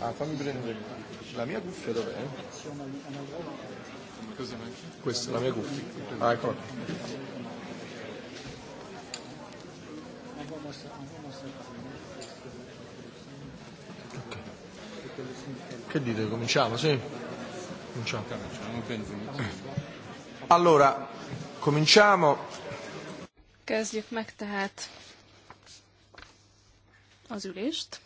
Ah, fammi prendere. La mia cuffia dov'è? Questa è la mia cuffia. Ah, ecco. Okay. Che dite? Cominciamo, sì? Cominciamo. Allora, cominciamo. Kezdjük meg tehát az ülést.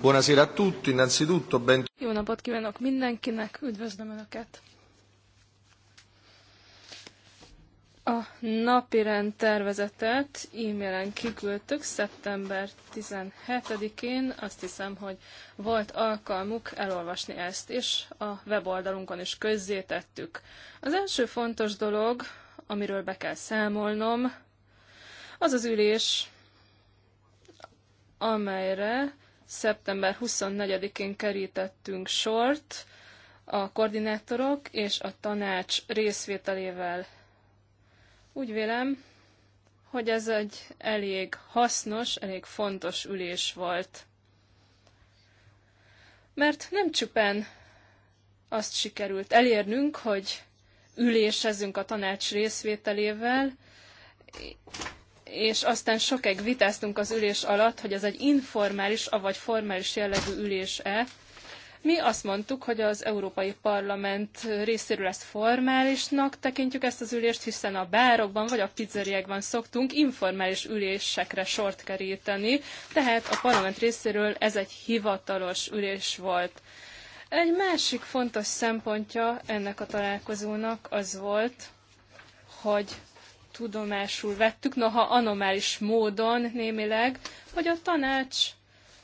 Buonasera a tutti, innanzitutto ben... Jó napot kívánok mindenkinek, üdvözlöm Önöket! A napirend tervezetet e-mailen kiküldtük szeptember 17-én. Azt hiszem, hogy volt alkalmuk elolvasni ezt is, a weboldalunkon is közzétettük. Az első fontos dolog, amiről be kell számolnom, az az ülés, amelyre szeptember 24-én kerítettünk sort a koordinátorok és a tanács részvételével. Úgy vélem, hogy ez egy elég hasznos, elég fontos ülés volt. Mert nem csupán azt sikerült elérnünk, hogy ülésezünk a tanács részvételével, és aztán sokáig vitáztunk az ülés alatt, hogy ez egy informális, avagy formális jellegű ülés-e. Mi azt mondtuk, hogy az Európai Parlament részéről ezt formálisnak tekintjük ezt az ülést, hiszen a bárokban vagy a pizzeriekben szoktunk informális ülésekre sort keríteni, tehát a parlament részéről ez egy hivatalos ülés volt. Egy másik fontos szempontja ennek a találkozónak az volt, hogy tudomásul vettük, noha anomális módon némileg, hogy a tanács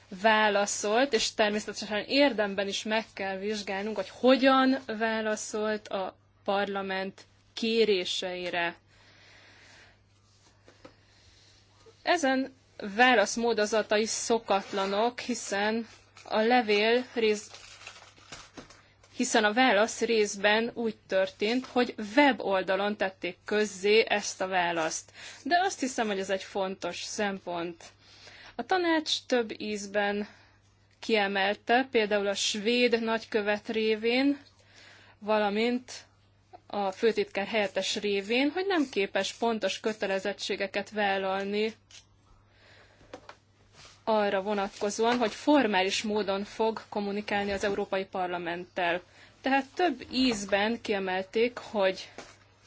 válaszolt, és természetesen érdemben is meg kell vizsgálnunk, hogy hogyan válaszolt a parlament kéréseire. Ezen válaszmódozatai szokatlanok, hiszen a levél rész hiszen a válasz részben úgy történt, hogy weboldalon tették közzé ezt a választ. De azt hiszem, hogy ez egy fontos szempont. A tanács több ízben kiemelte, például a svéd nagykövet révén, valamint a főtitkár helyettes révén, hogy nem képes pontos kötelezettségeket vállalni arra vonatkozóan, hogy formális módon fog kommunikálni az Európai Parlamenttel. Tehát több ízben kiemelték, hogy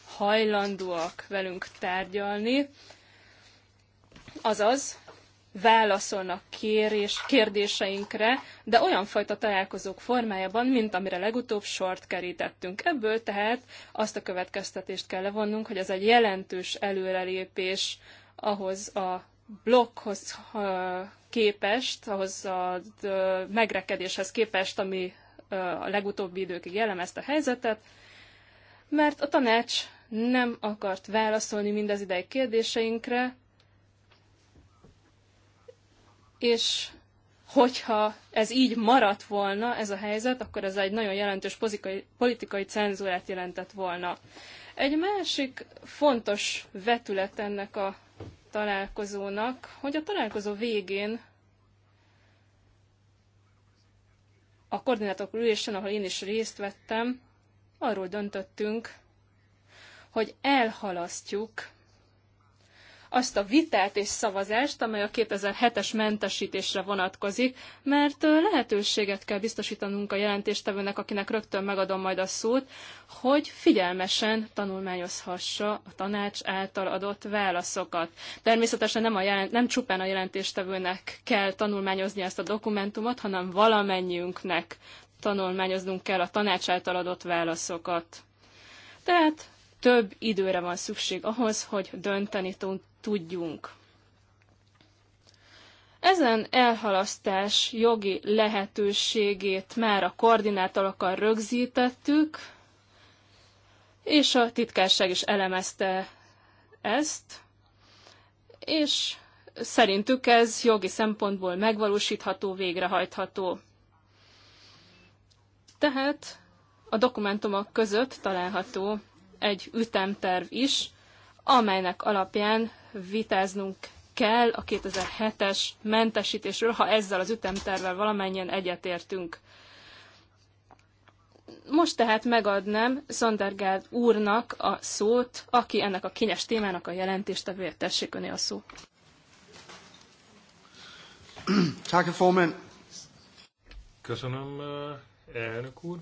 hajlandóak velünk tárgyalni, azaz válaszolnak kérés, kérdéseinkre, de olyan fajta találkozók formájában, mint amire legutóbb sort kerítettünk. Ebből tehát azt a következtetést kell levonnunk, hogy ez egy jelentős előrelépés ahhoz a blokkhoz képest, ahhoz a megrekedéshez képest, ami a legutóbbi időkig jellemezte a helyzetet, mert a tanács nem akart válaszolni mindez idei kérdéseinkre, és hogyha ez így maradt volna, ez a helyzet, akkor ez egy nagyon jelentős politikai cenzúrát jelentett volna. Egy másik fontos vetület ennek a találkozónak, hogy a találkozó végén a koordinátok ülésen, ahol én is részt vettem, arról döntöttünk, hogy elhalasztjuk azt a vitát és szavazást, amely a 2007-es mentesítésre vonatkozik, mert lehetőséget kell biztosítanunk a jelentéstevőnek, akinek rögtön megadom majd a szót, hogy figyelmesen tanulmányozhassa a tanács által adott válaszokat. Természetesen nem, a jelent, nem csupán a jelentéstevőnek kell tanulmányozni ezt a dokumentumot, hanem valamennyiünknek tanulmányoznunk kell a tanács által adott válaszokat. Tehát több időre van szükség ahhoz, hogy dönteni tudjunk. Ezen elhalasztás jogi lehetőségét már a koordinátorokkal rögzítettük, és a titkárság is elemezte ezt, és szerintük ez jogi szempontból megvalósítható, végrehajtható. Tehát a dokumentumok között található egy ütemterv is, amelynek alapján vitáznunk kell a 2007-es mentesítésről, ha ezzel az ütemtervel valamennyien egyetértünk. Most tehát megadnám Szondergárd úrnak a szót, aki ennek a kényes témának a jelentéstevője. Tessék öné a szó. Köszönöm, eh, elnök úr.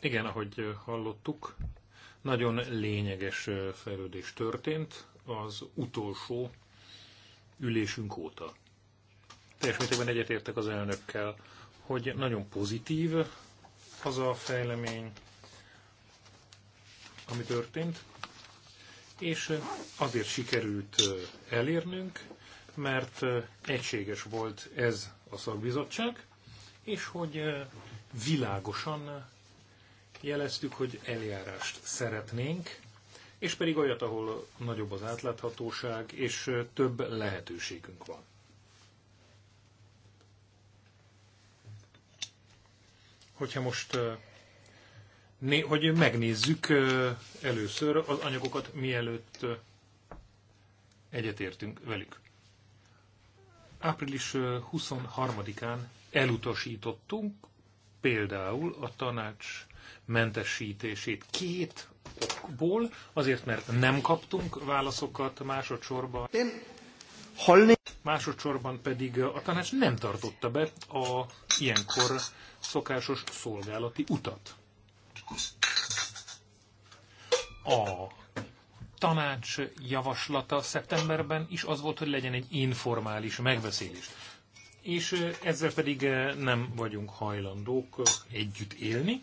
Igen, ahogy hallottuk, nagyon lényeges fejlődés történt az utolsó ülésünk óta. Teljes mértékben egyetértek az elnökkel, hogy nagyon pozitív az a fejlemény, ami történt, és azért sikerült elérnünk, mert egységes volt ez a szakbizottság, és hogy világosan jeleztük, hogy eljárást szeretnénk, és pedig olyat, ahol nagyobb az átláthatóság, és több lehetőségünk van. Hogyha most hogy megnézzük először az anyagokat, mielőtt egyetértünk velük. Április 23-án elutasítottunk például a tanács mentesítését két okból, azért mert nem kaptunk válaszokat másodszorban. Hallni. Másodszorban pedig a tanács nem tartotta be a ilyenkor szokásos szolgálati utat. A tanács javaslata szeptemberben is az volt, hogy legyen egy informális megbeszélés. És ezzel pedig nem vagyunk hajlandók együtt élni,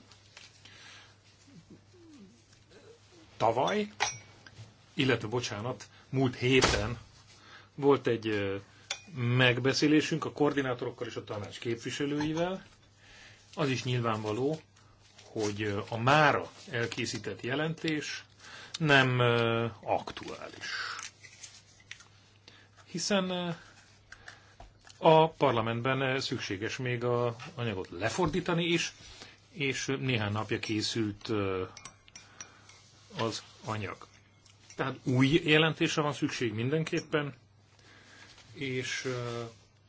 tavaly, illetve bocsánat, múlt héten volt egy megbeszélésünk a koordinátorokkal és a tanács képviselőivel. Az is nyilvánvaló, hogy a mára elkészített jelentés nem aktuális. Hiszen a parlamentben szükséges még a anyagot lefordítani is, és néhány napja készült az anyag. Tehát új jelentésre van szükség mindenképpen, és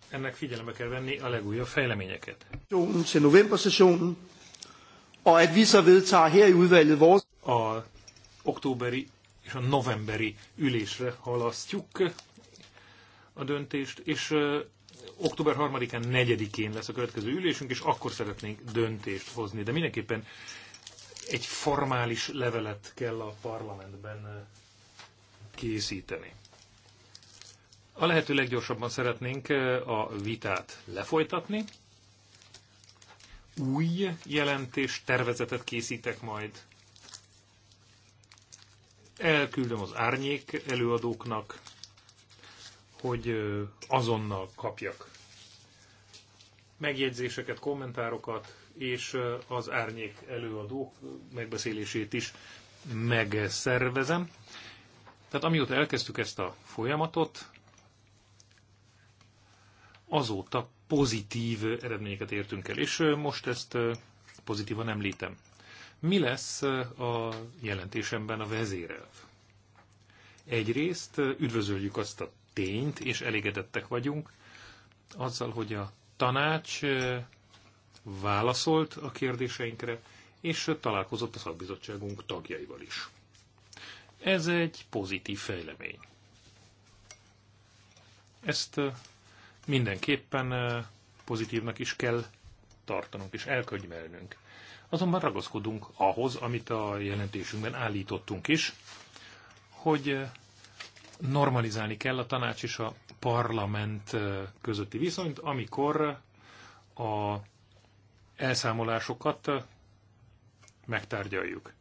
ennek figyelembe kell venni a legújabb fejleményeket. A októberi és a novemberi ülésre halasztjuk a döntést, és október 3-án, 4-én lesz a következő ülésünk, és akkor szeretnénk döntést hozni. De mindenképpen egy formális levelet kell a parlamentben eh, készíteni. A lehető leggyorsabban szeretnénk eh, a vitát lefolytatni. Új jelentés tervezetet készítek majd. Elküldöm az árnyék előadóknak, hogy eh, azonnal kapjak megjegyzéseket, kommentárokat, és az árnyék előadók megbeszélését is megszervezem. Tehát amióta elkezdtük ezt a folyamatot, azóta pozitív eredményeket értünk el, és most ezt pozitívan említem. Mi lesz a jelentésemben a vezérelv? Egyrészt üdvözöljük azt a tényt, és elégedettek vagyunk azzal, hogy a tanács válaszolt a kérdéseinkre, és találkozott a szakbizottságunk tagjaival is. Ez egy pozitív fejlemény. Ezt mindenképpen pozitívnak is kell tartanunk és elkönyvelnünk. Azonban ragaszkodunk ahhoz, amit a jelentésünkben állítottunk is, hogy normalizálni kell a tanács és a parlament közötti viszonyt, amikor a elszámolásokat megtárgyaljuk.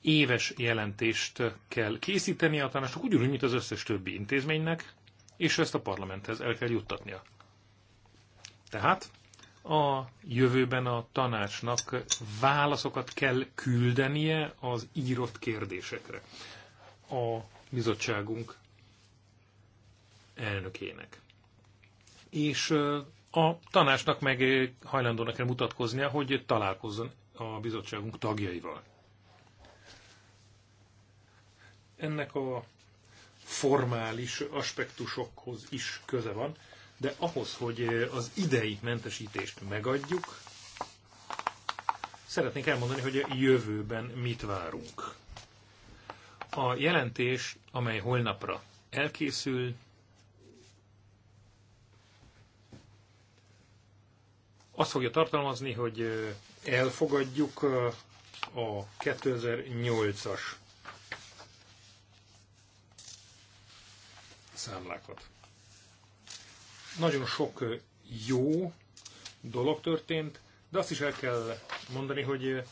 Éves jelentést kell készíteni a tanácsnak, ugyanúgy, mint az összes többi intézménynek, és ezt a parlamenthez el kell juttatnia. Tehát a jövőben a tanácsnak válaszokat kell küldenie az írott kérdésekre a bizottságunk elnökének. És a tanácsnak meg hajlandónak kell mutatkoznia, hogy találkozzon a bizottságunk tagjaival. Ennek a formális aspektusokhoz is köze van, de ahhoz, hogy az idei mentesítést megadjuk, szeretnék elmondani, hogy a jövőben mit várunk. A jelentés, amely holnapra elkészül, azt fogja tartalmazni, hogy elfogadjuk a 2008-as számlákat. Nagyon sok jó dolog történt, de azt is el kell mondani, hogy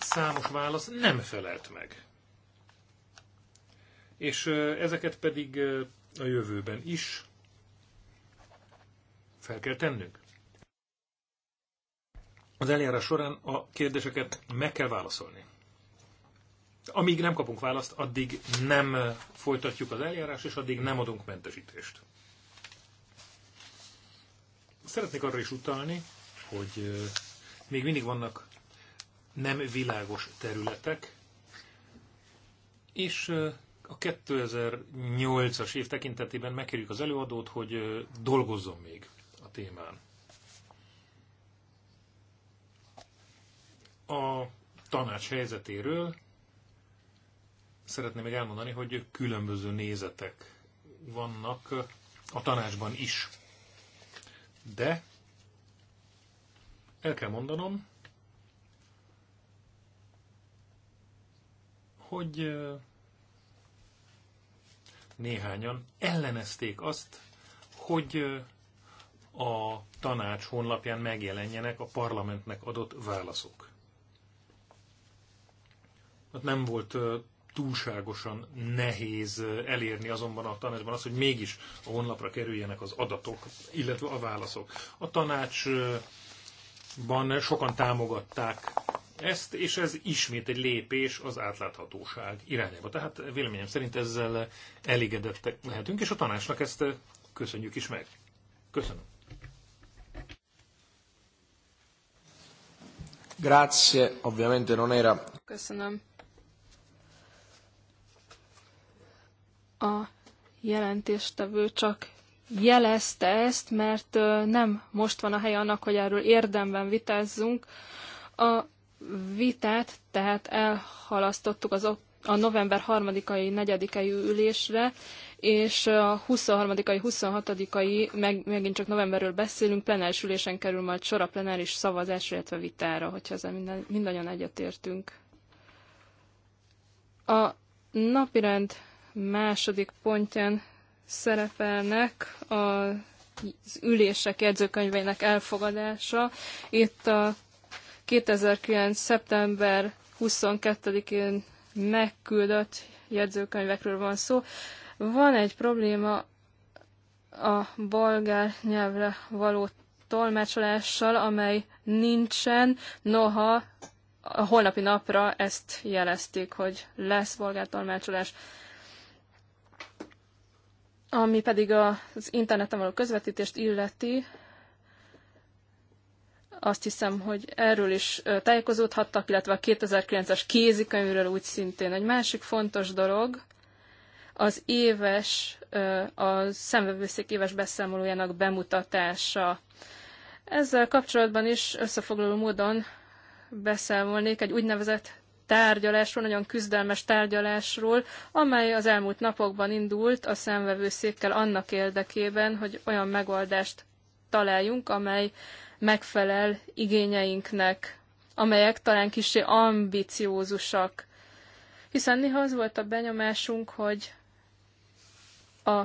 számos válasz nem felelt meg. És ezeket pedig a jövőben is fel kell tennünk az eljárás során a kérdéseket meg kell válaszolni. Amíg nem kapunk választ, addig nem folytatjuk az eljárást, és addig nem adunk mentesítést. Szeretnék arra is utalni, hogy még mindig vannak nem világos területek, és a 2008-as év tekintetében megkérjük az előadót, hogy dolgozzon még a témán. A tanács helyzetéről szeretném még elmondani, hogy különböző nézetek vannak a tanácsban is. De el kell mondanom, hogy néhányan ellenezték azt, hogy a tanács honlapján megjelenjenek a parlamentnek adott válaszok. Hát nem volt túlságosan nehéz elérni azonban a tanácsban az, hogy mégis a honlapra kerüljenek az adatok, illetve a válaszok. A tanácsban sokan támogatták ezt, és ez ismét egy lépés az átláthatóság irányába. Tehát véleményem szerint ezzel elégedettek lehetünk, és a tanácsnak ezt köszönjük is meg. Köszönöm. Grazie, ovviamente non era. Köszönöm. A jelentéstevő csak jelezte ezt, mert nem most van a hely annak, hogy erről érdemben vitázzunk. A vitát tehát elhalasztottuk az a november 3-ai, 4-ai ülésre, és a 23-ai, 26-ai, meg, megint csak novemberről beszélünk, plenáris ülésen kerül majd sor a plenáris szavazásra, illetve vitára, hogyha ezzel minden, mindannyian egyetértünk. A napirend második pontján szerepelnek az ülések jegyzőkönyveinek elfogadása. Itt a 2009. szeptember 22-én megküldött jegyzőkönyvekről van szó. Van egy probléma a bolgár nyelvre való tolmácsolással, amely nincsen, noha a holnapi napra ezt jelezték, hogy lesz bolgár tolmácsolás. Ami pedig az interneten való közvetítést illeti, azt hiszem, hogy erről is tájékozódhattak, illetve a 2009-es kézikönyvről úgy szintén. Egy másik fontos dolog, az éves, a szemvevőszék éves beszámolójának bemutatása. Ezzel kapcsolatban is összefoglaló módon beszámolnék egy úgynevezett tárgyalásról, nagyon küzdelmes tárgyalásról, amely az elmúlt napokban indult a szemvevőszékkel annak érdekében, hogy olyan megoldást találjunk, amely megfelel igényeinknek, amelyek talán kicsi ambiciózusak. Hiszen néha az volt a benyomásunk, hogy a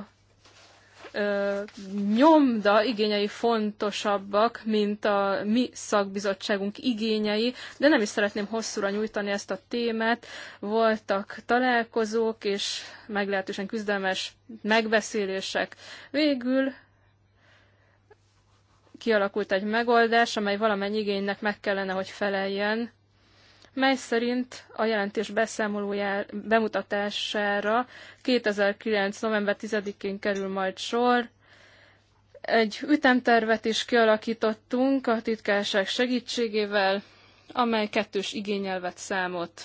nyomda igényei fontosabbak, mint a mi szakbizottságunk igényei, de nem is szeretném hosszúra nyújtani ezt a témát. Voltak találkozók és meglehetősen küzdelmes megbeszélések. Végül kialakult egy megoldás, amely valamennyi igénynek meg kellene, hogy feleljen, mely szerint a jelentés beszámolójá, bemutatására 2009. november 10-én kerül majd sor. Egy ütemtervet is kialakítottunk a titkárság segítségével, amely kettős igényelvet számot.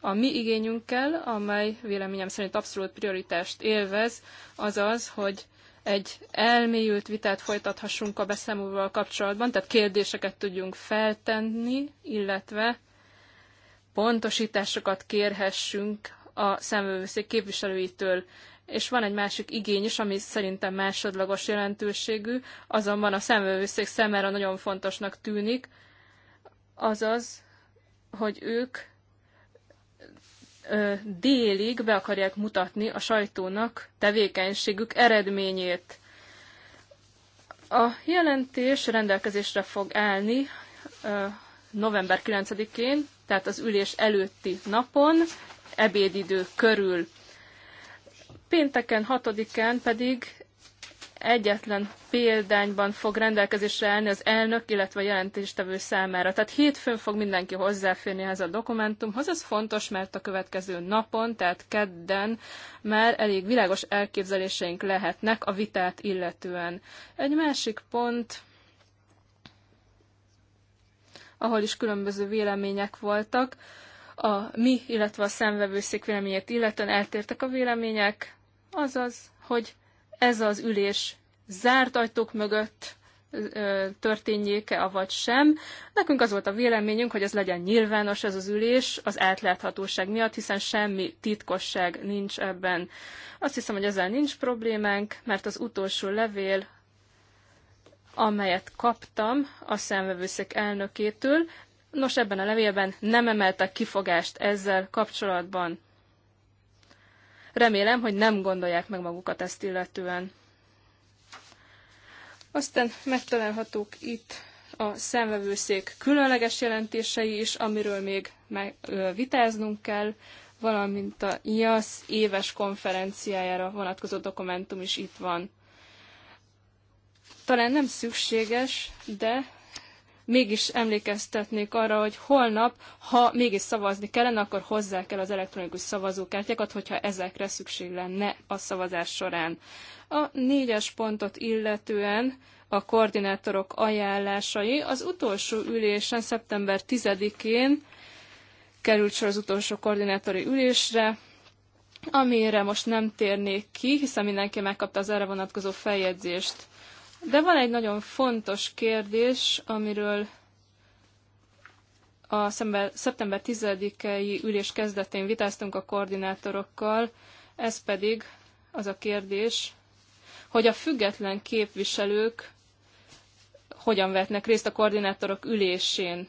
A mi igényünkkel, amely véleményem szerint abszolút prioritást élvez, az az, hogy egy elmélyült vitát folytathassunk a beszámolóval kapcsolatban, tehát kérdéseket tudjunk feltenni, illetve pontosításokat kérhessünk a számvevőszék képviselőitől. És van egy másik igény is, ami szerintem másodlagos jelentőségű, azonban a számvevőszék számára nagyon fontosnak tűnik, azaz, hogy ők délig be akarják mutatni a sajtónak tevékenységük eredményét. A jelentés rendelkezésre fog állni november 9-én, tehát az ülés előtti napon, ebédidő körül. Pénteken 6 pedig egyetlen példányban fog rendelkezésre állni az elnök, illetve a jelentéstevő számára. Tehát hétfőn fog mindenki hozzáférni ehhez a dokumentumhoz. Ez fontos, mert a következő napon, tehát kedden már elég világos elképzeléseink lehetnek a vitát illetően. Egy másik pont, ahol is különböző vélemények voltak. A mi, illetve a szemvevőszék véleményét illetően eltértek a vélemények, azaz, hogy ez az ülés zárt ajtók mögött történjék-e, avagy sem. Nekünk az volt a véleményünk, hogy ez legyen nyilvános ez az ülés az átláthatóság miatt, hiszen semmi titkosság nincs ebben. Azt hiszem, hogy ezzel nincs problémánk, mert az utolsó levél amelyet kaptam a szemvevőszék elnökétől. Nos, ebben a levélben nem emeltek kifogást ezzel kapcsolatban. Remélem, hogy nem gondolják meg magukat ezt illetően. Aztán megtalálhatók itt a szemvevőszék különleges jelentései is, amiről még meg, ö, vitáznunk kell, valamint a IASZ éves konferenciájára vonatkozó dokumentum is itt van talán nem szükséges, de mégis emlékeztetnék arra, hogy holnap, ha mégis szavazni kellene, akkor hozzá kell az elektronikus szavazókártyákat, hogyha ezekre szükség lenne a szavazás során. A négyes pontot illetően a koordinátorok ajánlásai az utolsó ülésen, szeptember 10-én került sor az utolsó koordinátori ülésre, amire most nem térnék ki, hiszen mindenki megkapta az erre vonatkozó feljegyzést. De van egy nagyon fontos kérdés, amiről a szeptember 10-i ülés kezdetén vitáztunk a koordinátorokkal, ez pedig az a kérdés, hogy a független képviselők hogyan vetnek részt a koordinátorok ülésén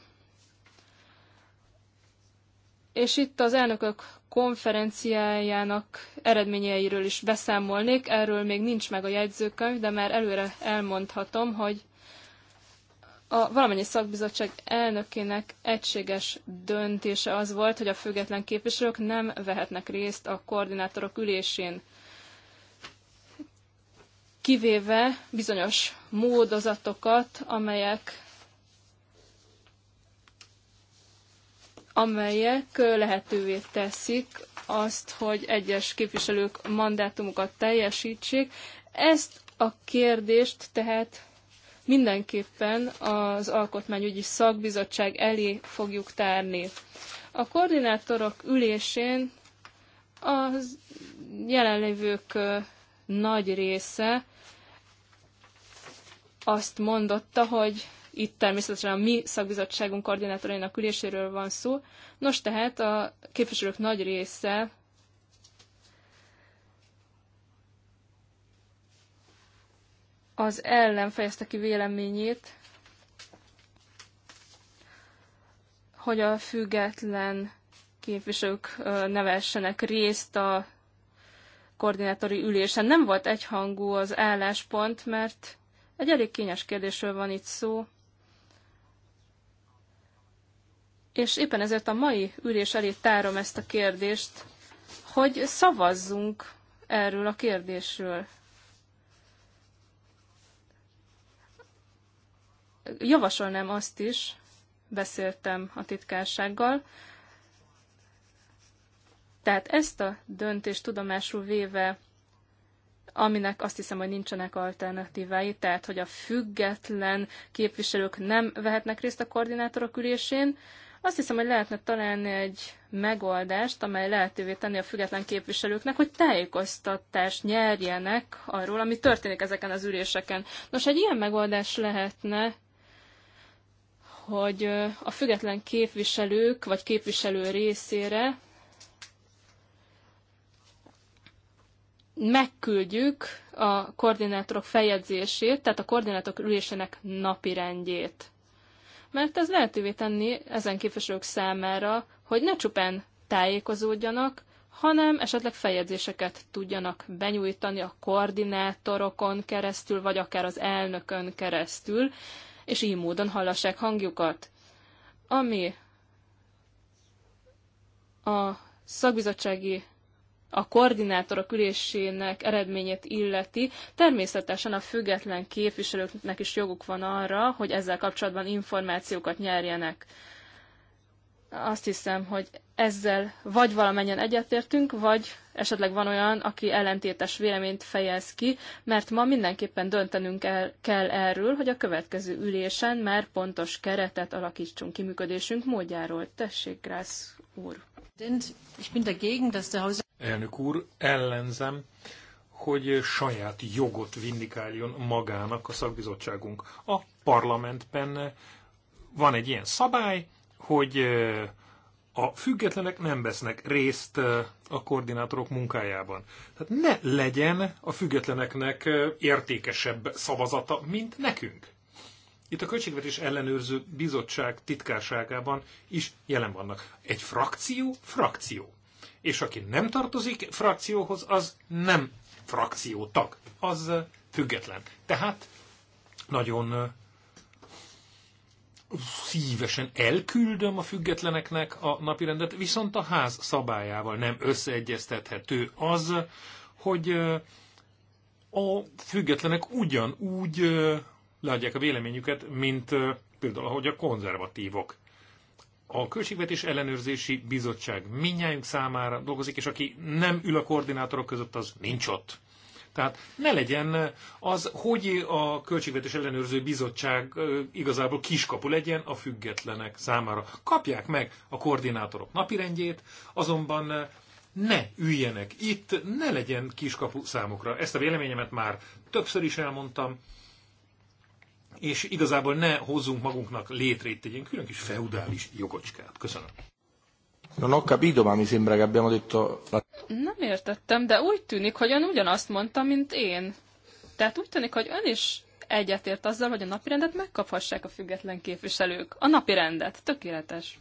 és itt az elnökök konferenciájának eredményeiről is beszámolnék. Erről még nincs meg a jegyzőkönyv, de már előre elmondhatom, hogy a valamennyi szakbizottság elnökének egységes döntése az volt, hogy a független képviselők nem vehetnek részt a koordinátorok ülésén, kivéve bizonyos módozatokat, amelyek amelyek lehetővé teszik azt, hogy egyes képviselők mandátumukat teljesítsék. Ezt a kérdést tehát mindenképpen az Alkotmányügyi Szakbizottság elé fogjuk tárni. A koordinátorok ülésén a jelenlévők nagy része azt mondotta, hogy itt természetesen a mi szakbizottságunk koordinátorainak üléséről van szó. Nos, tehát a képviselők nagy része az ellen fejezte ki véleményét, hogy a független képviselők nevessenek részt a koordinátori ülésen. Nem volt egyhangú az álláspont, mert egy elég kényes kérdésről van itt szó. és éppen ezért a mai ülés elé tárom ezt a kérdést, hogy szavazzunk erről a kérdésről. Javasolnám azt is, beszéltem a titkársággal, tehát ezt a döntést tudomásul véve, aminek azt hiszem, hogy nincsenek alternatívái, tehát hogy a független képviselők nem vehetnek részt a koordinátorok ülésén, azt hiszem, hogy lehetne találni egy megoldást, amely lehetővé tenni a független képviselőknek, hogy tájékoztatást nyerjenek arról, ami történik ezeken az üléseken. Nos, egy ilyen megoldás lehetne, hogy a független képviselők vagy képviselő részére megküldjük a koordinátorok feljegyzését, tehát a koordinátorok ülésének napirendjét mert ez lehetővé tenni ezen képviselők számára, hogy ne csupán tájékozódjanak, hanem esetleg feljegyzéseket tudjanak benyújtani a koordinátorokon keresztül, vagy akár az elnökön keresztül, és így módon hallassák hangjukat. Ami a szakbizottsági a koordinátorok ülésének eredményét illeti, természetesen a független képviselőknek is joguk van arra, hogy ezzel kapcsolatban információkat nyerjenek. Azt hiszem, hogy ezzel vagy valamennyien egyetértünk, vagy esetleg van olyan, aki ellentétes véleményt fejez ki, mert ma mindenképpen döntenünk el, kell erről, hogy a következő ülésen már pontos keretet alakítsunk ki működésünk módjáról. Tessék, Grász úr! Elnök úr, ellenzem, hogy saját jogot vindikáljon magának a szakbizottságunk. A parlamentben van egy ilyen szabály, hogy eh, a függetlenek nem vesznek részt eh, a koordinátorok munkájában. Tehát ne legyen a függetleneknek eh, értékesebb szavazata, mint nekünk. Itt a Költségvetés Ellenőrző Bizottság titkárságában is jelen vannak. Egy frakció, frakció. És aki nem tartozik frakcióhoz, az nem frakciótag. Az független. Tehát nagyon szívesen elküldöm a függetleneknek a napirendet, viszont a ház szabályával nem összeegyeztethető az, hogy a függetlenek ugyanúgy leadják a véleményüket, mint például ahogy a konzervatívok. A Költségvetés Ellenőrzési Bizottság minnyájunk számára dolgozik, és aki nem ül a koordinátorok között, az nincs ott. Tehát ne legyen az, hogy a Költségvetés Ellenőrző Bizottság igazából kiskapu legyen a függetlenek számára. Kapják meg a koordinátorok napirendjét, azonban ne üljenek itt, ne legyen kiskapu számukra. Ezt a véleményemet már többször is elmondtam, és igazából ne hozzunk magunknak létre egy ilyen külön kis feudális jogocskát. Köszönöm. Non ho capito, ma mi sembra che abbiamo detto... Nem értettem, de úgy tűnik, hogy ön ugyanazt mondta, mint én. Tehát úgy tűnik, hogy ön is egyetért azzal, hogy a napirendet megkaphassák a független képviselők. A napirendet. Tökéletes.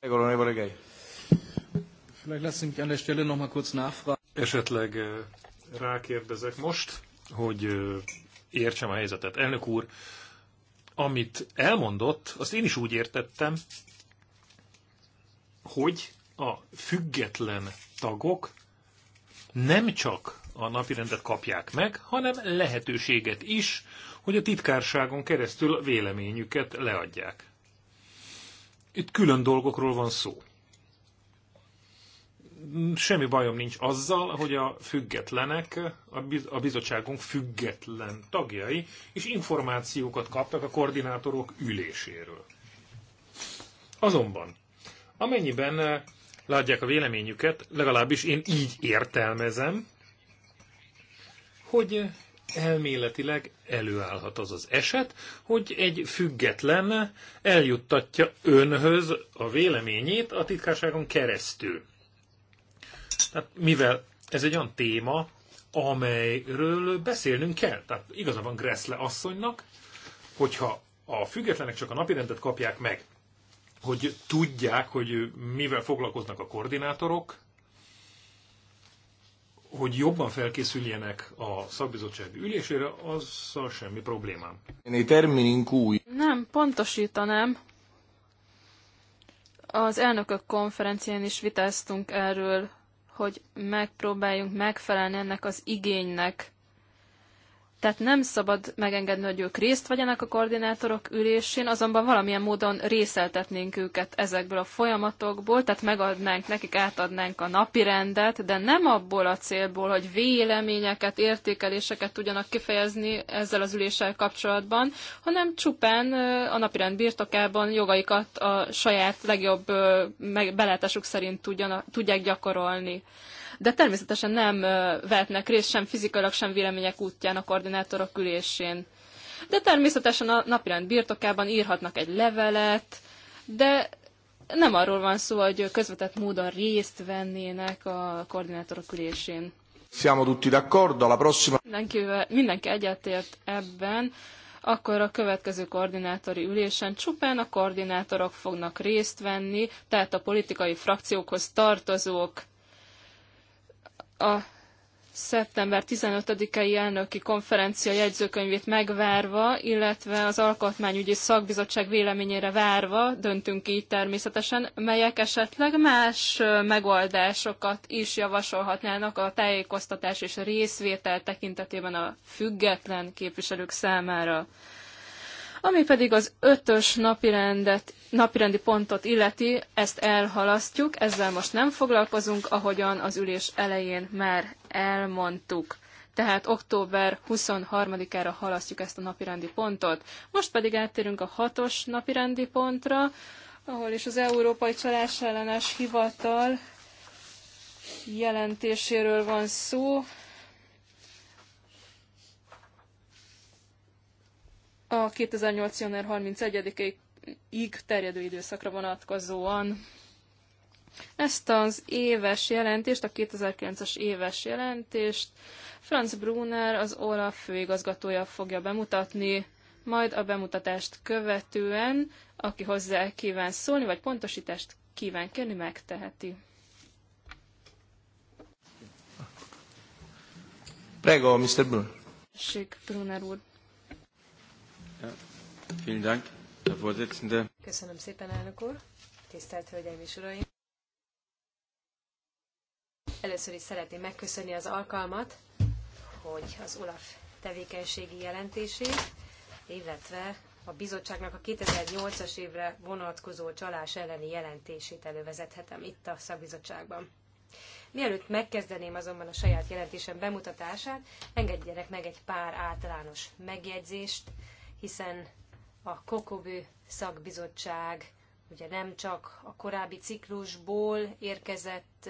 Prego, l'onorevole Gay. Esetleg eh, rákérdezek most, hogy eh, értsem a helyzetet. Elnök úr, amit elmondott, azt én is úgy értettem, hogy a független tagok nem csak a napirendet kapják meg, hanem lehetőséget is, hogy a titkárságon keresztül véleményüket leadják. Itt külön dolgokról van szó semmi bajom nincs azzal, hogy a függetlenek, a bizottságunk független tagjai, és információkat kaptak a koordinátorok üléséről. Azonban, amennyiben eh, látják a véleményüket, legalábbis én így értelmezem, hogy eh, elméletileg előállhat az az eset, hogy egy független eljuttatja önhöz a véleményét a titkárságon keresztül. Tehát mivel ez egy olyan téma, amelyről beszélnünk kell. Tehát igazából Gressle asszonynak, hogyha a függetlenek csak a napirendet kapják meg, hogy tudják, hogy mivel foglalkoznak a koordinátorok, hogy jobban felkészüljenek a szakbizottság ülésére, azzal semmi problémám. Nem, pontosítanám. Az elnökök konferencián is vitáztunk erről hogy megpróbáljunk megfelelni ennek az igénynek, tehát nem szabad megengedni, hogy ők részt vegyenek a koordinátorok ülésén, azonban valamilyen módon részeltetnénk őket ezekből a folyamatokból, tehát megadnánk nekik, átadnánk a napi rendet, de nem abból a célból, hogy véleményeket, értékeléseket tudjanak kifejezni ezzel az üléssel kapcsolatban, hanem csupán a napirend birtokában jogaikat a saját legjobb belátásuk szerint tudjanak, tudják gyakorolni de természetesen nem vetnek részt sem fizikailag, sem vélemények útján a koordinátorok ülésén. De természetesen a napirend birtokában írhatnak egy levelet, de nem arról van szó, hogy közvetett módon részt vennének a koordinátorok ülésén. Siamo tutti d'accordo, la prossima... Mindenki, mindenki egyetért ebben, akkor a következő koordinátori ülésen csupán a koordinátorok fognak részt venni, tehát a politikai frakciókhoz tartozók a szeptember 15-i elnöki konferencia jegyzőkönyvét megvárva, illetve az alkotmányügyi szakbizottság véleményére várva döntünk így természetesen, melyek esetleg más megoldásokat is javasolhatnának a tájékoztatás és a részvétel tekintetében a független képviselők számára. Ami pedig az ötös napirendet, napirendi pontot illeti, ezt elhalasztjuk, ezzel most nem foglalkozunk, ahogyan az ülés elején már elmondtuk. Tehát október 23-ára halasztjuk ezt a napirendi pontot. Most pedig áttérünk a hatos napirendi pontra, ahol is az Európai Csalás ellenes Hivatal jelentéséről van szó. a 2008. január 31-ig terjedő időszakra vonatkozóan. Ezt az éves jelentést, a 2009-es éves jelentést Franz Brunner, az OLAF főigazgatója fogja bemutatni, majd a bemutatást követően, aki hozzá kíván szólni, vagy pontosítást kíván kérni, megteheti. Prego, Mr. Brunner. Brunner úr. Vielen Dank, Herr Vorsitzender. Köszönöm szépen, elnök úr. Tisztelt Hölgyeim és Uraim. Először is szeretném megköszönni az alkalmat, hogy az OLAF tevékenységi jelentését, illetve a bizottságnak a 2008-as évre vonatkozó csalás elleni jelentését elővezethetem itt a szakbizottságban. Mielőtt megkezdeném azonban a saját jelentésem bemutatását, engedjenek meg egy pár általános megjegyzést hiszen a Kokobő szakbizottság ugye nem csak a korábbi ciklusból érkezett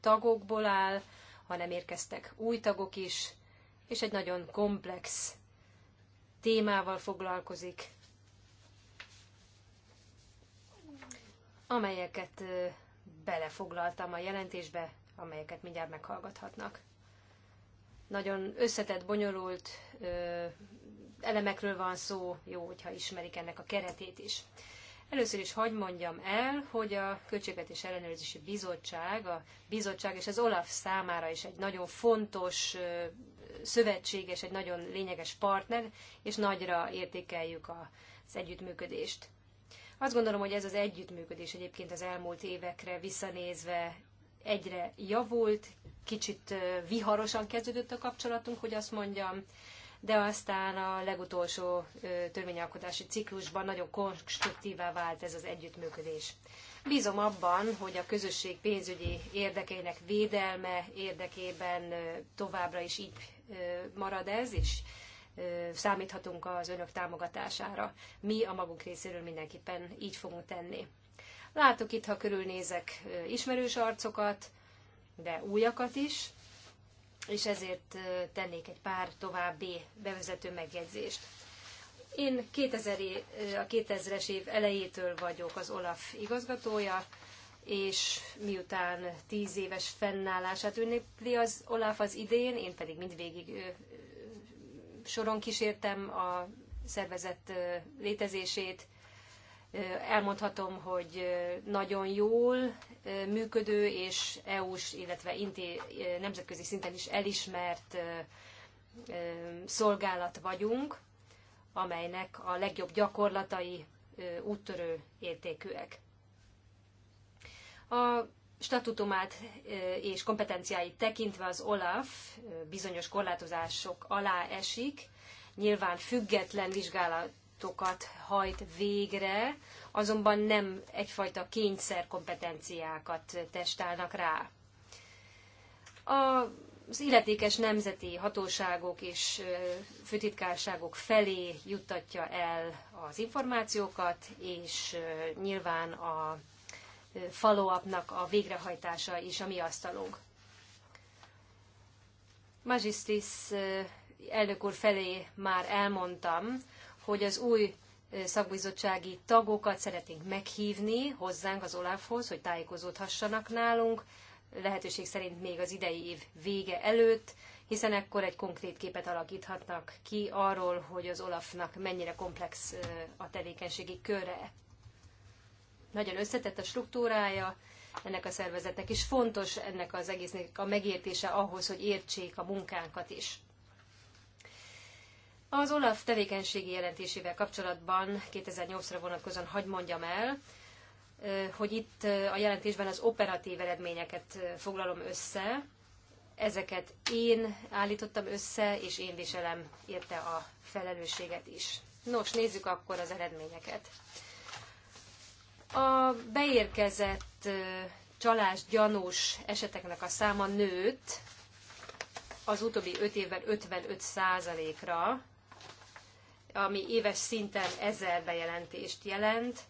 tagokból áll, hanem érkeztek új tagok is, és egy nagyon komplex témával foglalkozik, amelyeket belefoglaltam a jelentésbe, amelyeket mindjárt meghallgathatnak. Nagyon összetett, bonyolult elemekről van szó, jó, hogyha ismerik ennek a keretét is. Először is hagy mondjam el, hogy a Költségvetés Ellenőrzési Bizottság, a bizottság és az OLAF számára is egy nagyon fontos szövetséges, egy nagyon lényeges partner, és nagyra értékeljük az együttműködést. Azt gondolom, hogy ez az együttműködés egyébként az elmúlt évekre visszanézve egyre javult, kicsit viharosan kezdődött a kapcsolatunk, hogy azt mondjam, de aztán a legutolsó törvényalkotási ciklusban nagyon konstruktívá vált ez az együttműködés. Bízom abban, hogy a közösség pénzügyi érdekeinek védelme érdekében továbbra is így marad ez, és számíthatunk az önök támogatására. Mi a magunk részéről mindenképpen így fogunk tenni. Látok itt, ha körülnézek, ismerős arcokat, de újakat is, és ezért tennék egy pár további bevezető megjegyzést. Én 2000, a 2000-es év elejétől vagyok az OLAF igazgatója, és miután tíz éves fennállását ünnepli az OLAF az idén, én pedig mindvégig soron kísértem a szervezet létezését, Elmondhatom, hogy nagyon jól működő és EU-s, illetve inti, nemzetközi szinten is elismert szolgálat vagyunk, amelynek a legjobb gyakorlatai úttörő értékűek. A statutumát és kompetenciáit tekintve az OLAF bizonyos korlátozások alá esik, nyilván független vizsgálat feladatokat hajt végre, azonban nem egyfajta kényszerkompetenciákat testálnak rá. Az illetékes nemzeti hatóságok és főtitkárságok felé juttatja el az információkat, és nyilván a follow a végrehajtása is a mi asztalunk. Magisztris elnök úr felé már elmondtam, hogy az új szakbizottsági tagokat szeretnénk meghívni hozzánk az Olafhoz, hogy tájékozódhassanak nálunk, lehetőség szerint még az idei év vége előtt, hiszen ekkor egy konkrét képet alakíthatnak ki arról, hogy az Olafnak mennyire komplex a tevékenységi köre. Nagyon összetett a struktúrája ennek a szervezetnek, és fontos ennek az egésznek a megértése ahhoz, hogy értsék a munkánkat is. Az OLAF tevékenységi jelentésével kapcsolatban 2008-ra vonatkozóan hagy mondjam el, hogy itt a jelentésben az operatív eredményeket foglalom össze. Ezeket én állítottam össze, és én viselem érte a felelősséget is. Nos, nézzük akkor az eredményeket. A beérkezett csalás gyanús eseteknek a száma nőtt az utóbbi 5 évben 55 ra ami éves szinten ezer bejelentést jelent.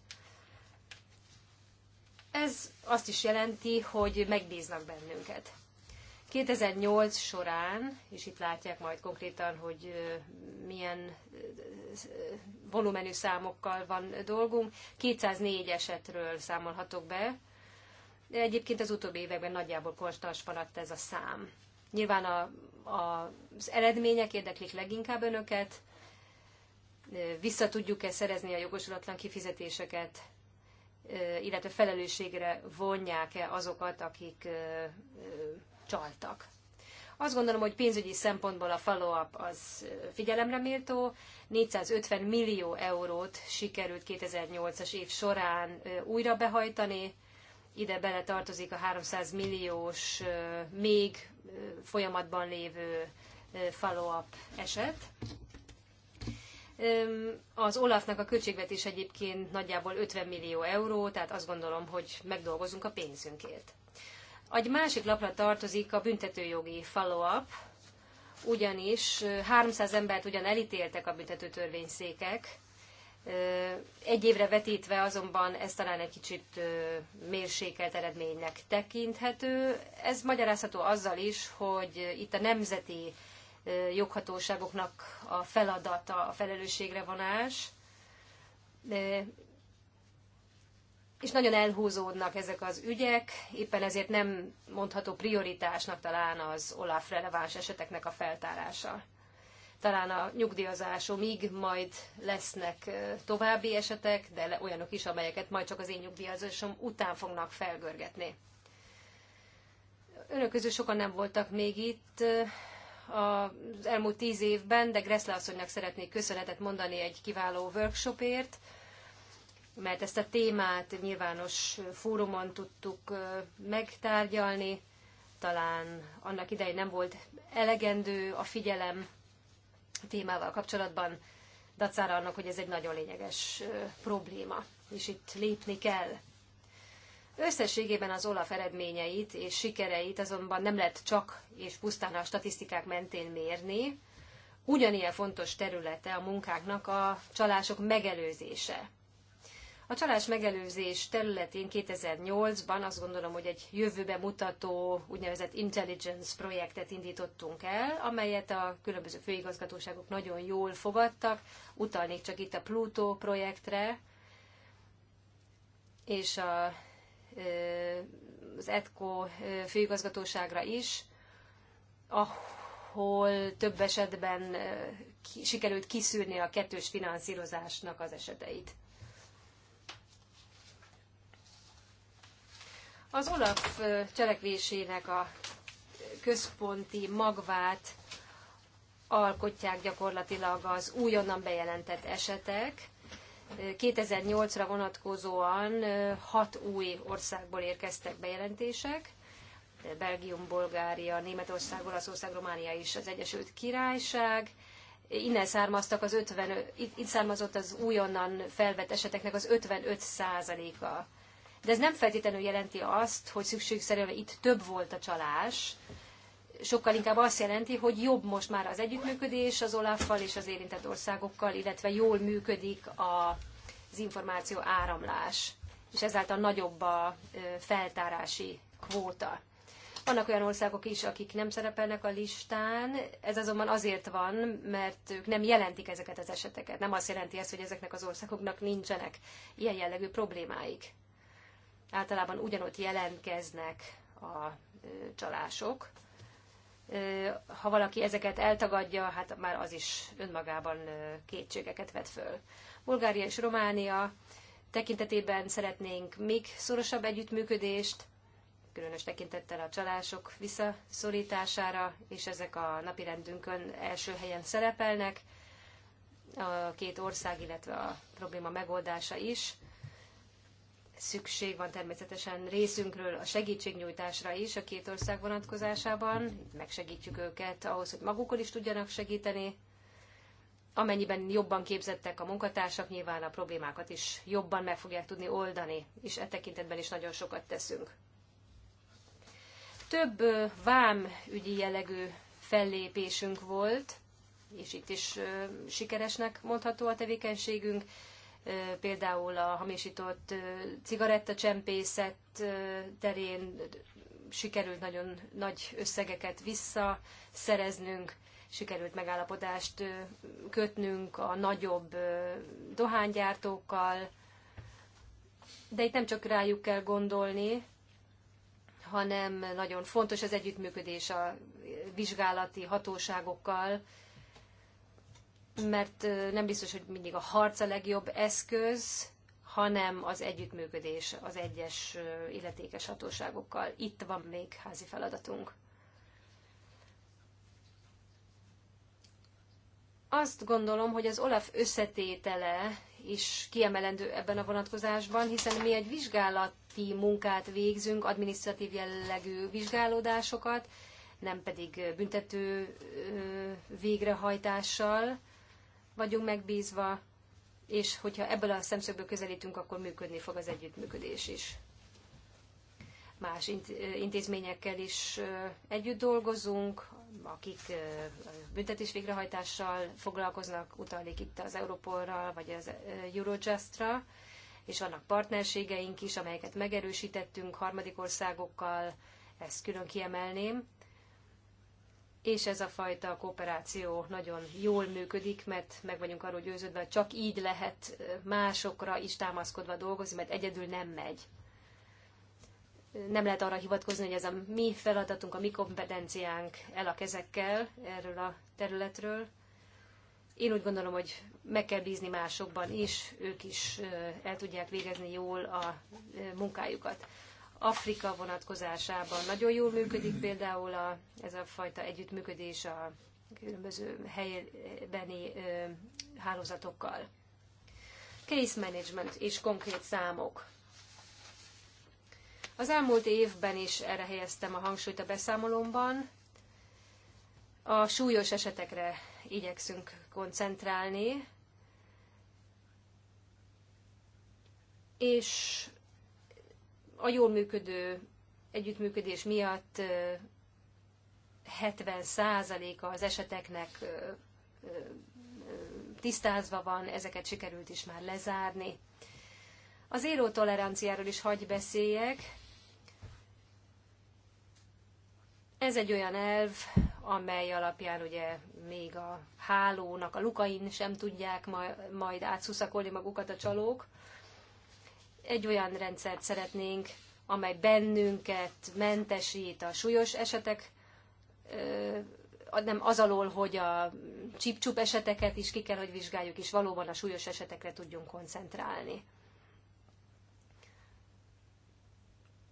Ez azt is jelenti, hogy megbíznak bennünket. 2008 során, és itt látják majd konkrétan, hogy milyen volumenű számokkal van dolgunk, 204 esetről számolhatok be. De egyébként az utóbbi években nagyjából konstans maradt ez a szám. Nyilván a, a, az eredmények érdeklik leginkább önöket, vissza tudjuk-e szerezni a jogosulatlan kifizetéseket, illetve felelősségre vonják-e azokat, akik csaltak. Azt gondolom, hogy pénzügyi szempontból a follow-up az figyelemre méltó. 450 millió eurót sikerült 2008-as év során újra behajtani. Ide bele tartozik a 300 milliós, még folyamatban lévő follow-up eset. Az Olafnak a költségvetés egyébként nagyjából 50 millió euró, tehát azt gondolom, hogy megdolgozunk a pénzünkért. Egy másik lapra tartozik a büntetőjogi follow-up, ugyanis 300 embert ugyan elítéltek a büntetőtörvényszékek, egy évre vetítve azonban ez talán egy kicsit mérsékelt eredménynek tekinthető. Ez magyarázható azzal is, hogy itt a nemzeti joghatóságoknak a feladata, a felelősségre vonás, és nagyon elhúzódnak ezek az ügyek, éppen ezért nem mondható prioritásnak talán az Olaf releváns eseteknek a feltárása. Talán a míg majd lesznek további esetek, de olyanok is, amelyeket majd csak az én nyugdíjazásom után fognak felgörgetni. Önök közül sokan nem voltak még itt, az elmúlt tíz évben, de Gressle asszonynak szeretnék köszönetet mondani egy kiváló workshopért, mert ezt a témát nyilvános fórumon tudtuk megtárgyalni. Talán annak idején nem volt elegendő a figyelem a témával kapcsolatban, dacára annak, hogy ez egy nagyon lényeges probléma, és itt lépni kell. Összességében az OLAF eredményeit és sikereit azonban nem lehet csak és pusztán a statisztikák mentén mérni. Ugyanilyen fontos területe a munkáknak a csalások megelőzése. A csalás megelőzés területén 2008-ban azt gondolom, hogy egy jövőbe mutató úgynevezett intelligence projektet indítottunk el, amelyet a különböző főigazgatóságok nagyon jól fogadtak. Utalnék csak itt a Pluto projektre, és a az ETCO főigazgatóságra is, ahol több esetben sikerült kiszűrni a kettős finanszírozásnak az eseteit. Az Olaf cselekvésének a központi magvát alkotják gyakorlatilag az újonnan bejelentett esetek, 2008-ra vonatkozóan hat új országból érkeztek bejelentések, Belgium, Bulgária, Németország, Olaszország, Románia és az Egyesült Királyság. Innen származtak az 50, itt származott az újonnan felvett eseteknek az 55 százaléka. De ez nem feltétlenül jelenti azt, hogy szükségszerűen itt több volt a csalás, sokkal inkább azt jelenti, hogy jobb most már az együttműködés az Olaffal és az érintett országokkal, illetve jól működik a, az információ áramlás, és ezáltal nagyobb a feltárási kvóta. Vannak olyan országok is, akik nem szerepelnek a listán, ez azonban azért van, mert ők nem jelentik ezeket az eseteket. Nem azt jelenti ez, hogy ezeknek az országoknak nincsenek ilyen jellegű problémáik. Általában ugyanott jelentkeznek a csalások, ha valaki ezeket eltagadja, hát már az is önmagában kétségeket vet föl. Bulgária és Románia tekintetében szeretnénk még szorosabb együttműködést, különös tekintettel a csalások visszaszorítására, és ezek a napirendünkön első helyen szerepelnek, a két ország, illetve a probléma megoldása is. Szükség van természetesen részünkről a segítségnyújtásra is a két ország vonatkozásában. Megsegítjük őket ahhoz, hogy magukon is tudjanak segíteni. Amennyiben jobban képzettek a munkatársak, nyilván a problémákat is jobban meg fogják tudni oldani, és e tekintetben is nagyon sokat teszünk. Több vám ügyi jellegű fellépésünk volt, és itt is sikeresnek mondható a tevékenységünk például a hamisított cigarettacsempészet terén sikerült nagyon nagy összegeket visszaszereznünk, sikerült megállapodást kötnünk a nagyobb dohánygyártókkal, de itt nem csak rájuk kell gondolni, hanem nagyon fontos az együttműködés a vizsgálati hatóságokkal, mert nem biztos, hogy mindig a harc a legjobb eszköz, hanem az együttműködés az egyes illetékes hatóságokkal. Itt van még házi feladatunk. Azt gondolom, hogy az Olaf összetétele is kiemelendő ebben a vonatkozásban, hiszen mi egy vizsgálati munkát végzünk, administratív jellegű vizsgálódásokat, nem pedig büntető végrehajtással vagyunk megbízva, és hogyha ebből a szemszögből közelítünk, akkor működni fog az együttműködés is. Más intézményekkel is együtt dolgozunk, akik büntetés végrehajtással foglalkoznak, utalik itt az Europolral vagy az Eurojustra, és vannak partnerségeink is, amelyeket megerősítettünk harmadik országokkal, ezt külön kiemelném és ez a fajta kooperáció nagyon jól működik, mert meg vagyunk arról győződve, hogy csak így lehet másokra is támaszkodva dolgozni, mert egyedül nem megy. Nem lehet arra hivatkozni, hogy ez a mi feladatunk, a mi kompetenciánk el a kezekkel erről a területről. Én úgy gondolom, hogy meg kell bízni másokban is, ők is el tudják végezni jól a munkájukat. Afrika vonatkozásában nagyon jól működik például a, ez a fajta együttműködés a különböző helybeni ö, hálózatokkal. Case management és konkrét számok. Az elmúlt évben is erre helyeztem a hangsúlyt a beszámolomban. A súlyos esetekre igyekszünk koncentrálni, és a jól működő együttműködés miatt 70%-a az eseteknek tisztázva van, ezeket sikerült is már lezárni. Az éró toleranciáról is hagy beszéljek. Ez egy olyan elv, amely alapján ugye még a hálónak a lukain sem tudják majd, majd átszuszakolni magukat a csalók egy olyan rendszert szeretnénk, amely bennünket mentesít a súlyos esetek, nem az alól, hogy a csipcsup eseteket is ki kell, hogy vizsgáljuk, és valóban a súlyos esetekre tudjunk koncentrálni.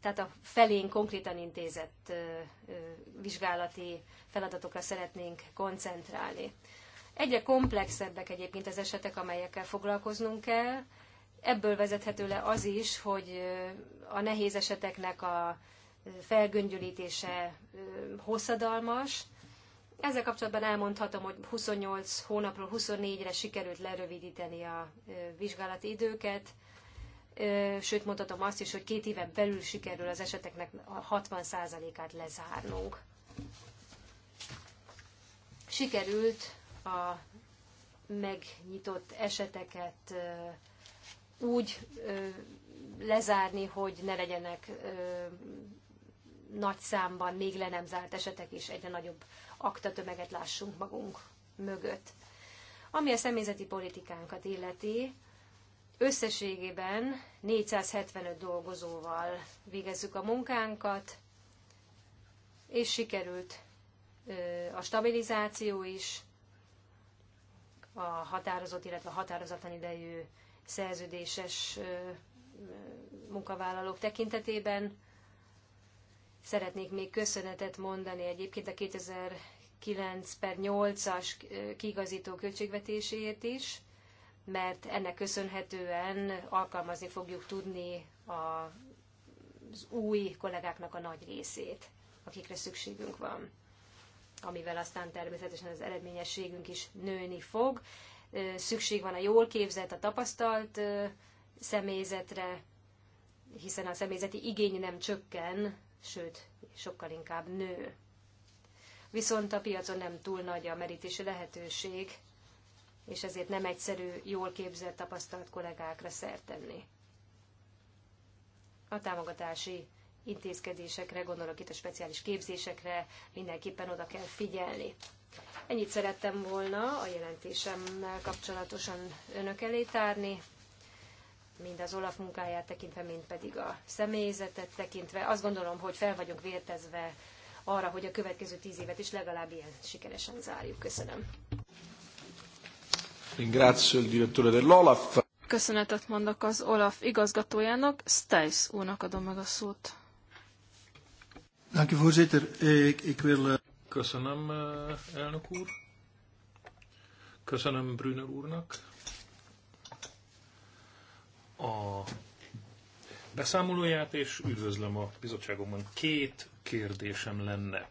Tehát a felén konkrétan intézett vizsgálati feladatokra szeretnénk koncentrálni. Egyre komplexebbek egyébként az esetek, amelyekkel foglalkoznunk kell, Ebből vezethető le az is, hogy a nehéz eseteknek a felgöngyölítése hosszadalmas. Ezzel kapcsolatban elmondhatom, hogy 28 hónapról 24-re sikerült lerövidíteni a vizsgálati időket, sőt mondhatom azt is, hogy két éven belül sikerül az eseteknek a 60%-át lezárnunk. Sikerült a megnyitott eseteket úgy lezárni, hogy ne legyenek nagy számban még le nem zárt esetek, és egyre nagyobb aktatömeget lássunk magunk mögött. Ami a személyzeti politikánkat illeti, összességében 475 dolgozóval végezzük a munkánkat, és sikerült a stabilizáció is, a határozott, illetve határozatlan idejű szerződéses munkavállalók tekintetében. Szeretnék még köszönetet mondani egyébként a 2009 per 8-as kigazító költségvetéséért is, mert ennek köszönhetően alkalmazni fogjuk tudni a, az új kollégáknak a nagy részét, akikre szükségünk van amivel aztán természetesen az eredményességünk is nőni fog, szükség van a jól képzett, a tapasztalt személyzetre, hiszen a személyzeti igény nem csökken, sőt, sokkal inkább nő. Viszont a piacon nem túl nagy a merítési lehetőség, és ezért nem egyszerű jól képzett, tapasztalt kollégákra szert tenni. A támogatási intézkedésekre, gondolok itt a speciális képzésekre, mindenképpen oda kell figyelni. Ennyit szerettem volna a jelentésemmel kapcsolatosan önök elé tárni, mind az Olaf munkáját tekintve, mind pedig a személyzetet tekintve. Azt gondolom, hogy fel vagyunk vértezve arra, hogy a következő tíz évet is legalább ilyen sikeresen zárjuk. Köszönöm. Köszönetet mondok az Olaf igazgatójának, Stijs úrnak adom meg a szót. Dank u voorzitter. Ik, ik wil... Eh, Köszönöm, eh, elnök úr. Köszönöm Brüner úrnak a beszámolóját, és üdvözlöm a bizottságomban. Két kérdésem lenne.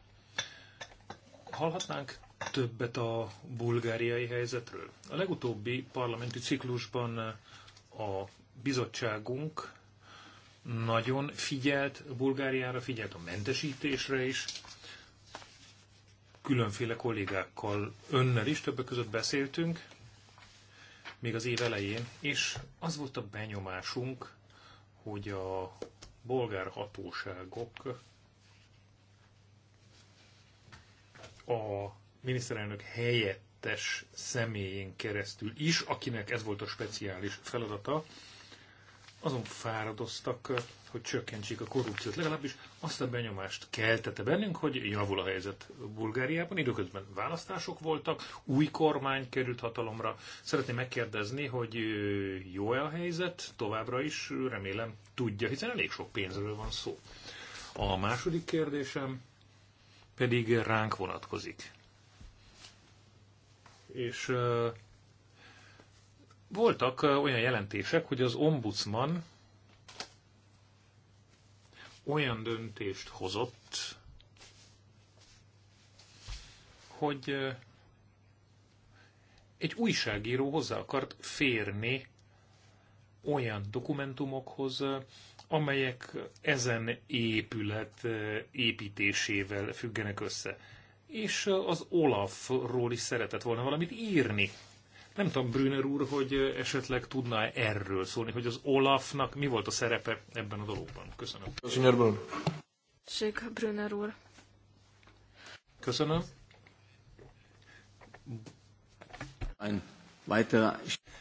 Hallhatnánk többet a bulgáriai helyzetről? A legutóbbi parlamenti ciklusban eh, a bizottságunk nagyon figyelt Bulgáriára, figyelt a mentesítésre is, különféle kollégákkal, önnel is többek között beszéltünk, még az év elején, és az volt a benyomásunk, hogy a bolgár hatóságok a miniszterelnök helyettes személyén keresztül is, akinek ez volt a speciális feladata, azon fáradoztak, hogy csökkentsék a korrupciót. Legalábbis azt a benyomást keltette bennünk, hogy javul a helyzet Bulgáriában. Időközben választások voltak, új kormány került hatalomra. Szeretném megkérdezni, hogy jó-e a helyzet továbbra is, remélem tudja, hiszen elég sok pénzről van szó. A második kérdésem pedig ránk vonatkozik. És voltak olyan jelentések, hogy az ombudsman olyan döntést hozott, hogy egy újságíró hozzá akart férni olyan dokumentumokhoz, amelyek ezen épület építésével függenek össze. És az Olafról is szeretett volna valamit írni nem tudom, Brüner úr, hogy esetleg tudna -e erről szólni, hogy az Olafnak mi volt a szerepe ebben a dologban. Köszönöm. Köszönöm, Brüner. Ség Brüner úr. Köszönöm.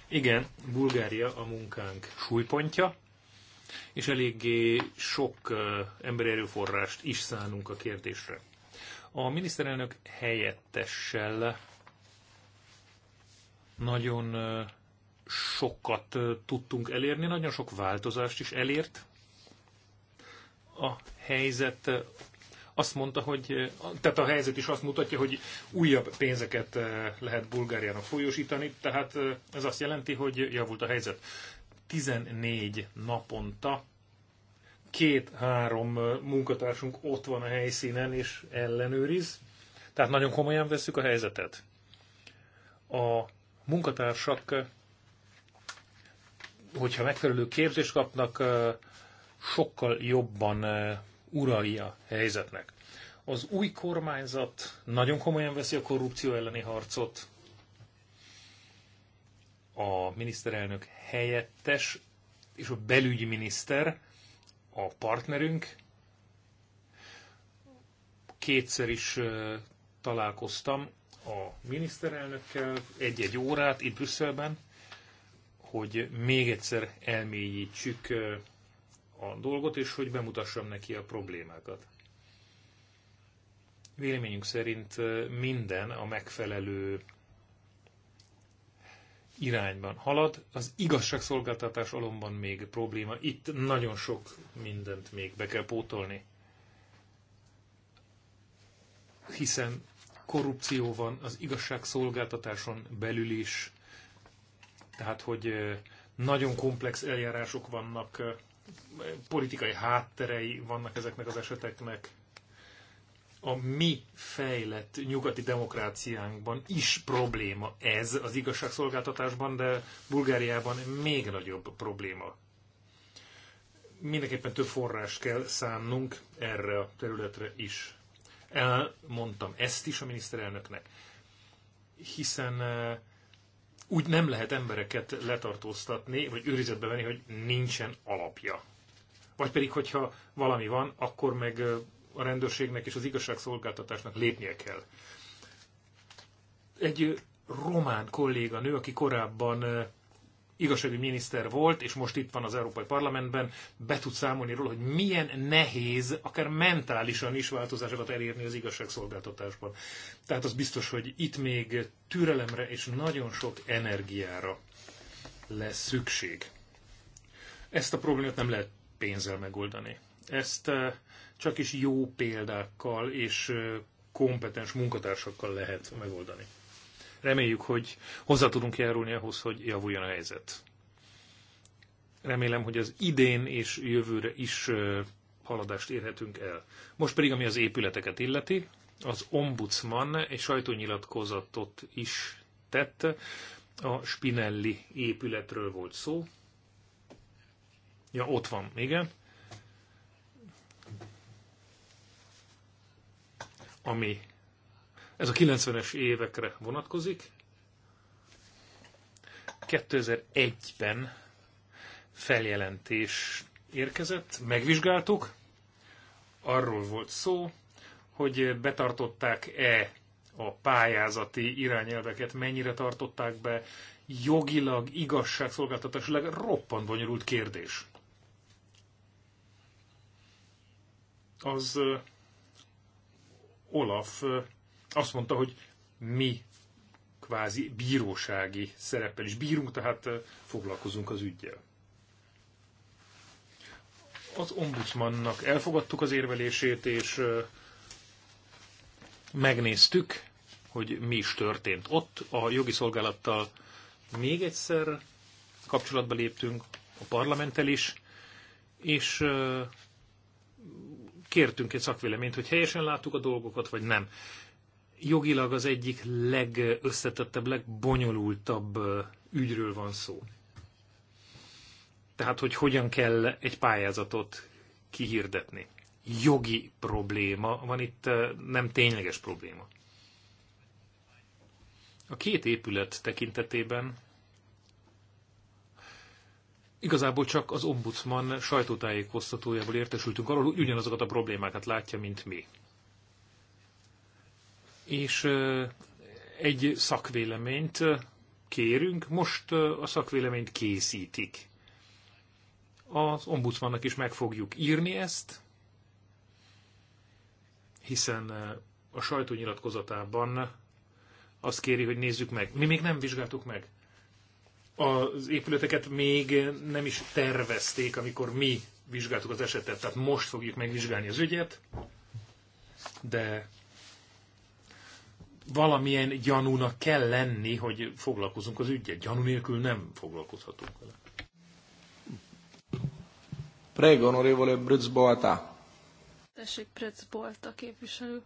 Igen, Bulgária a munkánk súlypontja, és eléggé sok emberi erőforrást is szánunk a kérdésre. A miniszterelnök helyettessel nagyon sokat tudtunk elérni, nagyon sok változást is elért a helyzet. Azt mondta, hogy, tehát a helyzet is azt mutatja, hogy újabb pénzeket lehet Bulgáriának folyósítani, tehát ez azt jelenti, hogy javult a helyzet. 14 naponta két-három munkatársunk ott van a helyszínen és ellenőriz. Tehát nagyon komolyan veszük a helyzetet. A munkatársak, hogyha megfelelő képzést kapnak, sokkal jobban urai a helyzetnek. Az új kormányzat nagyon komolyan veszi a korrupció elleni harcot. A miniszterelnök helyettes és a belügyi miniszter a partnerünk, kétszer is találkoztam a miniszterelnökkel egy-egy órát itt Brüsszelben, hogy még egyszer elmélyítsük a dolgot, és hogy bemutassam neki a problémákat. Véleményünk szerint minden a megfelelő irányban halad. Az igazságszolgáltatás alomban még probléma. Itt nagyon sok mindent még be kell pótolni. Hiszen korrupció van az igazságszolgáltatáson belül is, tehát hogy nagyon komplex eljárások vannak, politikai hátterei vannak ezeknek az eseteknek. A mi fejlett nyugati demokráciánkban is probléma ez az igazságszolgáltatásban, de Bulgáriában még nagyobb probléma. Mindenképpen több forrás kell szánnunk erre a területre is elmondtam ezt is a miniszterelnöknek, hiszen eh, úgy nem lehet embereket letartóztatni, vagy őrizetbe venni, hogy nincsen alapja. Vagy pedig, hogyha valami van, akkor meg eh, a rendőrségnek és az igazságszolgáltatásnak lépnie kell. Egy eh, román kolléganő, aki korábban igazságügyi miniszter volt, és most itt van az Európai Parlamentben, be tud számolni róla, hogy milyen nehéz, akár mentálisan is változásokat elérni az igazságszolgáltatásban. Tehát az biztos, hogy itt még türelemre és nagyon sok energiára lesz szükség. Ezt a problémát nem lehet pénzzel megoldani. Ezt eh, csak is jó példákkal és eh, kompetens munkatársakkal lehet megoldani. Reméljük, hogy hozzá tudunk járulni ahhoz, hogy javuljon a helyzet. Remélem, hogy az idén és jövőre is haladást érhetünk el. Most pedig, ami az épületeket illeti, az ombudsman egy sajtónyilatkozatot is tett. A Spinelli épületről volt szó. Ja, ott van, igen. Ami ez a 90-es évekre vonatkozik. 2001-ben feljelentés érkezett, megvizsgáltuk, arról volt szó, hogy betartották-e a pályázati irányelveket, mennyire tartották be, jogilag, igazságszolgáltatásilag roppant bonyolult kérdés. Az Olaf azt mondta, hogy mi kvázi bírósági szereppel is bírunk, tehát foglalkozunk az ügyjel. Az ombudsmannak elfogadtuk az érvelését, és megnéztük, hogy mi is történt. Ott a jogi szolgálattal még egyszer kapcsolatba léptünk, a parlamenttel is, és kértünk egy szakvéleményt, hogy helyesen láttuk a dolgokat, vagy nem jogilag az egyik legösszetettebb, legbonyolultabb ügyről van szó. Tehát, hogy hogyan kell egy pályázatot kihirdetni. Jogi probléma van itt, nem tényleges probléma. A két épület tekintetében igazából csak az ombudsman sajtótájékoztatójából értesültünk arról, hogy ugyanazokat a problémákat látja, mint mi és egy szakvéleményt kérünk, most a szakvéleményt készítik. Az ombudsmannak is meg fogjuk írni ezt, hiszen a sajtónyilatkozatában azt kéri, hogy nézzük meg. Mi még nem vizsgáltuk meg. Az épületeket még nem is tervezték, amikor mi vizsgáltuk az esetet, tehát most fogjuk megvizsgálni az ügyet, de valamilyen gyanúnak kell lenni, hogy foglalkozunk az ügyet. Gyanú nélkül nem foglalkozhatunk vele. Prego, onorevole Bolta. Tessék, Bolta képviselő.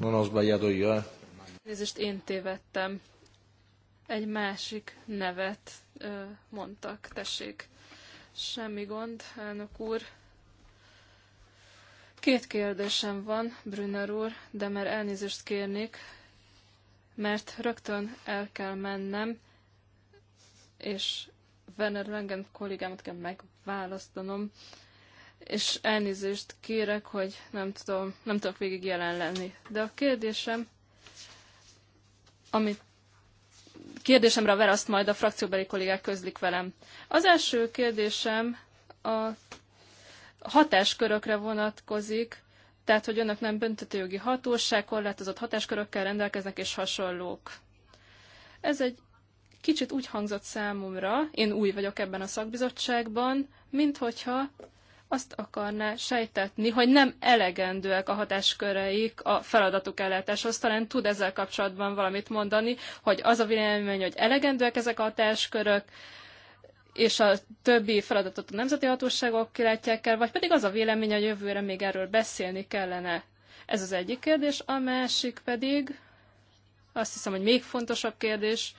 Non ho sbagliato io, eh. Nézést, én tévedtem. Egy másik nevet ö, mondtak, tessék. Semmi gond, elnök úr. Két kérdésem van, Brünner úr, de már elnézést kérnék, mert rögtön el kell mennem, és Werner Lengen kollégámat kell megválasztanom, és elnézést kérek, hogy nem tudom, nem tudok végig jelen lenni. De a kérdésem amit kérdésemre ver, azt majd a frakcióbeli kollégák közlik velem. Az első kérdésem a hatáskörökre vonatkozik, tehát hogy önök nem büntetőjogi hatóság, korlátozott hatáskörökkel rendelkeznek és hasonlók. Ez egy kicsit úgy hangzott számomra, én új vagyok ebben a szakbizottságban, mint hogyha azt akarná sejtetni, hogy nem elegendőek a hatásköreik a feladatuk ellátáshoz. Talán tud ezzel kapcsolatban valamit mondani, hogy az a vélemény, hogy elegendőek ezek a hatáskörök, és a többi feladatot a nemzeti hatóságok kilátják el, vagy pedig az a vélemény, hogy jövőre még erről beszélni kellene. Ez az egyik kérdés. A másik pedig, azt hiszem, hogy még fontosabb kérdés,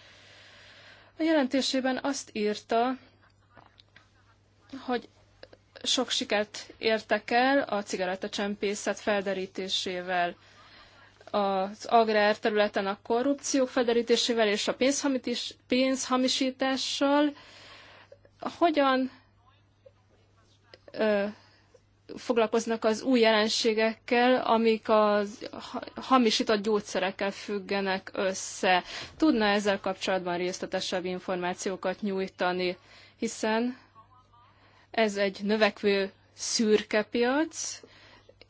a jelentésében azt írta, hogy sok sikert értek el a cigarettacsempészet felderítésével, az agrárterületen a korrupció felderítésével és a pénzhamisítással. Hogyan ö, foglalkoznak az új jelenségekkel, amik a hamisított gyógyszerekkel függenek össze. Tudna ezzel kapcsolatban részletesebb információkat nyújtani, hiszen ez egy növekvő szürke piac,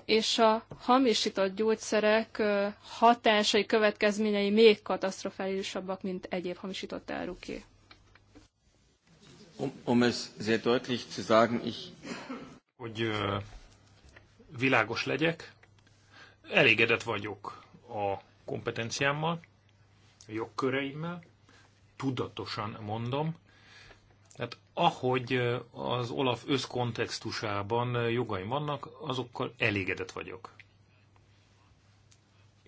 és a hamisított gyógyszerek hatásai, következményei még katasztrofálisabbak, mint egyéb hamisított áruké. Um, um es sehr deutlich zu sagen, ich... Hogy uh, világos legyek, elégedett vagyok a kompetenciámmal, a jogköreimmel, tudatosan mondom, tehát ahogy az Olaf összkontextusában jogai vannak, azokkal elégedett vagyok.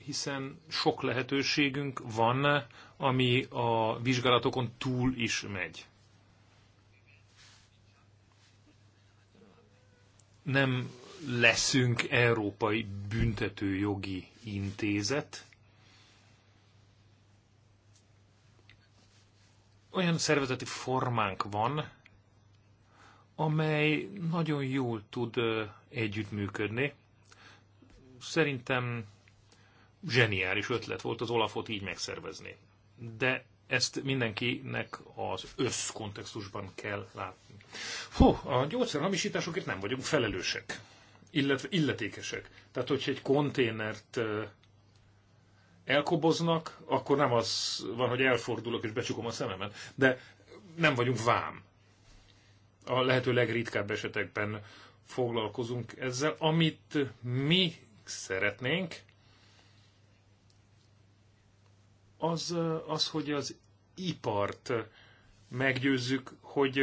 Hiszen sok lehetőségünk van, ami a vizsgálatokon túl is megy. Nem leszünk Európai Büntetőjogi Intézet, olyan szervezeti formánk van, amely nagyon jól tud együttműködni. Szerintem zseniális ötlet volt az Olafot így megszervezni. De ezt mindenkinek az összkontextusban kell látni. Hú, a gyógyszerhamisításokért nem vagyunk felelősek, illetve illetékesek. Tehát, hogyha egy konténert elkoboznak, akkor nem az van, hogy elfordulok és becsukom a szememet. De nem vagyunk vám. A lehető legritkább esetekben foglalkozunk ezzel. Amit mi szeretnénk, az, az hogy az ipart meggyőzzük, hogy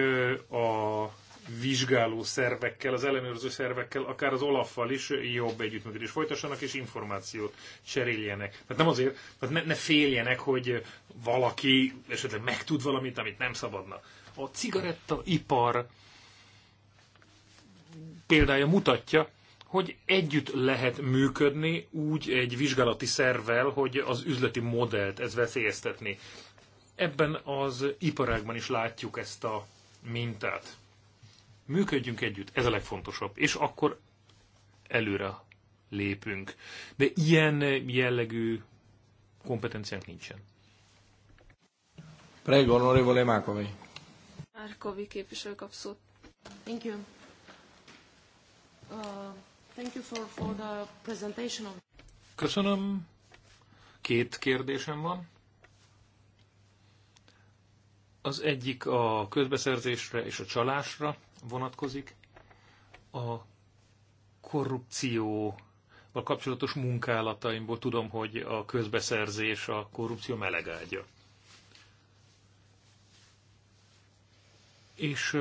a vizsgáló szervekkel, az ellenőrző szervekkel, akár az Olaffal is jobb együttműködés folytassanak, és információt cseréljenek. Tehát nem azért, tehát ne, ne féljenek, hogy valaki esetleg megtud valamit, amit nem szabadna. A ipar példája mutatja, hogy együtt lehet működni úgy egy vizsgálati szervvel, hogy az üzleti modellt ez veszélyeztetni. Ebben az iparágban is látjuk ezt a mintát. Működjünk együtt, ez a legfontosabb, és akkor előre lépünk. De ilyen jellegű kompetenciánk nincsen. Prego, onorevole Mákovi. Márkovi képviselő kap szót. Thank you. Uh, thank you for, for the presentation of... Köszönöm. Két kérdésem van. Az egyik a közbeszerzésre és a csalásra vonatkozik. A korrupcióval kapcsolatos munkálataimból tudom, hogy a közbeszerzés a korrupció melegágya. És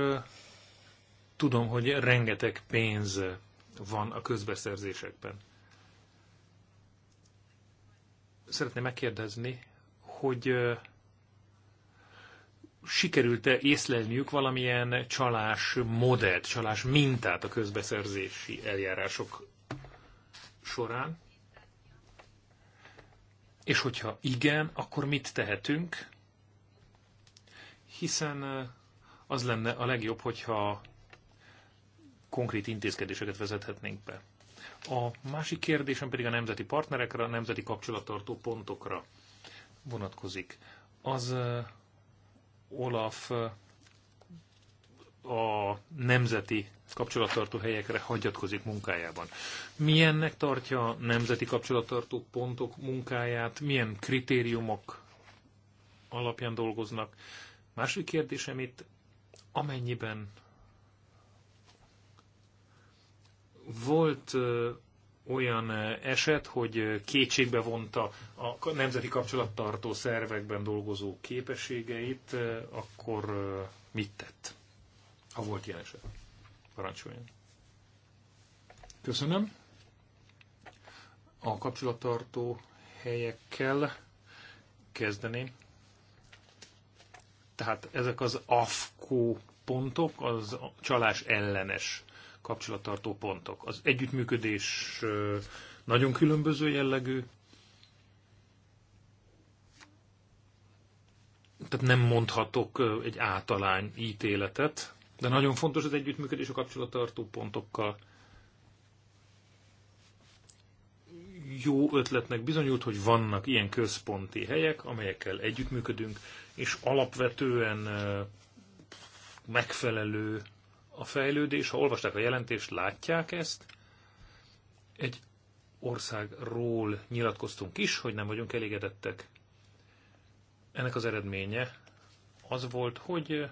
tudom, hogy rengeteg pénz van a közbeszerzésekben. Szeretném megkérdezni, hogy uh, sikerült-e észlelniük valamilyen csalás modellt, csalás mintát a közbeszerzési eljárások során? És hogyha igen, akkor mit tehetünk? Hiszen eh, az lenne a legjobb, hogyha konkrét intézkedéseket vezethetnénk be. A másik kérdésem pedig a nemzeti partnerekre, a nemzeti kapcsolattartó pontokra vonatkozik. Az eh, Olaf a nemzeti kapcsolattartó helyekre hagyatkozik munkájában. Milyennek tartja a nemzeti kapcsolattartó pontok munkáját, milyen kritériumok alapján dolgoznak. Másik kérdésem itt, amennyiben volt olyan eset, hogy kétségbe vonta a nemzeti kapcsolattartó szervekben dolgozó képességeit, akkor mit tett? Ha volt ilyen eset. Parancsoljon. Köszönöm. A kapcsolattartó helyekkel kezdeném. Tehát ezek az AFKO pontok, az csalás ellenes kapcsolattartó pontok. Az együttműködés nagyon különböző jellegű, tehát nem mondhatok egy általány ítéletet, de nagyon fontos az együttműködés a kapcsolattartó pontokkal. Jó ötletnek bizonyult, hogy vannak ilyen központi helyek, amelyekkel együttműködünk, és alapvetően megfelelő a fejlődés, ha olvasták a jelentést, látják ezt. Egy országról nyilatkoztunk is, hogy nem vagyunk elégedettek. Ennek az eredménye az volt, hogy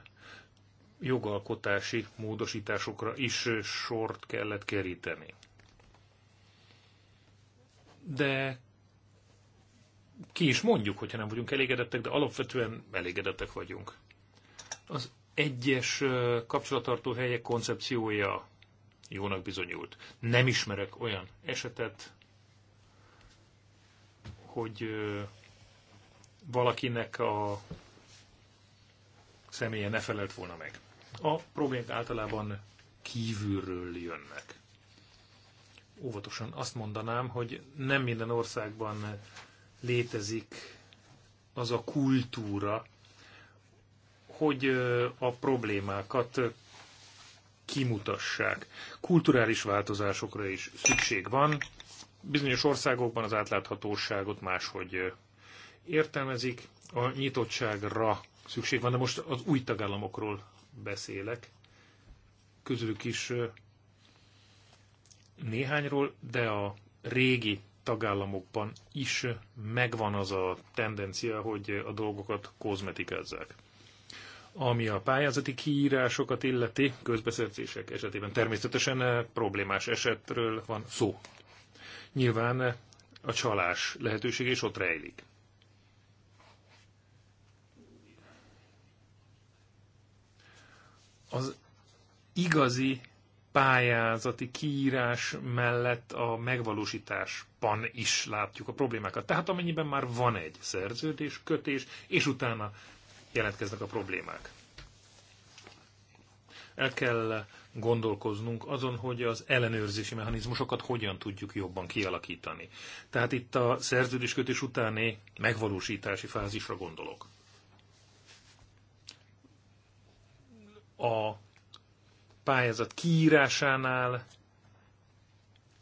jogalkotási módosításokra is sort kellett keríteni. De ki is mondjuk, hogyha nem vagyunk elégedettek, de alapvetően elégedettek vagyunk. Az egyes kapcsolattartó helyek koncepciója jónak bizonyult. Nem ismerek olyan esetet, hogy valakinek a személye ne felelt volna meg. A problémák általában kívülről jönnek. Óvatosan azt mondanám, hogy nem minden országban létezik az a kultúra, hogy a problémákat kimutassák. Kulturális változásokra is szükség van. Bizonyos országokban az átláthatóságot máshogy értelmezik. A nyitottságra szükség van, de most az új tagállamokról beszélek. Közülük is néhányról, de a régi tagállamokban is megvan az a tendencia, hogy a dolgokat kozmetikázzák. Ami a pályázati kiírásokat illeti, közbeszerzések esetében természetesen eh, problémás esetről van szó. Nyilván eh, a csalás lehetőség is ott rejlik. Az igazi pályázati kiírás mellett a megvalósításban is látjuk a problémákat. Tehát amennyiben már van egy szerződés, kötés, és utána jelentkeznek a problémák. El kell gondolkoznunk azon, hogy az ellenőrzési mechanizmusokat hogyan tudjuk jobban kialakítani. Tehát itt a szerződéskötés utáni megvalósítási fázisra gondolok. A pályázat kiírásánál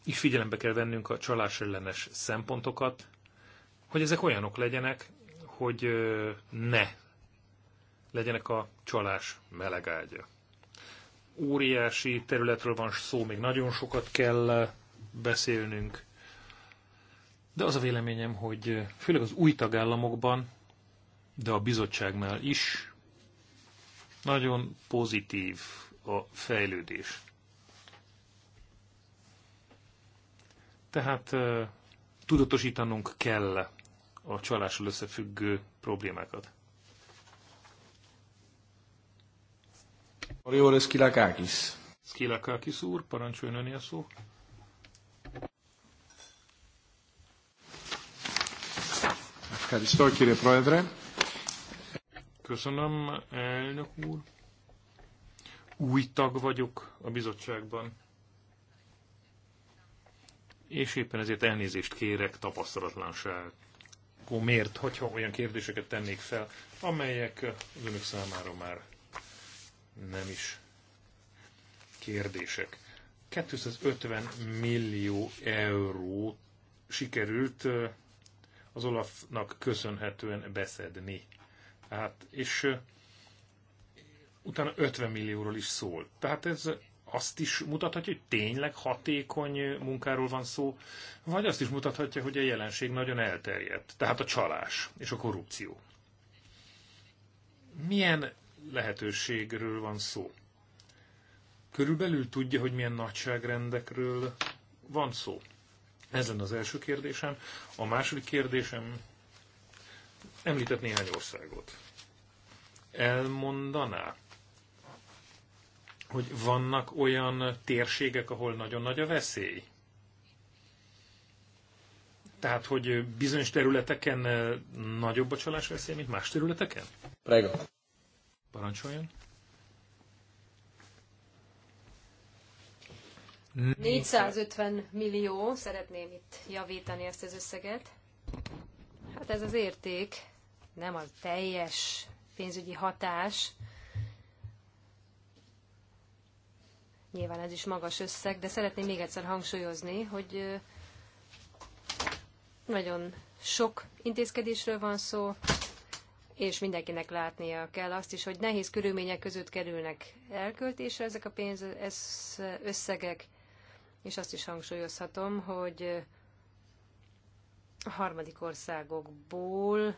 is figyelembe kell vennünk a csalás ellenes szempontokat, hogy ezek olyanok legyenek, hogy ne legyenek a csalás melegágya. Óriási területről van szó, még nagyon sokat kell beszélnünk, de az a véleményem, hogy főleg az új tagállamokban, de a bizottságnál is nagyon pozitív a fejlődés. Tehát tudatosítanunk kell a csalással összefüggő problémákat. Oriol Skilakakis. Skilakakis úr, parancsoljon öné a szó. Ευχαριστώ κύριε Πρόεδρε. Köszönöm, elnök úr. Új tag vagyok a bizottságban. És éppen ezért elnézést kérek tapasztalatlanság. tapasztalatlanságomért, hogyha olyan kérdéseket tennék fel, amelyek önök számára már nem is kérdések. 250 millió euró sikerült az Olafnak köszönhetően beszedni. Hát, és utána 50 millióról is szól. Tehát ez azt is mutathatja, hogy tényleg hatékony munkáról van szó, vagy azt is mutathatja, hogy a jelenség nagyon elterjedt. Tehát a csalás és a korrupció. Milyen lehetőségről van szó. Körülbelül tudja, hogy milyen nagyságrendekről van szó. Ez lenne az első kérdésem. A második kérdésem említett néhány országot. Elmondaná, hogy vannak olyan térségek, ahol nagyon nagy a veszély? Tehát, hogy bizonyos területeken eh, nagyobb a csalás veszély, mint más területeken? Prego. Parancsoljon. 450 millió, szeretném itt javítani ezt az összeget. Hát ez az érték, nem a teljes pénzügyi hatás. Nyilván ez is magas összeg, de szeretném még egyszer hangsúlyozni, hogy nagyon sok intézkedésről van szó, és mindenkinek látnia kell azt is, hogy nehéz körülmények között kerülnek elköltésre ezek a pénz ez összegek, és azt is hangsúlyozhatom, hogy a harmadik országokból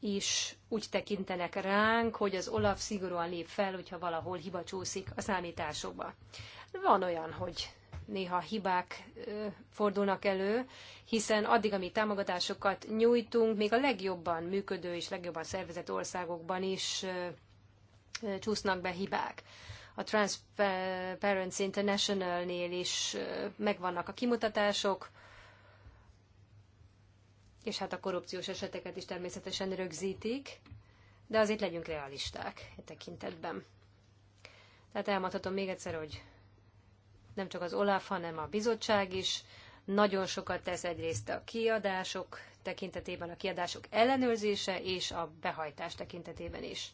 is úgy tekintenek ránk, hogy az Olaf szigorúan lép fel, hogyha valahol hiba csúszik a számításokba. Van olyan, hogy néha hibák fordulnak elő, hiszen addig, amíg támogatásokat nyújtunk, még a legjobban működő és legjobban szervezett országokban is csúsznak be hibák. A Transparency International-nél is megvannak a kimutatások, és hát a korrupciós eseteket is természetesen rögzítik, de azért legyünk realisták e tekintetben. Tehát elmondhatom még egyszer, hogy nem csak az OLAF, hanem a bizottság is nagyon sokat tesz egyrészt a kiadások tekintetében, a kiadások ellenőrzése és a behajtás tekintetében is.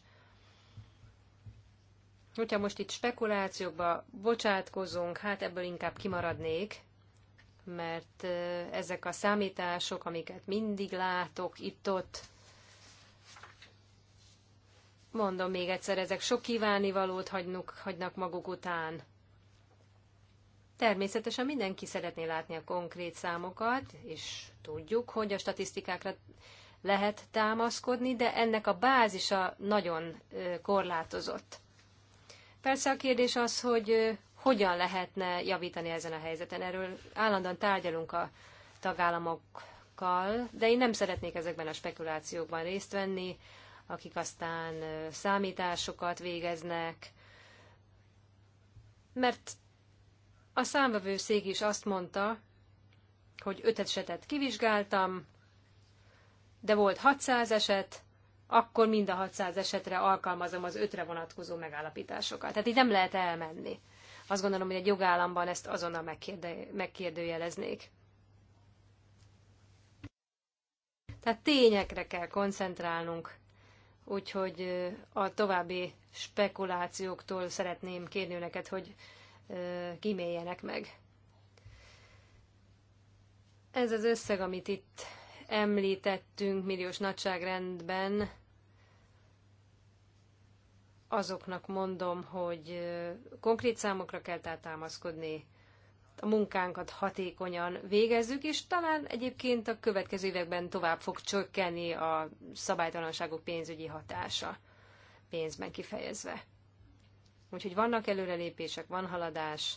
Hogyha most itt spekulációkba bocsátkozunk, hát ebből inkább kimaradnék, mert ezek a számítások, amiket mindig látok itt-ott, mondom még egyszer, ezek sok kívánivalót hagynak, hagynak maguk után Természetesen mindenki szeretné látni a konkrét számokat, és tudjuk, hogy a statisztikákra lehet támaszkodni, de ennek a bázisa nagyon korlátozott. Persze a kérdés az, hogy hogyan lehetne javítani ezen a helyzeten. Erről állandóan tárgyalunk a tagállamokkal, de én nem szeretnék ezekben a spekulációkban részt venni, akik aztán számításokat végeznek, mert a számvevőszék is azt mondta, hogy öt esetet kivizsgáltam, de volt 600 eset, akkor mind a 600 esetre alkalmazom az ötre vonatkozó megállapításokat. Tehát így nem lehet elmenni. Azt gondolom, hogy egy jogállamban ezt azonnal megkérde, megkérdőjeleznék. Tehát tényekre kell koncentrálnunk, úgyhogy a további spekulációktól szeretném kérni neked, hogy kíméljenek meg. Ez az összeg, amit itt említettünk milliós nagyságrendben, azoknak mondom, hogy konkrét számokra kell tehát támaszkodni, a munkánkat hatékonyan végezzük, és talán egyébként a következő években tovább fog csökkenni a szabálytalanságok pénzügyi hatása, pénzben kifejezve. Úgyhogy vannak előrelépések, van haladás,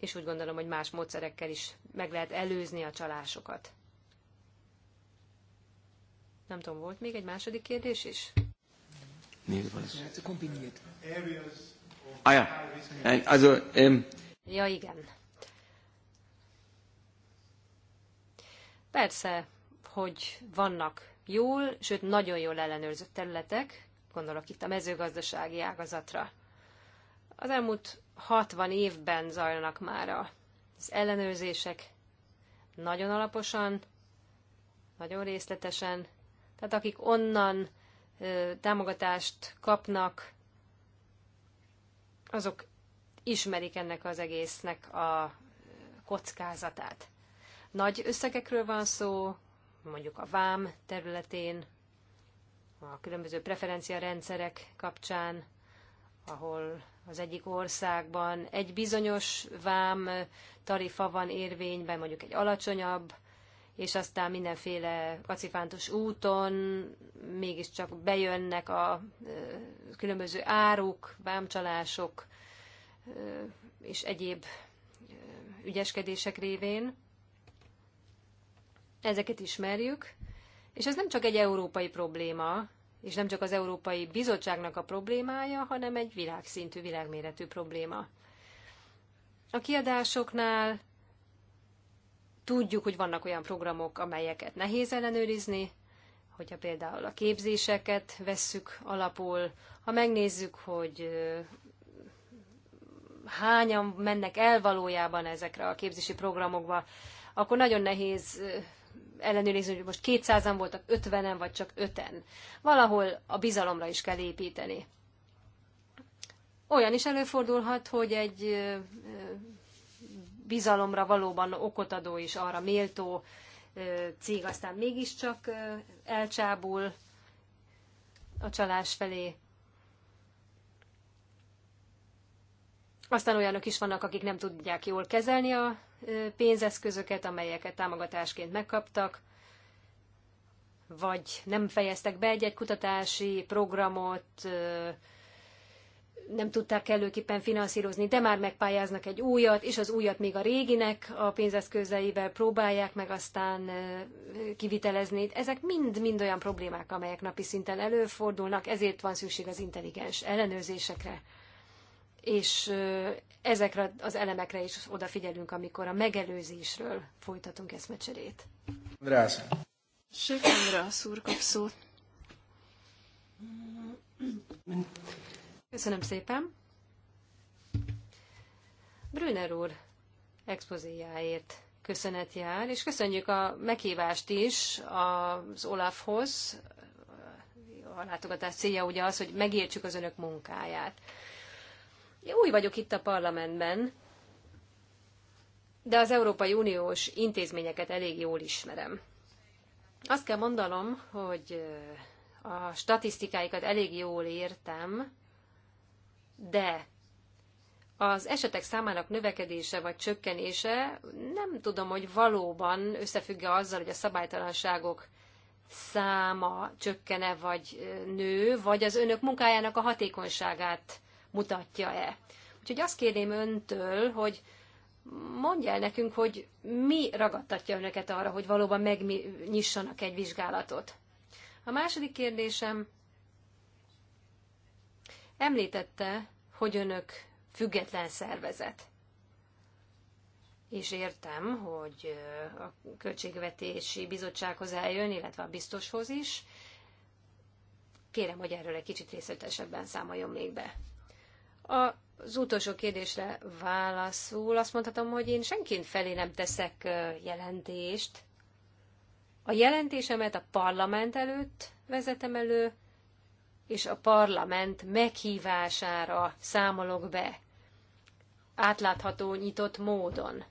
és úgy gondolom, hogy más módszerekkel is meg lehet előzni a csalásokat. Nem tudom, volt még egy második kérdés is? Ah, ja. Also, ähm... Eh, ja, igen. Persze, hogy vannak jól, sőt nagyon jól ellenőrzött területek, gondolok itt a mezőgazdasági ágazatra. Az elmúlt 60 évben zajlanak már az ellenőrzések nagyon alaposan, nagyon részletesen. Tehát akik onnan támogatást kapnak, azok ismerik ennek az egésznek a kockázatát. Nagy összegekről van szó, mondjuk a vám területén, a különböző preferencia rendszerek kapcsán, ahol az egyik országban egy bizonyos vám tarifa van érvényben, mondjuk egy alacsonyabb, és aztán mindenféle kacifántos úton mégiscsak bejönnek a különböző áruk, vámcsalások és egyéb ügyeskedések révén. Ezeket ismerjük, és ez nem csak egy európai probléma, és nem csak az Európai Bizottságnak a problémája, hanem egy világszintű, világméretű probléma. A kiadásoknál tudjuk, hogy vannak olyan programok, amelyeket nehéz ellenőrizni, hogyha például a képzéseket vesszük alapul, ha megnézzük, hogy hányan mennek el valójában ezekre a képzési programokba, akkor nagyon nehéz ellenőrizni, hogy most 200-an voltak, 50-en vagy csak 5-en. Valahol a bizalomra is kell építeni. Olyan is előfordulhat, hogy egy bizalomra valóban okot adó és arra méltó cég aztán mégiscsak elcsábul a csalás felé. Aztán olyanok is vannak, akik nem tudják jól kezelni a pénzeszközöket, amelyeket támogatásként megkaptak, vagy nem fejeztek be egy-egy kutatási programot, nem tudták kellőképpen finanszírozni, de már megpályáznak egy újat, és az újat még a réginek a pénzeszközeivel próbálják meg aztán kivitelezni. Ezek mind-mind olyan problémák, amelyek napi szinten előfordulnak, ezért van szükség az intelligens ellenőrzésekre és ezekre az elemekre is odafigyelünk, amikor a megelőzésről folytatunk eszmecserét. András. Sikandra, a kap szót. Köszönöm szépen. Brüner úr expozéjáért köszönet jár, és köszönjük a meghívást is az Olafhoz. A látogatás célja ugye az, hogy megértsük az önök munkáját. Én új vagyok itt a parlamentben, de az Európai Uniós intézményeket elég jól ismerem. Azt kell mondanom, hogy a statisztikáikat elég jól értem, de az esetek számának növekedése vagy csökkenése nem tudom, hogy valóban összefügg azzal, hogy a szabálytalanságok száma csökkene vagy nő, vagy az önök munkájának a hatékonyságát mutatja-e. Úgyhogy azt kérném öntől, hogy mondja el nekünk, hogy mi ragadtatja önöket arra, hogy valóban megnyissanak egy vizsgálatot. A második kérdésem, említette, hogy önök független szervezet. És értem, hogy a Költségvetési Bizottsághoz eljön, illetve a biztoshoz is. Kérem, hogy erről egy kicsit részletesebben számoljon még be. Az utolsó kérdésre válaszul azt mondhatom, hogy én senként felé nem teszek jelentést. A jelentésemet a parlament előtt vezetem elő, és a parlament meghívására számolok be. Átlátható, nyitott módon.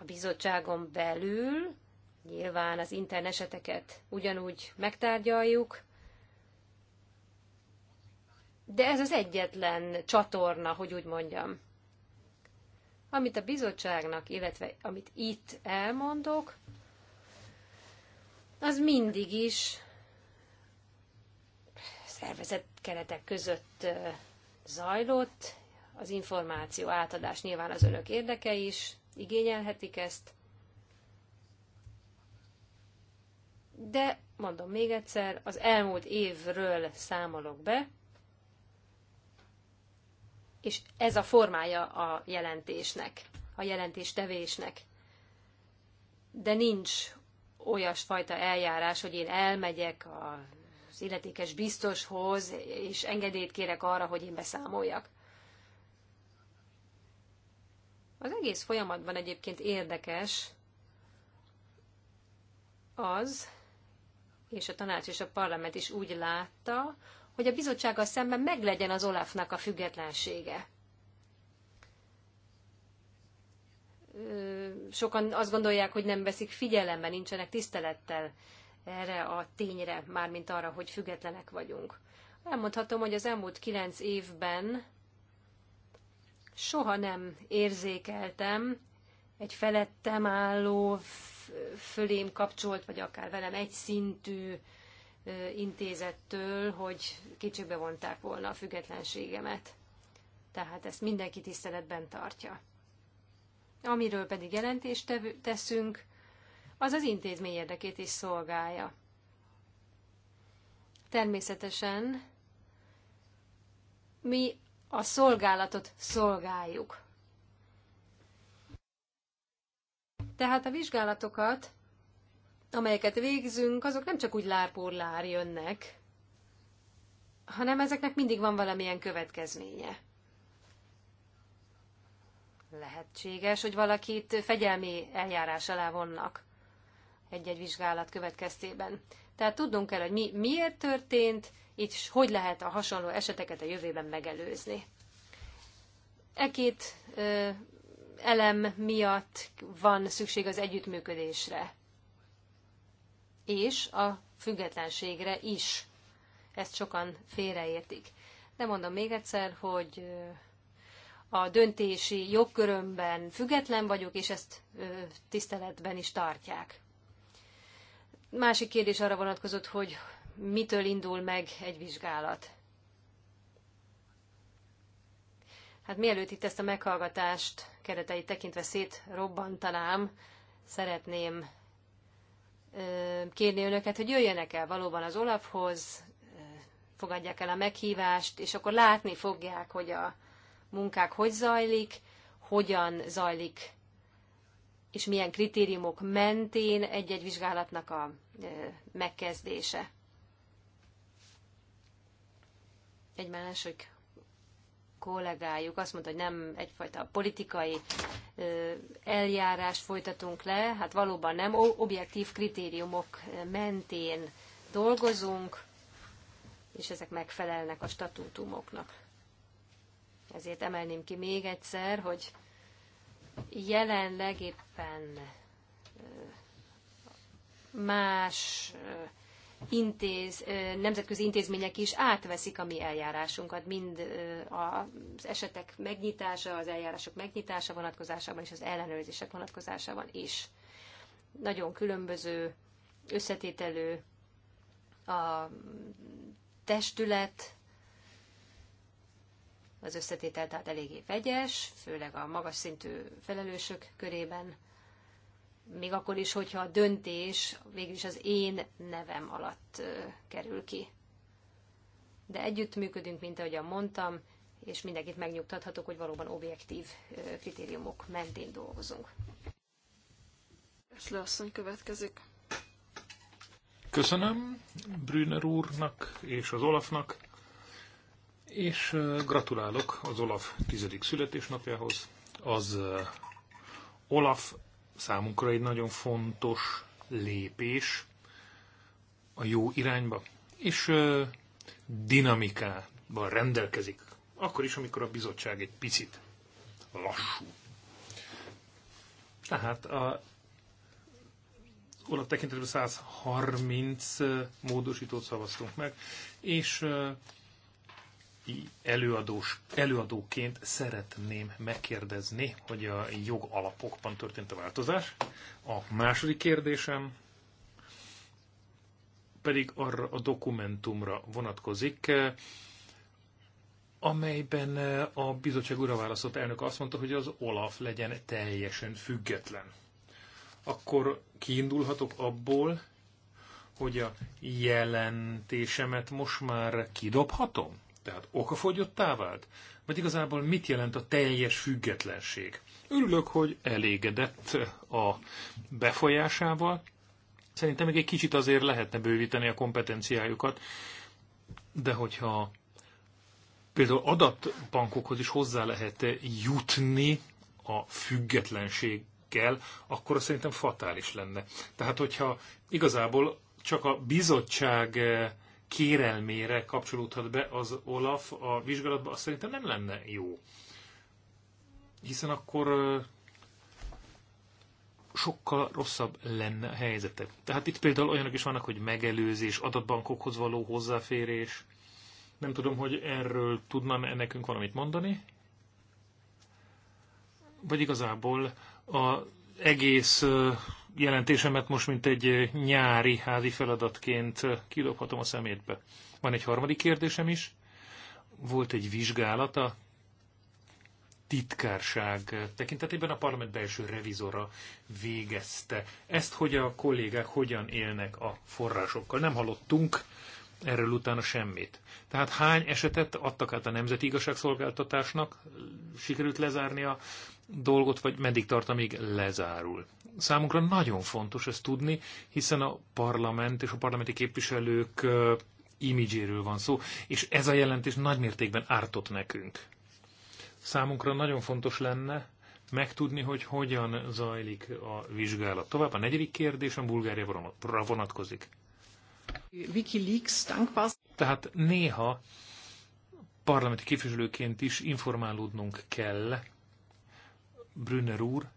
A bizottságon belül nyilván az interneseteket ugyanúgy megtárgyaljuk, de ez az egyetlen csatorna, hogy úgy mondjam. Amit a bizottságnak, illetve amit itt elmondok, az mindig is szervezett keretek között zajlott, az információ átadás nyilván az önök érdeke is, igényelhetik ezt. De mondom még egyszer, az elmúlt évről számolok be, és ez a formája a jelentésnek, a jelentéstevésnek. De nincs olyasfajta eljárás, hogy én elmegyek az illetékes biztoshoz, és engedélyt kérek arra, hogy én beszámoljak. Az egész folyamatban egyébként érdekes az, és a tanács és a parlament is úgy látta, hogy a bizottsággal szemben meglegyen az Olafnak a függetlensége. Sokan azt gondolják, hogy nem veszik figyelembe, nincsenek tisztelettel erre a tényre, mármint arra, hogy függetlenek vagyunk. Elmondhatom, hogy az elmúlt kilenc évben soha nem érzékeltem egy felettem álló, fölém kapcsolt, vagy akár velem egy szintű intézettől, hogy kétségbe vonták volna a függetlenségemet. Tehát ezt mindenki tiszteletben tartja. Amiről pedig jelentést teszünk, az az intézmény érdekét is szolgálja. Természetesen mi a szolgálatot szolgáljuk. Tehát a vizsgálatokat amelyeket végzünk, azok nem csak úgy lárpórlár jönnek, hanem ezeknek mindig van valamilyen következménye. Lehetséges, hogy valakit fegyelmi eljárás alá vonnak egy-egy vizsgálat következtében. Tehát tudnunk kell, hogy mi, miért történt, így hogy lehet a hasonló eseteket a jövőben megelőzni. E két ö, elem miatt van szükség az együttműködésre és a függetlenségre is. Ezt sokan félreértik. De mondom még egyszer, hogy a döntési jogkörömben független vagyok, és ezt tiszteletben is tartják. Másik kérdés arra vonatkozott, hogy mitől indul meg egy vizsgálat. Hát mielőtt itt ezt a meghallgatást kereteit tekintve szétrobbantanám, szeretném kérni önöket, hogy jöjjenek el valóban az Olafhoz, fogadják el a meghívást, és akkor látni fogják, hogy a munkák hogy zajlik, hogyan zajlik, és milyen kritériumok mentén egy-egy vizsgálatnak a megkezdése. Egy másik kollégájuk azt mondta, hogy nem egyfajta politikai eljárást folytatunk le, hát valóban nem, objektív kritériumok mentén dolgozunk, és ezek megfelelnek a statútumoknak. Ezért emelném ki még egyszer, hogy jelenleg éppen más intéz, nemzetközi intézmények is átveszik a mi eljárásunkat, mind az esetek megnyitása, az eljárások megnyitása vonatkozásában és az ellenőrzések vonatkozásában is. Nagyon különböző összetételő a testület, az összetétel tehát eléggé vegyes, főleg a magas szintű felelősök körében még akkor is, hogyha a döntés végülis az én nevem alatt kerül ki. De együttműködünk, mint ahogyan mondtam, és mindenkit megnyugtathatok, hogy valóban objektív kritériumok mentén dolgozunk. Esle asszony következik. Köszönöm Brüner úrnak és az Olafnak, és gratulálok az Olaf tizedik születésnapjához. Az Olaf számunkra egy nagyon fontos lépés a jó irányba, és ö, dinamikával rendelkezik, akkor is, amikor a bizottság egy picit lassú. Tehát a Olaf tekintetében 130 módosítót szavaztunk meg, és előadós, előadóként szeretném megkérdezni, hogy a jogalapokban történt a változás. A második kérdésem pedig arra a dokumentumra vonatkozik, amelyben a bizottság uraválasztott elnök azt mondta, hogy az OLAF legyen teljesen független. Akkor kiindulhatok abból, hogy a jelentésemet most már kidobhatom? Tehát okafogyottá vált? Vagy igazából mit jelent a teljes függetlenség? Örülök, hogy elégedett a befolyásával. Szerintem még egy kicsit azért lehetne bővíteni a kompetenciájukat, de hogyha például adatbankokhoz is hozzá lehet jutni a függetlenséggel, akkor az szerintem fatális lenne. Tehát, hogyha igazából csak a bizottság eh, kérelmére kapcsolódhat be az Olaf a vizsgálatba, azt szerintem nem lenne jó. Hiszen akkor sokkal rosszabb lenne a helyzete. Tehát itt például olyanok is vannak, hogy megelőzés, adatbankokhoz való hozzáférés. Nem tudom, hogy erről tudnám -e nekünk valamit mondani. Vagy igazából a egész jelentésemet most, mint egy eh, nyári házi feladatként eh, kidobhatom a szemétbe. Van egy harmadik kérdésem is. Volt egy vizsgálata titkárság eh, tekintetében a parlament belső revizora végezte. Ezt, hogy a kollégák hogyan élnek a forrásokkal. Nem hallottunk erről utána semmit. Tehát hány esetet adtak át a Nemzeti Igazságszolgáltatásnak? Sikerült lezárni a dolgot, vagy meddig tart, amíg lezárul? számunkra nagyon fontos ezt tudni, hiszen a parlament és a parlamenti képviselők imidzséről van szó, és ez a jelentés mértékben ártott nekünk. Számunkra nagyon fontos lenne megtudni, hogy hogyan zajlik a vizsgálat. Tovább a negyedik kérdés a Bulgáriára vonatkozik. Wikileaks, dankbar. Tehát néha parlamenti képviselőként is informálódnunk kell, Brünner úr,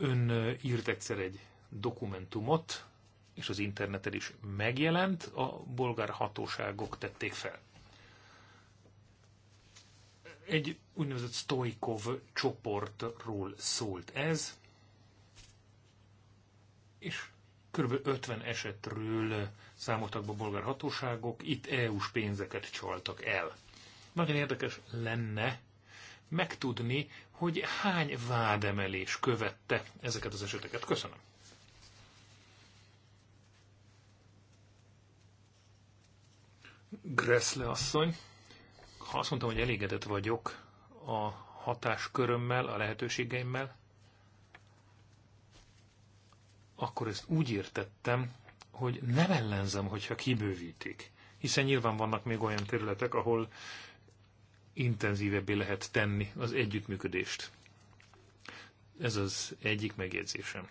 Ön írt egyszer egy dokumentumot, és az interneten is megjelent, a bolgár hatóságok tették fel. Egy úgynevezett Stoikov csoportról szólt ez, és kb. 50 esetről számoltak be a bolgár hatóságok, itt EU-s pénzeket csaltak el. Nagyon érdekes lenne megtudni, hogy hány vádemelés követte ezeket az eseteket. Köszönöm. Gressle asszony, ha azt mondtam, hogy elégedett vagyok a hatáskörömmel, a lehetőségeimmel, akkor ezt úgy értettem, hogy nem ellenzem, hogyha kibővítik. Hiszen nyilván vannak még olyan területek, ahol intenzívebbé lehet tenni az együttműködést. Ez az egyik megjegyzésem.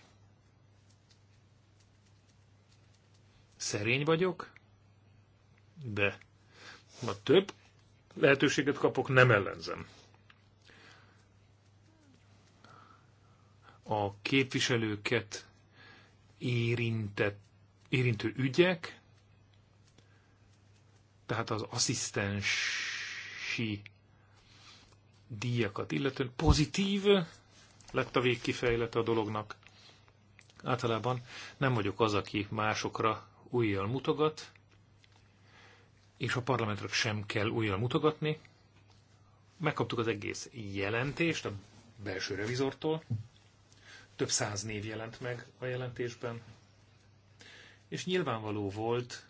Szerény vagyok, de ma több lehetőséget kapok, nem ellenzem. A képviselőket érintett, érintő ügyek, tehát az asszisztensi díjakat illetően pozitív lett a végkifejlete a dolognak. Általában nem vagyok az, aki másokra újjal mutogat, és a parlamentről sem kell újjal mutogatni. Megkaptuk az egész jelentést a belső revizortól. Több száz név jelent meg a jelentésben. És nyilvánvaló volt,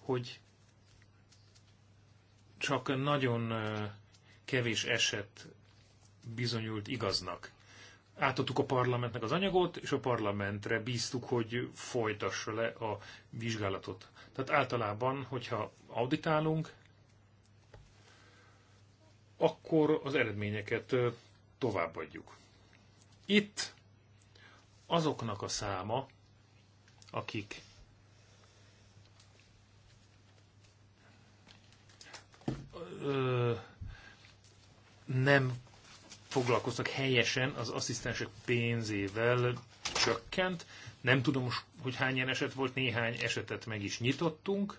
hogy csak nagyon kevés eset bizonyult igaznak. Átadtuk a parlamentnek az anyagot, és a parlamentre bíztuk, hogy folytassa le a vizsgálatot. Tehát általában, hogyha auditálunk, akkor az eredményeket továbbadjuk. Itt azoknak a száma, akik ö, nem foglalkoztak helyesen az asszisztensek pénzével csökkent. Nem tudom most, hogy hány ilyen eset volt, néhány esetet meg is nyitottunk.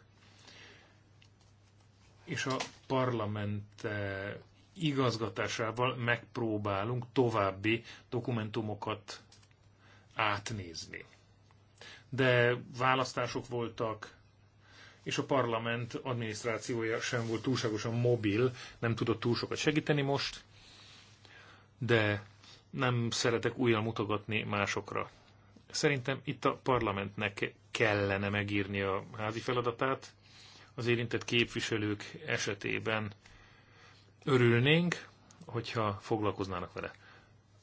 És a parlament igazgatásával megpróbálunk további dokumentumokat átnézni. De választások voltak, és a parlament adminisztrációja sem volt túlságosan mobil, nem tudott túl sokat segíteni most, de nem szeretek újra mutogatni másokra. Szerintem itt a parlamentnek kellene megírni a házi feladatát, az érintett képviselők esetében örülnénk, hogyha foglalkoznának vele.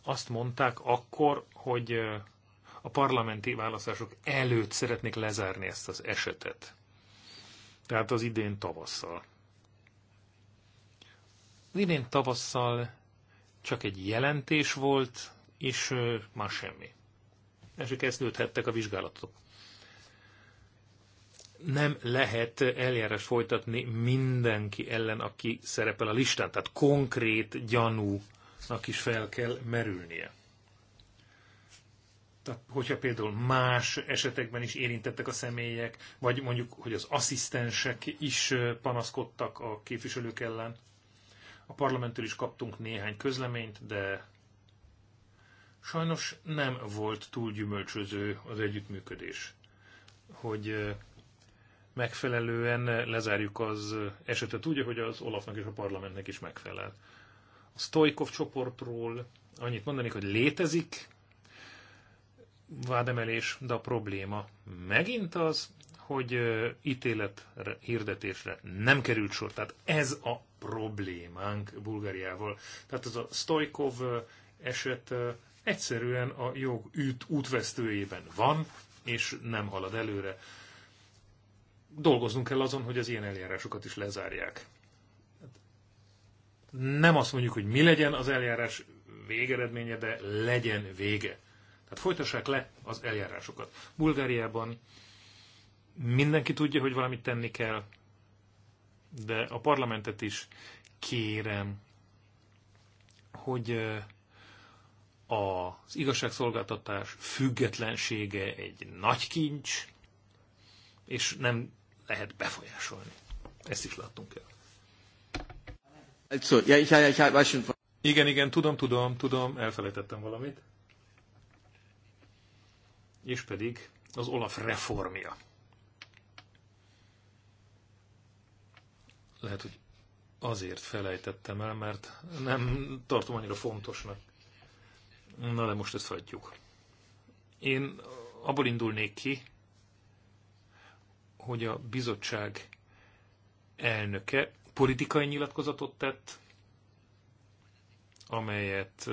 Azt mondták akkor, hogy a parlamenti választások előtt szeretnék lezárni ezt az esetet tehát az idén tavasszal. Az idén tavasszal csak egy jelentés volt, és már semmi. És kezdődhettek a vizsgálatok. Nem lehet eljárás folytatni mindenki ellen, aki szerepel a listán, tehát konkrét gyanúnak is fel kell merülnie tehát hogyha például más esetekben is érintettek a személyek, vagy mondjuk, hogy az asszisztensek is panaszkodtak a képviselők ellen. A parlamenttől is kaptunk néhány közleményt, de sajnos nem volt túl gyümölcsöző az együttműködés, hogy megfelelően lezárjuk az esetet úgy, hogy az Olafnak és a parlamentnek is megfelel. A Stoikov csoportról annyit mondanék, hogy létezik, vádemelés, de a probléma megint az, hogy ítélet hirdetésre nem került sor. Tehát ez a problémánk Bulgáriával. Tehát ez a Stoikov eset egyszerűen a jog üt útvesztőjében van, és nem halad előre. Dolgoznunk kell azon, hogy az ilyen eljárásokat is lezárják. Nem azt mondjuk, hogy mi legyen az eljárás végeredménye, de legyen vége. Tehát folytassák le az eljárásokat. Bulgáriában mindenki tudja, hogy valamit tenni kell, de a parlamentet is kérem, hogy eh, az igazságszolgáltatás függetlensége egy nagy kincs, és nem lehet befolyásolni. Ezt is láttunk el. Igen, igen, tudom, tudom, tudom, elfelejtettem valamit és pedig az Olaf reformja. Lehet, hogy azért felejtettem el, mert nem tartom annyira fontosnak. Na de most ezt hagyjuk. Én abból indulnék ki, hogy a bizottság elnöke politikai nyilatkozatot tett, amelyet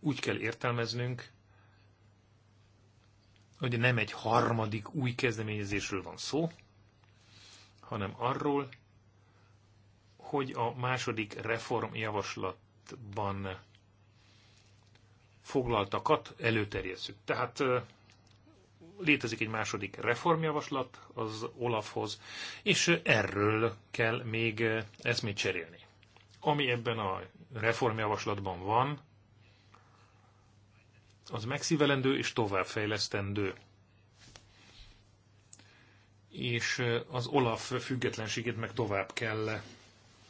úgy kell értelmeznünk, hogy nem egy harmadik új kezdeményezésről van szó, hanem arról, hogy a második reformjavaslatban foglaltakat előterjesszük. Tehát létezik egy második reformjavaslat az Olafhoz, és erről kell még eszmét cserélni. Ami ebben a reformjavaslatban van, az megszívelendő és továbbfejlesztendő. És az Olaf függetlenségét meg tovább kell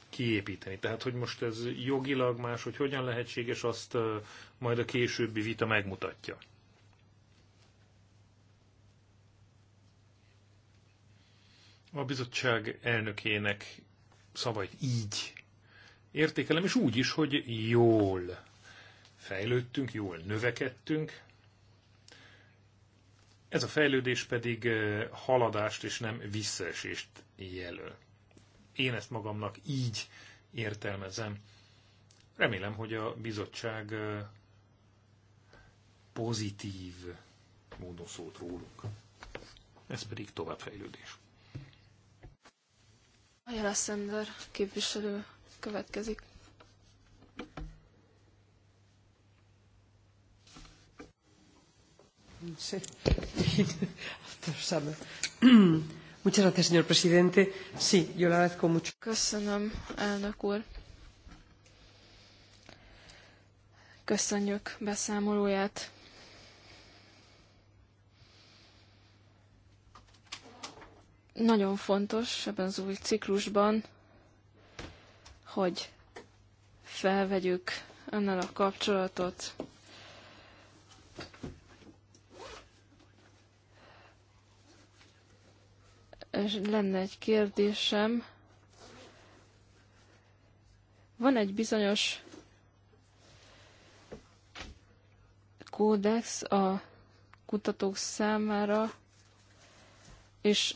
kiépíteni. Tehát, hogy most ez jogilag más, hogy hogyan lehetséges, azt majd a későbbi vita megmutatja. A bizottság elnökének szavait így értékelem, és úgy is, hogy jól fejlődtünk, jól növekedtünk. Ez a fejlődés pedig haladást és nem visszaesést jelöl. Én ezt magamnak így értelmezem. Remélem, hogy a bizottság pozitív módon szólt rólunk. Ez pedig továbbfejlődés. Ajala Szender képviselő következik. Sí. Muchas gracias, señor presidente. Sí, yo le agradezco mucho. Köszönöm, elnök úr. Köszönjük beszámolóját. Nagyon fontos ebben az új ciklusban, hogy felvegyük önnel a kapcsolatot. és lenne egy kérdésem. Van egy bizonyos kódex a kutatók számára, és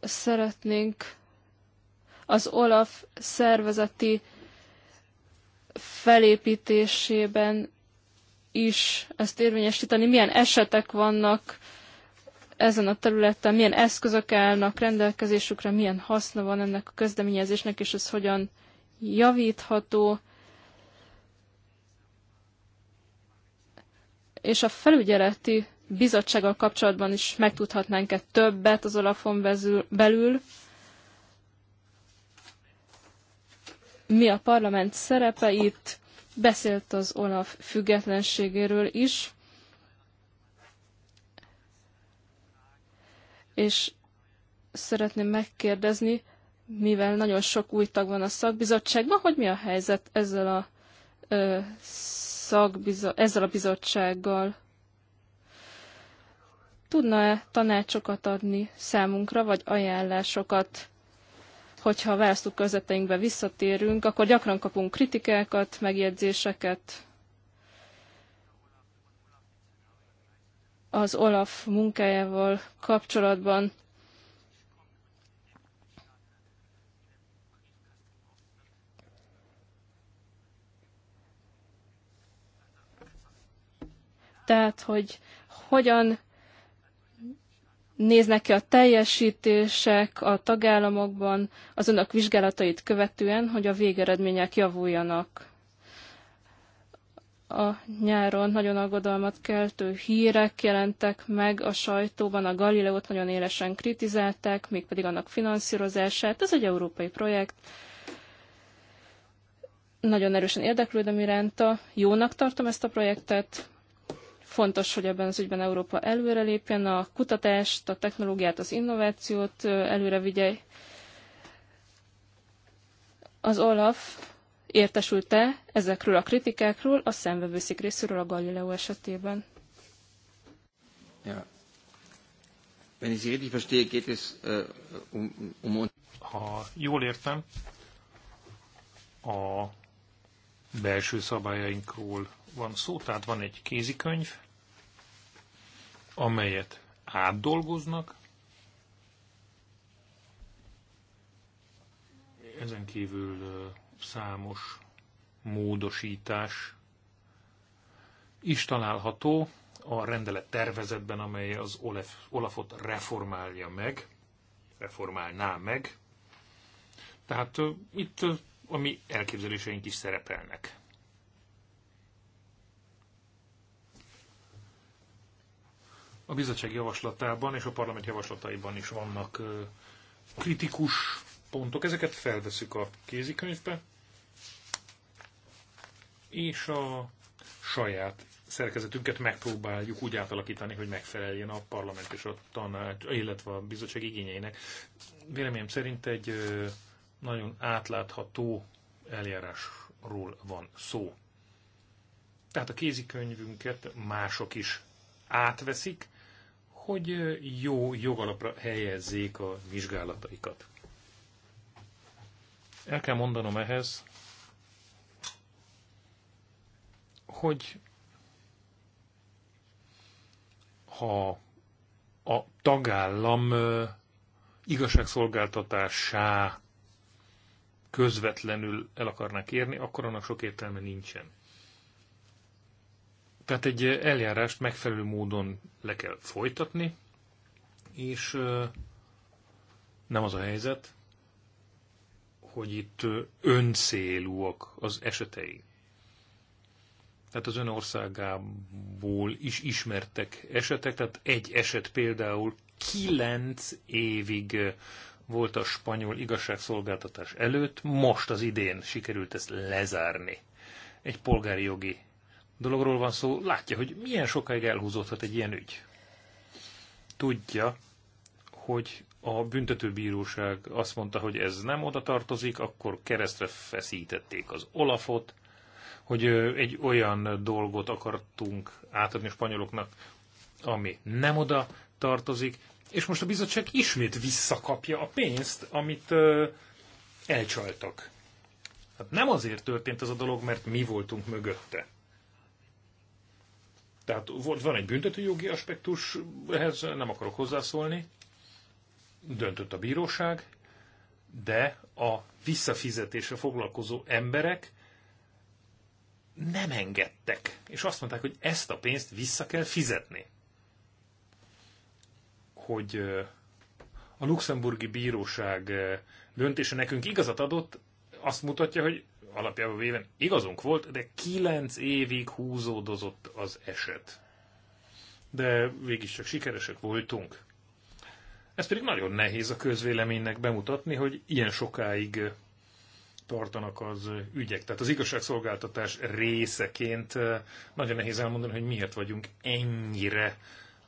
szeretnénk az OLAF szervezeti felépítésében is ezt érvényesíteni, milyen esetek vannak ezen a területen, milyen eszközök állnak rendelkezésükre, milyen haszna van ennek a kezdeményezésnek, és ez hogyan javítható. És a felügyeleti bizottsággal kapcsolatban is megtudhatnánk-e többet az Olafon belül. Mi a parlament szerepe itt? Beszélt az Olaf függetlenségéről is, és szeretném megkérdezni, mivel nagyon sok új tag van a szakbizottságban, hogy mi a helyzet ezzel a, ö, szakbizo- ezzel a bizottsággal. Tudna-e tanácsokat adni számunkra, vagy ajánlásokat hogyha a választók körzeteinkbe visszatérünk, akkor gyakran kapunk kritikákat, megjegyzéseket az Olaf munkájával kapcsolatban. Tehát, hogy hogyan néznek ki a teljesítések a tagállamokban az önök vizsgálatait követően, hogy a végeredmények javuljanak? A nyáron nagyon aggodalmat keltő hírek jelentek meg a sajtóban, a Galileót nagyon élesen kritizálták, mégpedig annak finanszírozását. Ez egy európai projekt, nagyon erősen érdeklődöm iránta, jónak tartom ezt a projektet, Fontos, hogy ebben az ügyben Európa előrelépjen, a kutatást, a technológiát, az innovációt előre vigye. Az Olaf értesült-e ezekről a kritikákról a szemvevőszik részéről a Galileo esetében? Ja. Äh, um, um ha jól értem, a belső szabályainkról van szó, tehát van egy kézikönyv, amelyet átdolgoznak, ezen kívül számos módosítás is található a rendelet tervezetben, amely az Olaf, Olafot reformálja meg, reformálná meg. Tehát itt a mi elképzeléseink is szerepelnek. A bizottság javaslatában és a parlament javaslataiban is vannak kritikus pontok. Ezeket felveszük a kézikönyvbe, és a saját szerkezetünket megpróbáljuk úgy átalakítani, hogy megfeleljen a parlament és a tanács, illetve a bizottság igényeinek. Véleményem szerint egy nagyon átlátható eljárásról van szó. Tehát a kézikönyvünket mások is átveszik, hogy jó jogalapra helyezzék a vizsgálataikat. El kell mondanom ehhez, hogy ha a tagállam igazságszolgáltatásá közvetlenül el akarnak érni, akkor annak sok értelme nincsen. Tehát egy eljárást megfelelő módon le kell folytatni, és nem az a helyzet, hogy itt öncélúak az esetei. Tehát az ön országából is ismertek esetek, tehát egy eset például kilenc évig volt a spanyol igazságszolgáltatás előtt, most az idén sikerült ezt lezárni egy polgári jogi dologról van szó, látja, hogy milyen sokáig elhúzódhat egy ilyen ügy. Tudja, hogy a büntetőbíróság azt mondta, hogy ez nem oda tartozik, akkor keresztre feszítették az Olafot, hogy egy olyan dolgot akartunk átadni a spanyoloknak, ami nem oda tartozik, és most a bizottság ismét visszakapja a pénzt, amit ö, elcsaltak. Hát nem azért történt ez a dolog, mert mi voltunk mögötte. Tehát volt, van egy büntetőjogi aspektus, ehhez nem akarok hozzászólni, döntött a bíróság, de a visszafizetésre foglalkozó emberek nem engedtek. És azt mondták, hogy ezt a pénzt vissza kell fizetni. Hogy a luxemburgi bíróság döntése nekünk igazat adott, azt mutatja, hogy alapjában véven igazunk volt, de kilenc évig húzódozott az eset. De végig csak sikeresek voltunk. Ez pedig nagyon nehéz a közvéleménynek bemutatni, hogy ilyen sokáig tartanak az ügyek. Tehát az igazságszolgáltatás részeként eh, nagyon nehéz elmondani, hogy miért vagyunk ennyire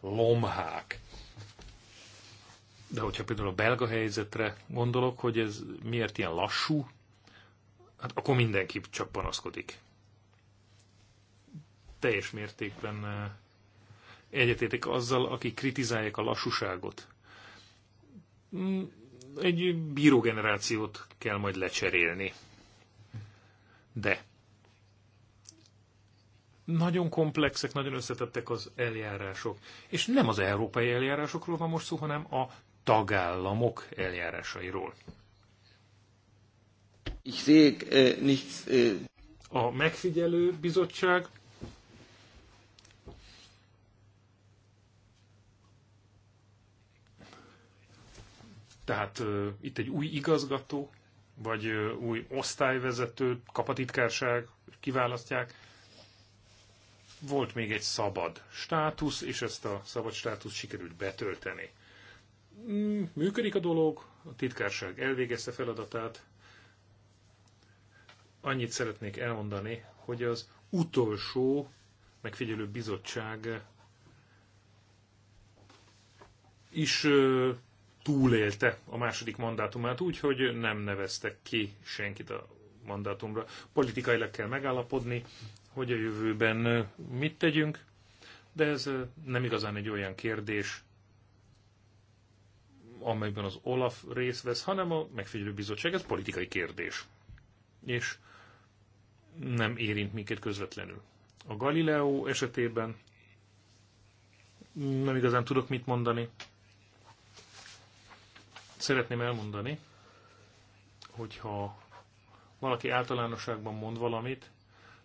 lomhák. De hogyha például a belga helyzetre gondolok, hogy ez miért ilyen lassú, hát akkor mindenki csak panaszkodik. Teljes mértékben eh, egyetétek azzal, aki kritizálják a lassúságot. Mm, egy bírógenerációt kell majd lecserélni. De nagyon komplexek, nagyon összetettek az eljárások. És nem az európai eljárásokról van most szó, hanem a tagállamok eljárásairól. Ich sehe äh, nichts. Äh... A megfigyelő bizottság Tehát uh, itt egy új igazgató, vagy uh, új osztályvezető, kapatitkárság, kiválasztják. Volt még egy szabad státusz, és ezt a szabad státusz sikerült betölteni. Mm, működik a dolog, a titkárság elvégezte feladatát, annyit szeretnék elmondani, hogy az utolsó megfigyelő bizottság is túlélte a második mandátumát úgyhogy nem neveztek ki senkit a mandátumra. Politikailag kell megállapodni, hogy a jövőben mit tegyünk, de ez nem igazán egy olyan kérdés, amelyben az Olaf részt vesz, hanem a megfigyelő bizottság, ez politikai kérdés. És nem érint minket közvetlenül. A Galileo esetében nem igazán tudok mit mondani. Szeretném elmondani, hogyha valaki általánosságban mond valamit,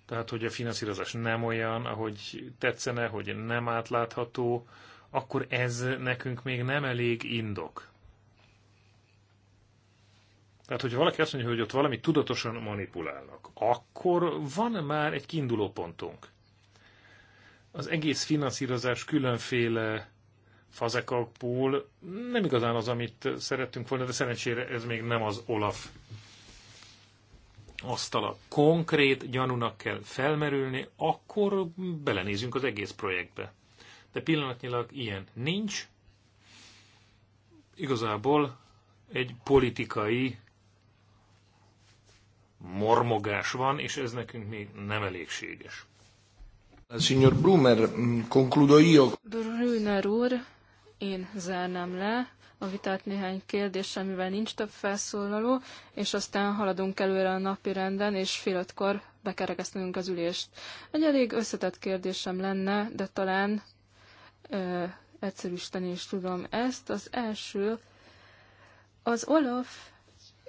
tehát hogy a finanszírozás nem olyan, ahogy tetszene, hogy nem átlátható, akkor ez nekünk még nem elég indok. Tehát, hogyha valaki azt mondja, hogy ott valami tudatosan manipulálnak, akkor van már egy kiinduló pontunk. Az egész finanszírozás különféle fazekakból nem igazán az, amit szerettünk volna, de szerencsére ez még nem az Olaf asztala. Konkrét gyanúnak kell felmerülni, akkor belenézünk az egész projektbe. De pillanatnyilag ilyen nincs. Igazából egy politikai mormogás van, és ez nekünk még nem elégséges. Signor Brumer, concludo io. Brunner úr, én zárnám le a vitát néhány kérdés, amivel nincs több felszólaló, és aztán haladunk előre a napi renden, és fél ötkor bekerekeztünk az ülést. Egy elég összetett kérdésem lenne, de talán ö, egyszerűsíteni is tudom ezt. Az első, az Olaf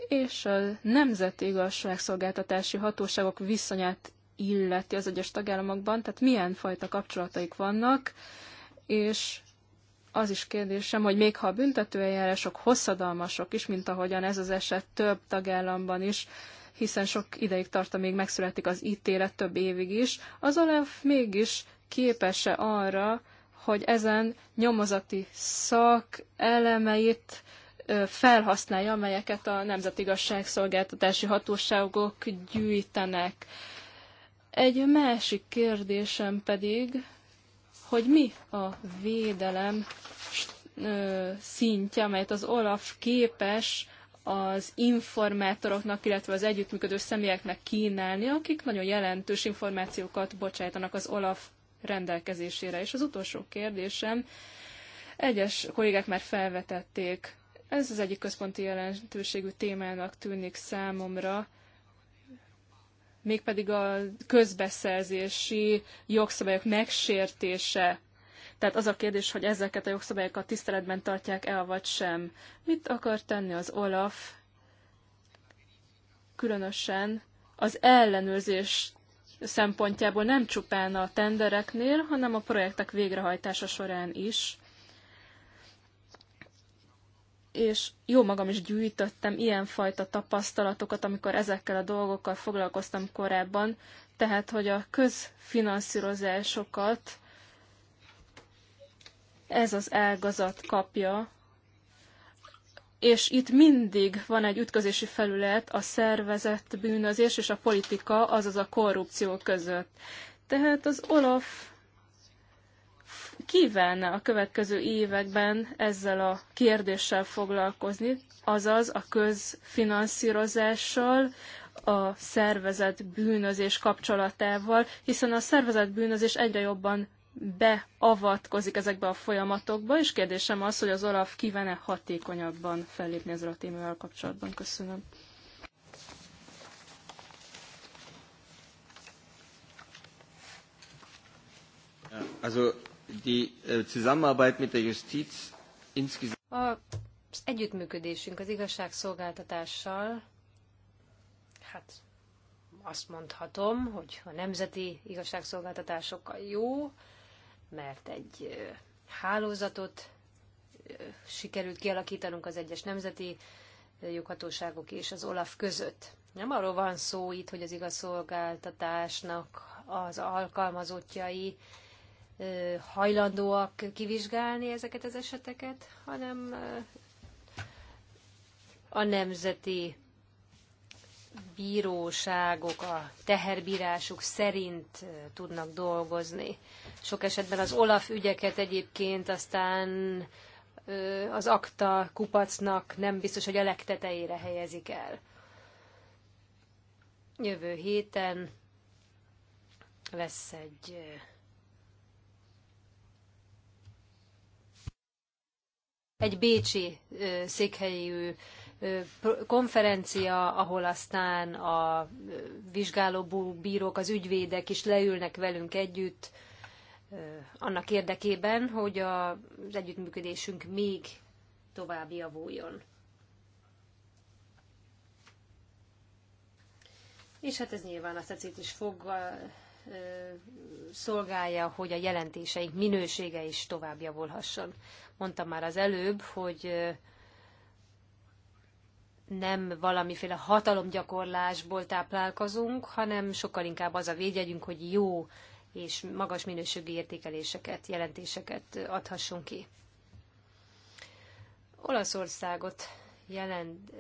és a nemzeti igazságszolgáltatási hatóságok viszonyát illeti az egyes tagállamokban, tehát milyen fajta kapcsolataik vannak, és az is kérdésem, hogy még ha a büntetőeljárások hosszadalmasok is, mint ahogyan ez az eset több tagállamban is, hiszen sok ideig tart, még megszületik az ítélet, több évig is, az OLAF mégis képes-e arra, hogy ezen nyomozati szak elemeit felhasználja, amelyeket a Igazságszolgáltatási hatóságok gyűjtenek. Egy másik kérdésem pedig, hogy mi a védelem szintje, amelyet az OLAF képes az informátoroknak, illetve az együttműködő személyeknek kínálni, akik nagyon jelentős információkat bocsájtanak az OLAF rendelkezésére. És az utolsó kérdésem, egyes kollégák már felvetették, ez az egyik központi jelentőségű témának tűnik számomra, mégpedig a közbeszerzési jogszabályok megsértése. Tehát az a kérdés, hogy ezeket a jogszabályokat tiszteletben tartják el, vagy sem. Mit akar tenni az Olaf, különösen az ellenőrzés szempontjából nem csupán a tendereknél, hanem a projektek végrehajtása során is, és jó magam is gyűjtöttem ilyenfajta tapasztalatokat, amikor ezekkel a dolgokkal foglalkoztam korábban, tehát hogy a közfinanszírozásokat ez az ágazat kapja, és itt mindig van egy ütközési felület a szervezett bűnözés és a politika, azaz a korrupció között. Tehát az Olaf kívánna a következő években ezzel a kérdéssel foglalkozni, azaz a közfinanszírozással, a szervezet bűnözés kapcsolatával, hiszen a szervezet bűnözés egyre jobban beavatkozik ezekbe a folyamatokba, és kérdésem az, hogy az Olaf kívánne hatékonyabban fellépni ezzel a témával kapcsolatban. Köszönöm. Also Äh, az együttműködésünk az igazságszolgáltatással, hát azt mondhatom, hogy a nemzeti igazságszolgáltatásokkal jó, mert egy hálózatot sikerült kialakítanunk az egyes nemzeti joghatóságok és az OLAF között. Nem arról van szó itt, hogy az igazságszolgáltatásnak az alkalmazottjai hajlandóak kivizsgálni ezeket az eseteket, hanem a nemzeti bíróságok a teherbírásuk szerint tudnak dolgozni. Sok esetben az Olaf ügyeket egyébként aztán az akta kupacnak nem biztos, hogy a legtetejére helyezik el. Jövő héten lesz egy egy bécsi székhelyű konferencia, ahol aztán a vizsgáló bírók, az ügyvédek is leülnek velünk együtt, annak érdekében, hogy az együttműködésünk még tovább javuljon. És hát ez nyilván azt a célt is fog, szolgálja, hogy a jelentéseink minősége is tovább javulhasson. Mondtam már az előbb, hogy nem valamiféle hatalomgyakorlásból táplálkozunk, hanem sokkal inkább az a védjegyünk, hogy jó és magas minőségű értékeléseket, jelentéseket adhassunk ki. Olaszországot jelent,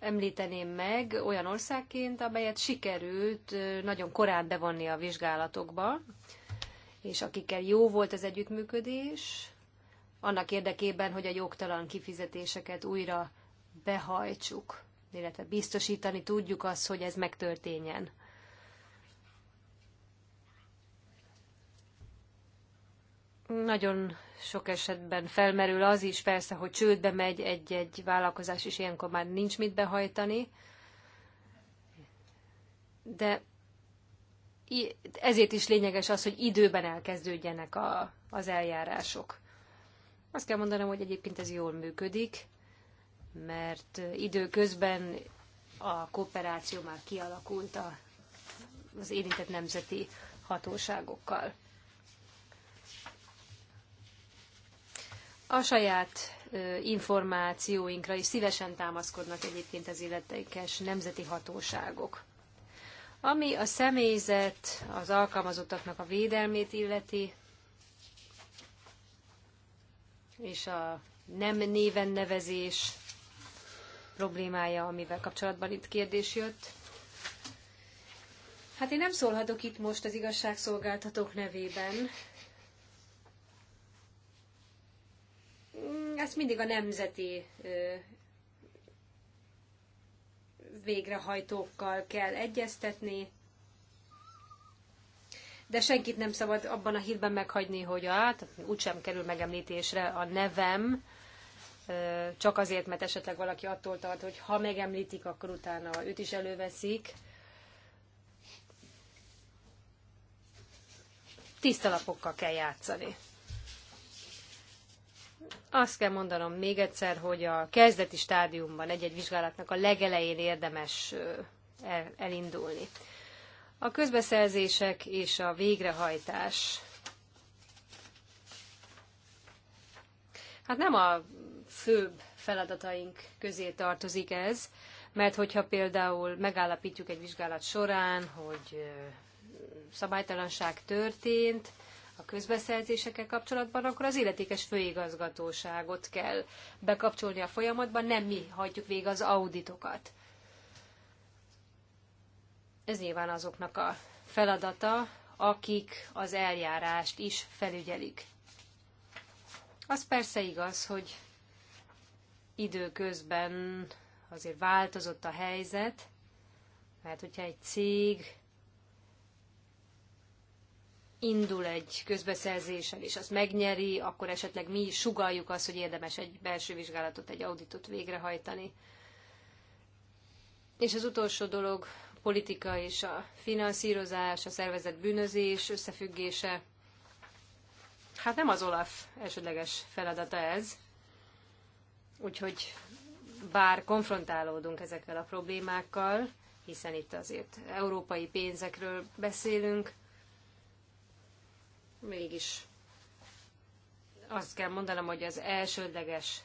említeném meg olyan országként, amelyet sikerült nagyon korán bevonni a vizsgálatokba, és akikkel jó volt az együttműködés, annak érdekében, hogy a jogtalan kifizetéseket újra behajtsuk, illetve biztosítani tudjuk azt, hogy ez megtörténjen. Nagyon sok esetben felmerül az is persze, hogy csődbe megy egy-egy vállalkozás, és ilyenkor már nincs mit behajtani. De ezért is lényeges az, hogy időben elkezdődjenek a, az eljárások. Azt kell mondanom, hogy egyébként ez jól működik, mert időközben a kooperáció már kialakult a, az érintett nemzeti hatóságokkal. A saját információinkra is szívesen támaszkodnak egyébként az illetékes nemzeti hatóságok. Ami a személyzet, az alkalmazottaknak a védelmét illeti, és a nem néven nevezés problémája, amivel kapcsolatban itt kérdés jött. Hát én nem szólhatok itt most az igazságszolgáltatók nevében. Mm, ezt mindig a nemzeti végrehajtókkal kell egyeztetni, de senkit nem szabad abban a hírben meghagyni, hogy hát úgysem kerül megemlítésre a nevem, csak azért, mert esetleg valaki attól tart, hogy ha megemlítik, akkor utána őt is előveszik. Tiszta lapokkal kell játszani. Azt kell mondanom még egyszer, hogy a kezdeti stádiumban egy-egy vizsgálatnak a legelején érdemes elindulni a közbeszerzések és a végrehajtás. Hát nem a főbb feladataink közé tartozik ez, mert hogyha például megállapítjuk egy vizsgálat során, hogy szabálytalanság történt a közbeszerzésekkel kapcsolatban, akkor az illetékes főigazgatóságot kell bekapcsolni a folyamatban, nem mi hagyjuk végig az auditokat. Ez nyilván azoknak a feladata, akik az eljárást is felügyelik. Az persze igaz, hogy időközben azért változott a helyzet, mert hogyha egy cég indul egy közbeszerzéssel, és azt megnyeri, akkor esetleg mi is sugaljuk azt, hogy érdemes egy belső vizsgálatot, egy auditot végrehajtani. És az utolsó dolog, politika és a finanszírozás, a szervezet bűnözés összefüggése. Hát nem az Olaf elsődleges feladata ez, úgyhogy bár konfrontálódunk ezekkel a problémákkal, hiszen itt azért európai pénzekről beszélünk, mégis azt kell mondanom, hogy az elsődleges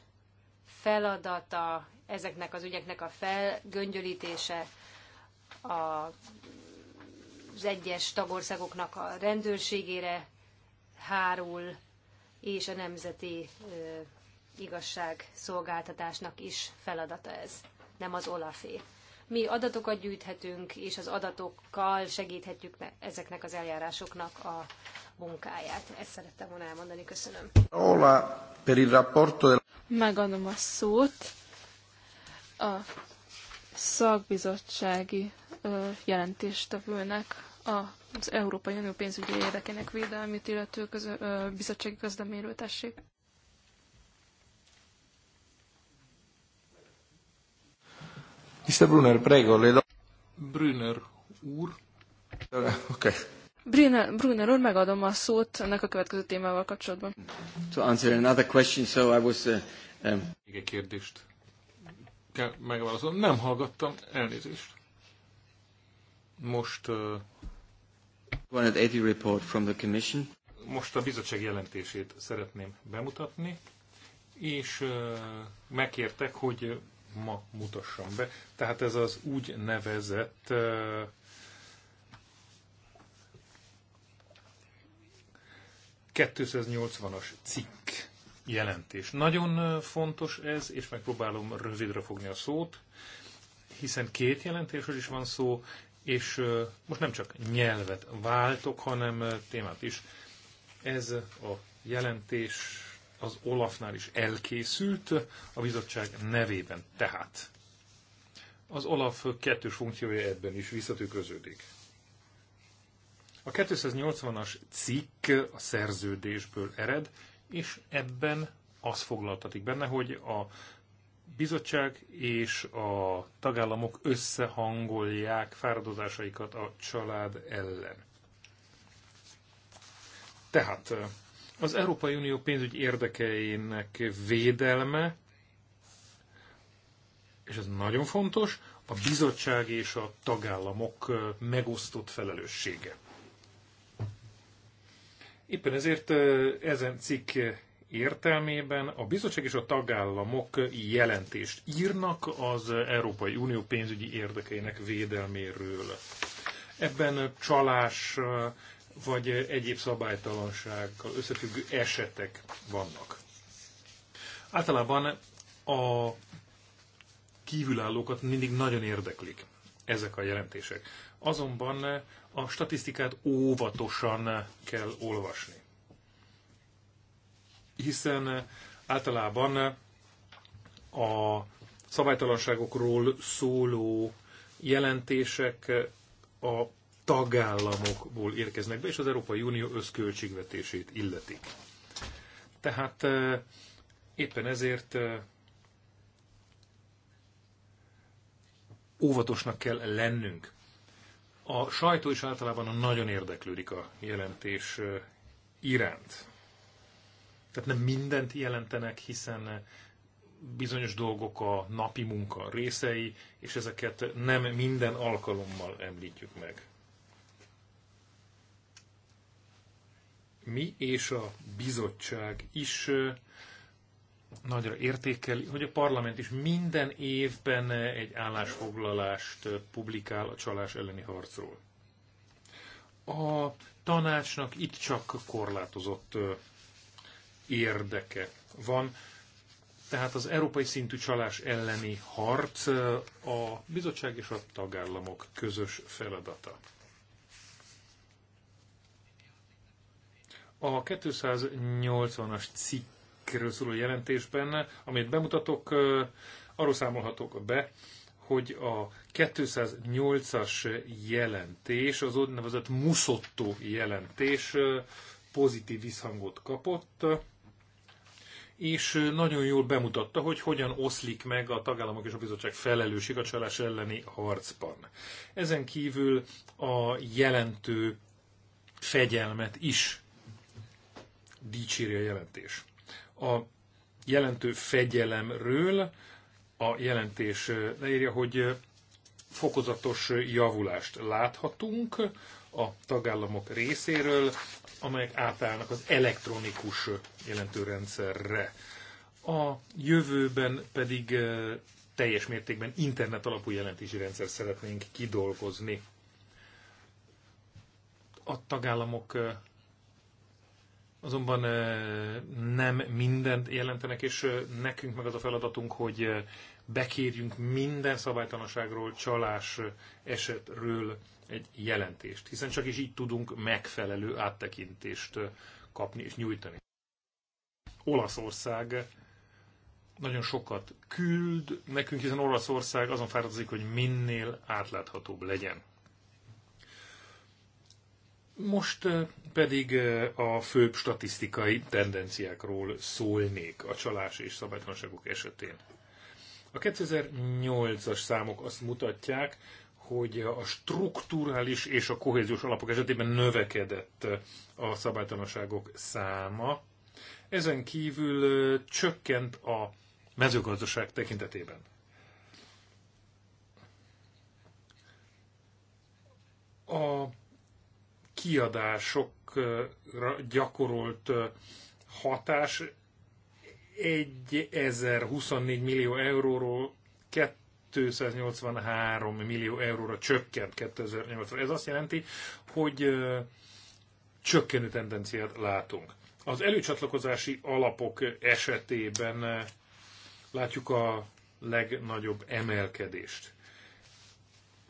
feladata ezeknek az ügyeknek a felgöngyölítése, a az egyes tagországoknak a rendőrségére hárul, és a nemzeti ö, igazságszolgáltatásnak is feladata ez, nem az olafé. Mi adatokat gyűjthetünk, és az adatokkal segíthetjük ezeknek az eljárásoknak a munkáját. Ezt szerettem volna elmondani, köszönöm. Hola, per il rapporto... Megadom a szót a szakbizottsági jelentéstevőnek az Európai Unió pénzügyi érdekének védelmét illető közö, bizottsági közleményről Mr. Brunner, prego, le do... Brunner úr. Oké. Okay. Brunner, Brunner úr, megadom a szót ennek a következő témával kapcsolatban. To answer another question, so I was... Uh, um... Még egy kérdést kell megválaszolnom. Nem hallgattam, elnézést. Most report from the commission. Most a bizottság jelentését szeretném bemutatni, és megkértek, hogy ma mutassam be. Tehát ez az úgynevezett uh, as cikk jelentés. Nagyon fontos ez, és megpróbálom rövidre fogni a szót, hiszen két jelentésről is van szó, és most nem csak nyelvet váltok, hanem témát is. Ez a jelentés az Olafnál is elkészült a bizottság nevében. Tehát az Olaf kettős funkciója ebben is visszatükröződik. A 280-as cikk a szerződésből ered, és ebben az foglaltatik benne, hogy a bizottság és a tagállamok összehangolják fáradozásaikat a család ellen. Tehát az Európai Unió pénzügyi érdekeinek védelme, és ez nagyon fontos, a bizottság és a tagállamok megosztott felelőssége. Éppen ezért ezen cikk értelmében a bizottság és a tagállamok jelentést írnak az Európai Unió pénzügyi érdekeinek védelméről. Ebben csalás vagy egyéb szabálytalansággal összefüggő esetek vannak. Általában a kívülállókat mindig nagyon érdeklik ezek a jelentések. Azonban a statisztikát óvatosan kell olvasni hiszen eh, általában eh, a szabálytalanságokról szóló jelentések eh, a tagállamokból érkeznek be, és az Európai Unió összköltségvetését illetik. Tehát éppen ezért óvatosnak kell lennünk. A sajtó is általában nagyon érdeklődik a jelentés iránt. Tehát nem mindent jelentenek, hiszen bizonyos dolgok a napi munka részei, és ezeket nem minden alkalommal említjük meg. Mi és a bizottság is nagyra értékeli, hogy a parlament is minden évben egy állásfoglalást publikál a csalás elleni harcról. A tanácsnak itt csak korlátozott érdeke van. Tehát az európai szintű csalás elleni harc a bizottság és a tagállamok közös feladata. A 280-as cikkről szóló jelentésben, amit bemutatok, arról számolhatok be, hogy a 208-as jelentés, az úgynevezett Musotto jelentés pozitív visszhangot kapott és nagyon jól bemutatta, hogy hogyan oszlik meg a tagállamok és a bizottság felelősség a csalás elleni harcban. Ezen kívül a jelentő fegyelmet is dicséri a jelentés. A jelentő fegyelemről a jelentés leírja, hogy fokozatos javulást láthatunk a tagállamok részéről, amelyek átállnak az elektronikus jelentőrendszerre. A jövőben pedig teljes mértékben internet alapú jelentési rendszer szeretnénk kidolgozni. A tagállamok azonban nem mindent jelentenek, és nekünk meg az a feladatunk, hogy bekérjünk minden szabálytalanságról, csalás esetről egy jelentést, hiszen csak is így tudunk megfelelő áttekintést kapni és nyújtani. Olaszország nagyon sokat küld nekünk, hiszen Olaszország azon fáradozik, hogy minél átláthatóbb legyen. Most eh, pedig eh, a főbb statisztikai tendenciákról szólnék a csalás és szabálytalanságok esetén. A 2008-as számok azt mutatják, hogy a strukturális és a kohéziós alapok esetében növekedett a szabálytalanságok száma. Ezen kívül csökkent a mezőgazdaság tekintetében. A kiadásokra gyakorolt hatás 1024 millió euróról 283 millió euróra csökkent 2008-ra. Ez azt jelenti, hogy csökkenő tendenciát látunk. Az előcsatlakozási alapok esetében látjuk a legnagyobb emelkedést.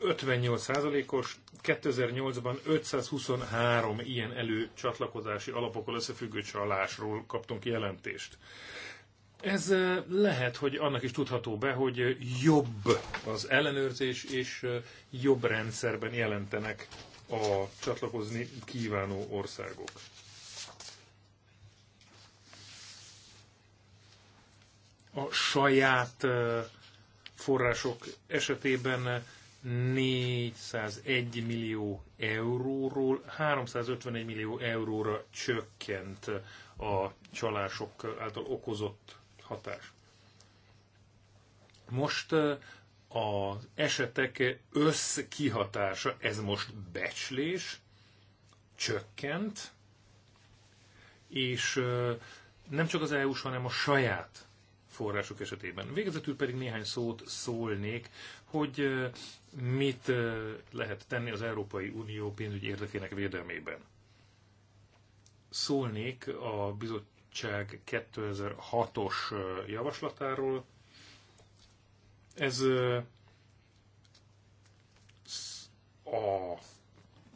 58%-os, 2008-ban 523 ilyen előcsatlakozási alapokkal összefüggő csalásról kaptunk jelentést. Ez lehet, hogy annak is tudható be, hogy jobb az ellenőrzés, és jobb rendszerben jelentenek a csatlakozni kívánó országok. A saját források esetében 401 millió euróról 351 millió euróra csökkent a csalások által okozott hatás. Most az esetek összkihatása, ez most becslés, csökkent, és nem csak az EU-s, hanem a saját források esetében. Végezetül pedig néhány szót szólnék, hogy mit lehet tenni az Európai Unió pénzügyi érdekének védelmében. Szólnék a bizot bizottság 2006-os javaslatáról. Ez a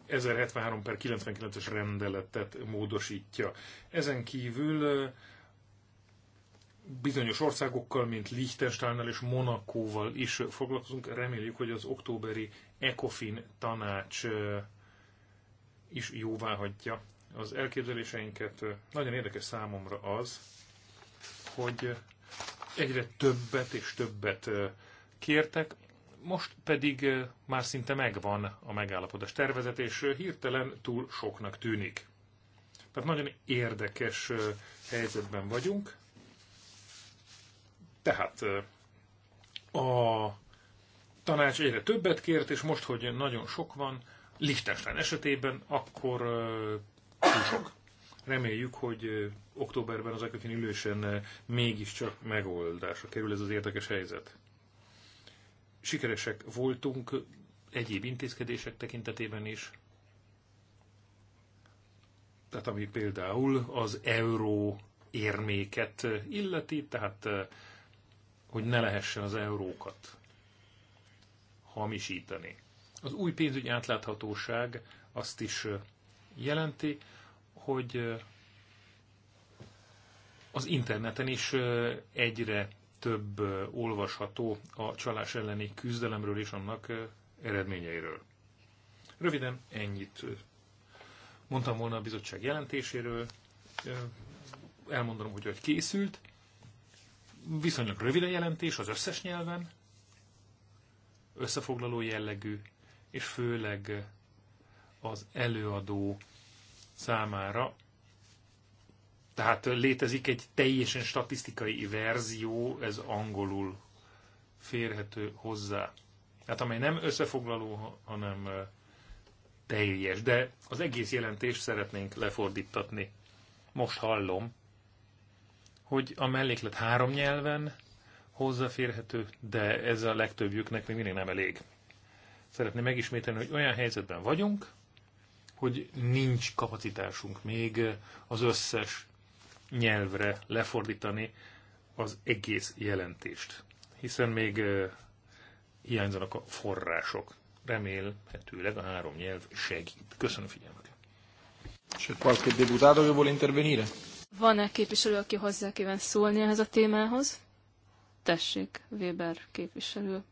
1073 per 99-es rendeletet módosítja. Ezen kívül bizonyos országokkal, mint Liechtensteinnel és Monakóval is foglalkozunk. Reméljük, hogy az októberi ECOFIN tanács is jóvá hagyja az elképzeléseinket. Nagyon érdekes számomra az, hogy egyre többet és többet kértek, most pedig már szinte megvan a megállapodás tervezet, és hirtelen túl soknak tűnik. Tehát nagyon érdekes helyzetben vagyunk. Tehát a tanács egyre többet kért, és most, hogy nagyon sok van, Liechtenstein esetében, akkor sok. Reméljük, hogy októberben az Eköfin ülősen mégiscsak megoldásra kerül ez az érdekes helyzet. Sikeresek voltunk egyéb intézkedések tekintetében is. Tehát ami például az euró érméket illeti, tehát hogy ne lehessen az eurókat hamisítani. Az új pénzügyi átláthatóság azt is jelenti, hogy az interneten is egyre több olvasható a csalás elleni küzdelemről és annak eredményeiről. Röviden ennyit mondtam volna a bizottság jelentéséről, Elmondom, hogy hogy készült. Viszonylag rövid a jelentés az összes nyelven, összefoglaló jellegű, és főleg az előadó számára, tehát létezik egy teljesen statisztikai verzió, ez angolul férhető hozzá. Tehát amely nem összefoglaló, hanem teljes. De az egész jelentést szeretnénk lefordítatni. Most hallom, hogy a melléklet három nyelven hozzáférhető, de ez a legtöbbjüknek még mindig nem elég. Szeretném megismételni, hogy olyan helyzetben vagyunk, hogy nincs kapacitásunk még az összes nyelvre lefordítani az egész jelentést, hiszen még hiányzanak a források. Remélhetőleg a három nyelv segít. Köszönöm figyelmet. intervenire? Van-e képviselő, aki hozzá kíván szólni ehhez a témához? Tessék, Weber képviselő.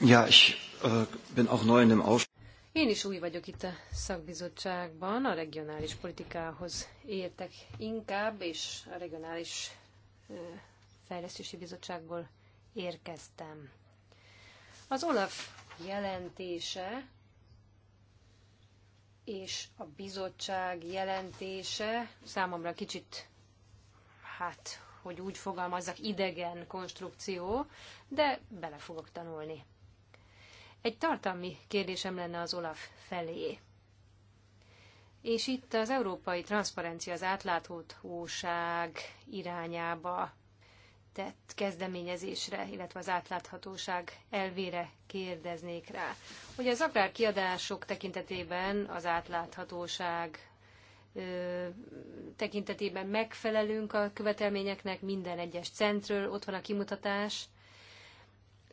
Ja, ich äh, bin auch neu in dem Ausschuss. Én is új vagyok itt a szakbizottságban, a regionális politikához értek inkább, és a regionális fejlesztési bizottságból érkeztem. Az Olaf jelentése és a bizottság jelentése számomra kicsit, hát, hogy úgy fogalmazzak, idegen konstrukció, de bele fogok tanulni egy tartalmi kérdésem lenne az Olaf felé. És itt az európai transzparencia, az átláthatóság irányába tett kezdeményezésre, illetve az átláthatóság elvére kérdeznék rá. Hogy az kiadások tekintetében az átláthatóság ö, tekintetében megfelelünk a követelményeknek, minden egyes centről ott van a kimutatás,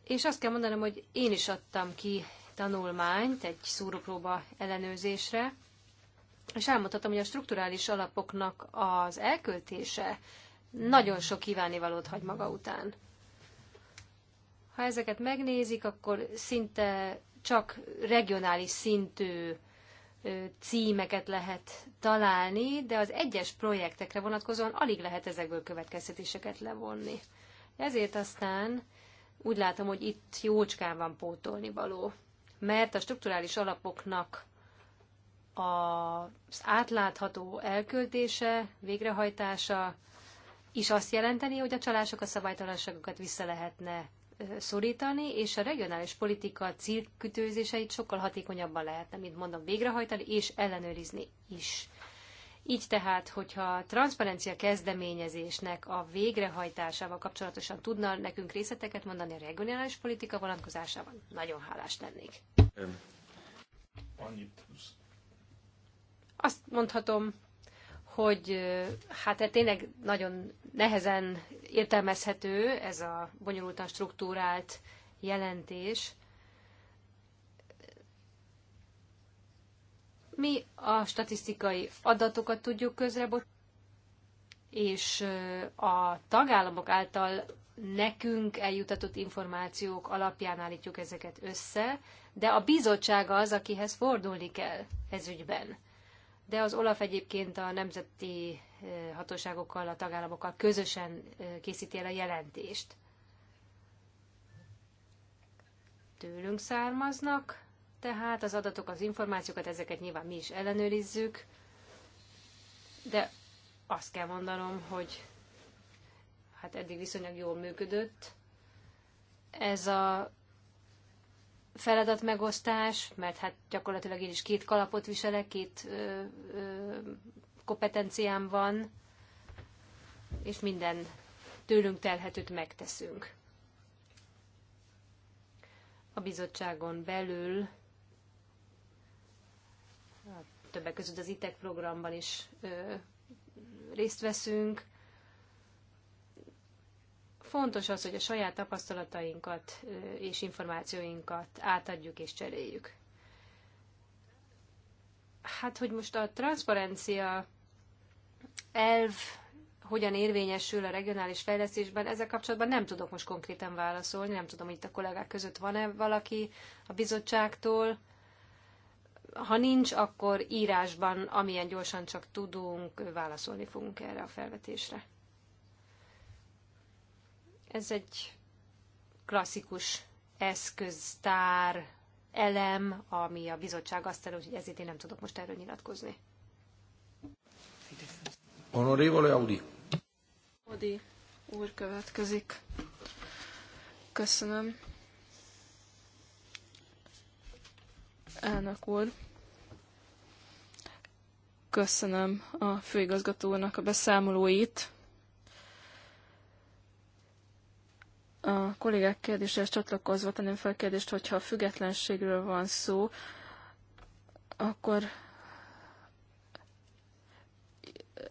és azt kell mondanom, hogy én is adtam ki tanulmányt egy szúrópróba ellenőrzésre, és elmondhatom, hogy a strukturális alapoknak az elköltése nagyon sok kívánivalót hagy maga után. Ha ezeket megnézik, akkor szinte csak regionális szintű címeket lehet találni, de az egyes projektekre vonatkozóan alig lehet ezekből következtetéseket levonni. Ezért aztán úgy látom, hogy itt jócskán van pótolni való. Mert a strukturális alapoknak az átlátható elköltése, végrehajtása is azt jelenteni, hogy a csalások, a szabálytalanságokat vissza lehetne szorítani, és a regionális politika célkütőzéseit sokkal hatékonyabban lehetne, mint mondom, végrehajtani és ellenőrizni is. Így tehát, hogyha a transzparencia kezdeményezésnek a végrehajtásával kapcsolatosan tudna nekünk részleteket mondani a regionális politika vonatkozásában, nagyon hálás lennék. Annyit Azt mondhatom, hogy hát, hát tényleg nagyon nehezen értelmezhető ez a bonyolultan struktúrált jelentés, Mi a statisztikai adatokat tudjuk közrebocsátani, és a tagállamok által nekünk eljutatott információk alapján állítjuk ezeket össze, de a bizottság az, akihez fordulni kell ez ügyben. De az OLAF egyébként a nemzeti hatóságokkal, a tagállamokkal közösen készíti el a jelentést. Tőlünk származnak tehát az adatok, az információkat, ezeket nyilván mi is ellenőrizzük, de azt kell mondanom, hogy hát eddig viszonylag jól működött ez a feladat megosztás, mert hát gyakorlatilag én is két kalapot viselek, két ö, ö, kompetenciám van, és minden tőlünk telhetőt megteszünk. A bizottságon belül többek között az ITEC programban is részt veszünk. Fontos az, hogy a saját tapasztalatainkat és információinkat átadjuk és cseréljük. Hát, hogy most a transzparencia elv hogyan érvényesül a regionális fejlesztésben, ezzel kapcsolatban nem tudok most konkrétan válaszolni, nem tudom, hogy itt a kollégák között van-e valaki a bizottságtól, ha nincs, akkor írásban, amilyen gyorsan csak tudunk, válaszolni fogunk erre a felvetésre. Ez egy klasszikus eszköztár elem, ami a bizottság azt elő, hogy ezért én nem tudok most erről nyilatkozni. Honorévole Audi. Audi úr következik. Köszönöm. Elnök úr. Köszönöm a főigazgatónak a beszámolóit. A kollégák kérdéséhez csatlakozva tenném fel kérdést, hogyha a függetlenségről van szó, akkor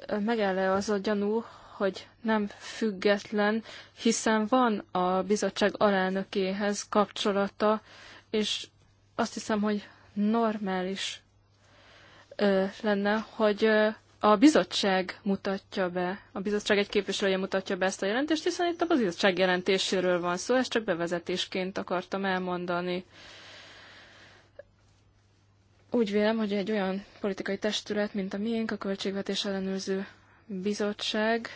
megáll-e az a gyanú, hogy nem független, hiszen van a bizottság alelnökéhez kapcsolata, és azt hiszem, hogy normális lenne, hogy a bizottság mutatja be, a bizottság egy képviselője mutatja be ezt a jelentést, hiszen itt a bizottság jelentéséről van szó, ezt csak bevezetésként akartam elmondani. Úgy vélem, hogy egy olyan politikai testület, mint a miénk, a Költségvetés Ellenőrző Bizottság,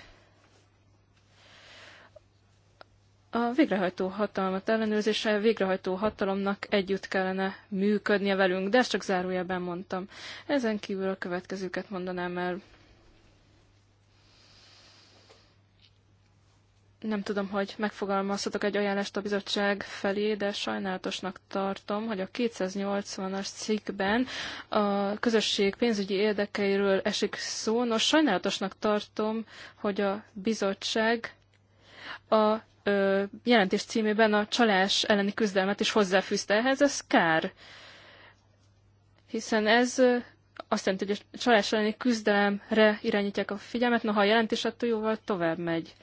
A végrehajtó hatalmat ellenőrzése a végrehajtó hatalomnak együtt kellene működnie velünk, de ezt csak zárójelben mondtam. Ezen kívül a következőket mondanám el. Nem tudom, hogy megfogalmazhatok egy ajánlást a bizottság felé, de sajnálatosnak tartom, hogy a 280-as cikkben a közösség pénzügyi érdekeiről esik szó. Nos, sajnálatosnak tartom, hogy a bizottság a jelentés címében a csalás elleni küzdelmet is hozzáfűzte ehhez, ez kár. Hiszen ez azt jelenti, hogy a csalás elleni küzdelemre irányítják a figyelmet, noha a jelentés attól jóval tovább megy.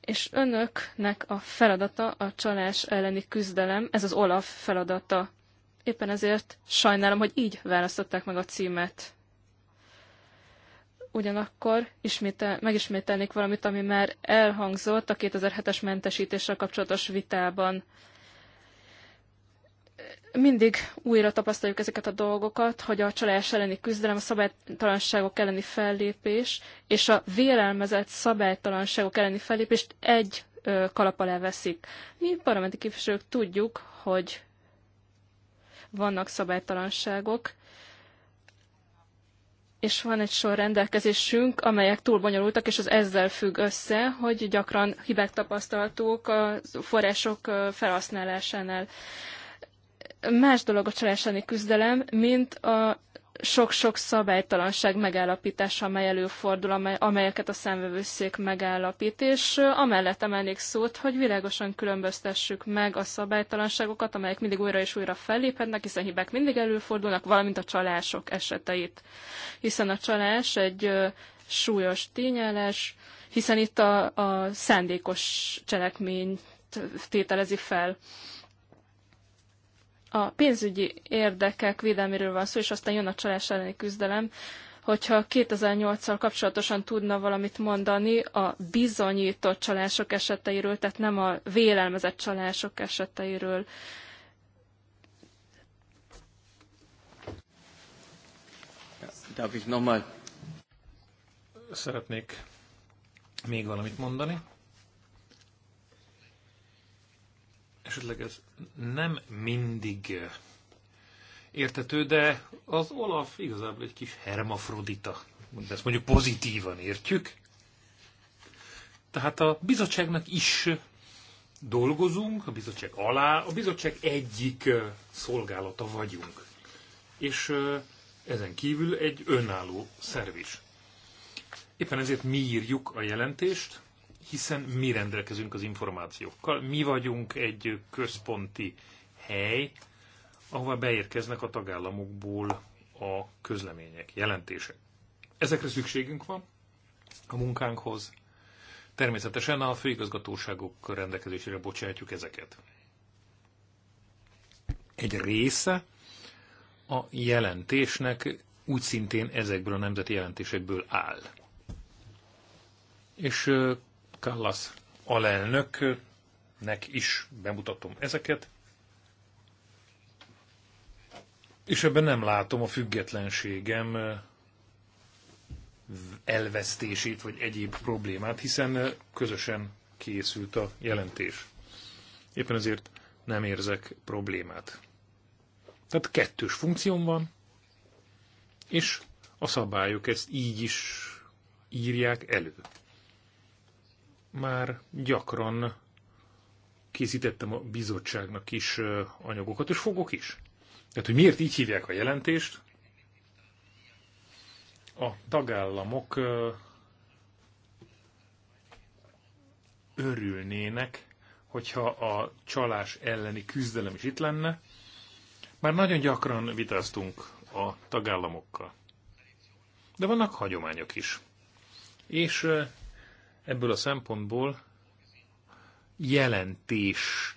És önöknek a feladata a csalás elleni küzdelem, ez az Olaf feladata. Éppen ezért sajnálom, hogy így választották meg a címet. Ugyanakkor ismétel, megismételnék valamit, ami már elhangzott a 2007-es mentesítéssel kapcsolatos vitában. Mindig újra tapasztaljuk ezeket a dolgokat, hogy a csalás elleni küzdelem, a szabálytalanságok elleni fellépés és a vélelmezett szabálytalanságok elleni fellépést egy kalap alá veszik. Mi parlamenti képviselők tudjuk, hogy vannak szabálytalanságok, és van egy sor rendelkezésünk, amelyek túl bonyolultak, és az ezzel függ össze, hogy gyakran hibák tapasztaltuk a források felhasználásánál más dolog a csalásani küzdelem, mint a sok-sok szabálytalanság megállapítása, amely előfordul, amely, amelyeket a számvevőszék megállapít, és amellett emelnék szót, hogy világosan különböztessük meg a szabálytalanságokat, amelyek mindig újra és újra felléphetnek, hiszen hibák mindig előfordulnak, valamint a csalások eseteit. Hiszen a csalás egy súlyos tényeles, hiszen itt a, a szándékos cselekményt tételezi fel a pénzügyi érdekek védelméről van szó, és aztán jön a csalás elleni küzdelem, hogyha 2008-al kapcsolatosan tudna valamit mondani a bizonyított csalások eseteiről, tehát nem a vélelmezett csalások eseteiről. Darf ich nochmal? Szeretnék még valamit mondani. esetleg ez nem mindig értető, de az Olaf igazából egy kis hermafrodita. De ezt mondjuk pozitívan értjük. Tehát a bizottságnak is dolgozunk, a bizottság alá, a bizottság egyik szolgálata vagyunk. És ezen kívül egy önálló szervis. Éppen ezért mi írjuk a jelentést, hiszen mi rendelkezünk az információkkal. Mi vagyunk egy központi hely, ahova beérkeznek a tagállamokból a közlemények, jelentések. Ezekre szükségünk van a munkánkhoz. Természetesen a főigazgatóságok rendelkezésére bocsátjuk ezeket. Egy része a jelentésnek úgy szintén ezekből a nemzeti jelentésekből áll. És Kallas alelnöknek is bemutatom ezeket. És ebben nem látom a függetlenségem elvesztését, vagy egyéb problémát, hiszen közösen készült a jelentés. Éppen ezért nem érzek problémát. Tehát kettős funkcióm van, és a szabályok ezt így is írják elő már gyakran készítettem a bizottságnak is anyagokat, és fogok is. Tehát, hogy miért így hívják a jelentést, a tagállamok örülnének, hogyha a csalás elleni küzdelem is itt lenne. Már nagyon gyakran vitáztunk a tagállamokkal. De vannak hagyományok is. És Ebből a szempontból jelentésnek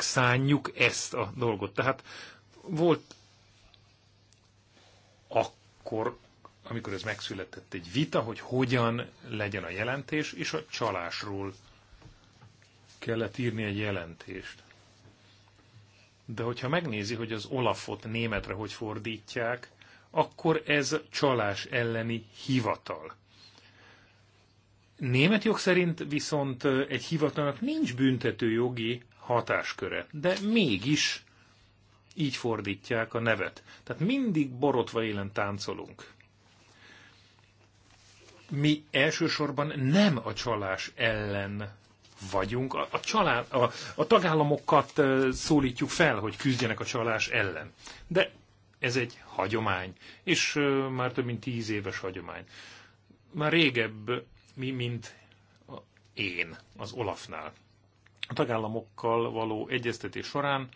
szánjuk ezt a dolgot. Tehát volt akkor, amikor ez megszületett egy vita, hogy hogyan legyen a jelentés, és a csalásról kellett írni egy jelentést. De hogyha megnézi, hogy az Olafot németre hogy fordítják, akkor ez csalás elleni hivatal. Német jog szerint viszont egy hivatalnak nincs büntető jogi hatásköre, de mégis így fordítják a nevet. Tehát mindig borotva élen táncolunk. Mi elsősorban nem a csalás ellen vagyunk, a, a, csalá, a, a tagállamokat szólítjuk fel, hogy küzdjenek a csalás ellen. De ez egy hagyomány, és már több mint tíz éves hagyomány. Már régebb mi, mint én az Olafnál. A tagállamokkal való egyeztetés során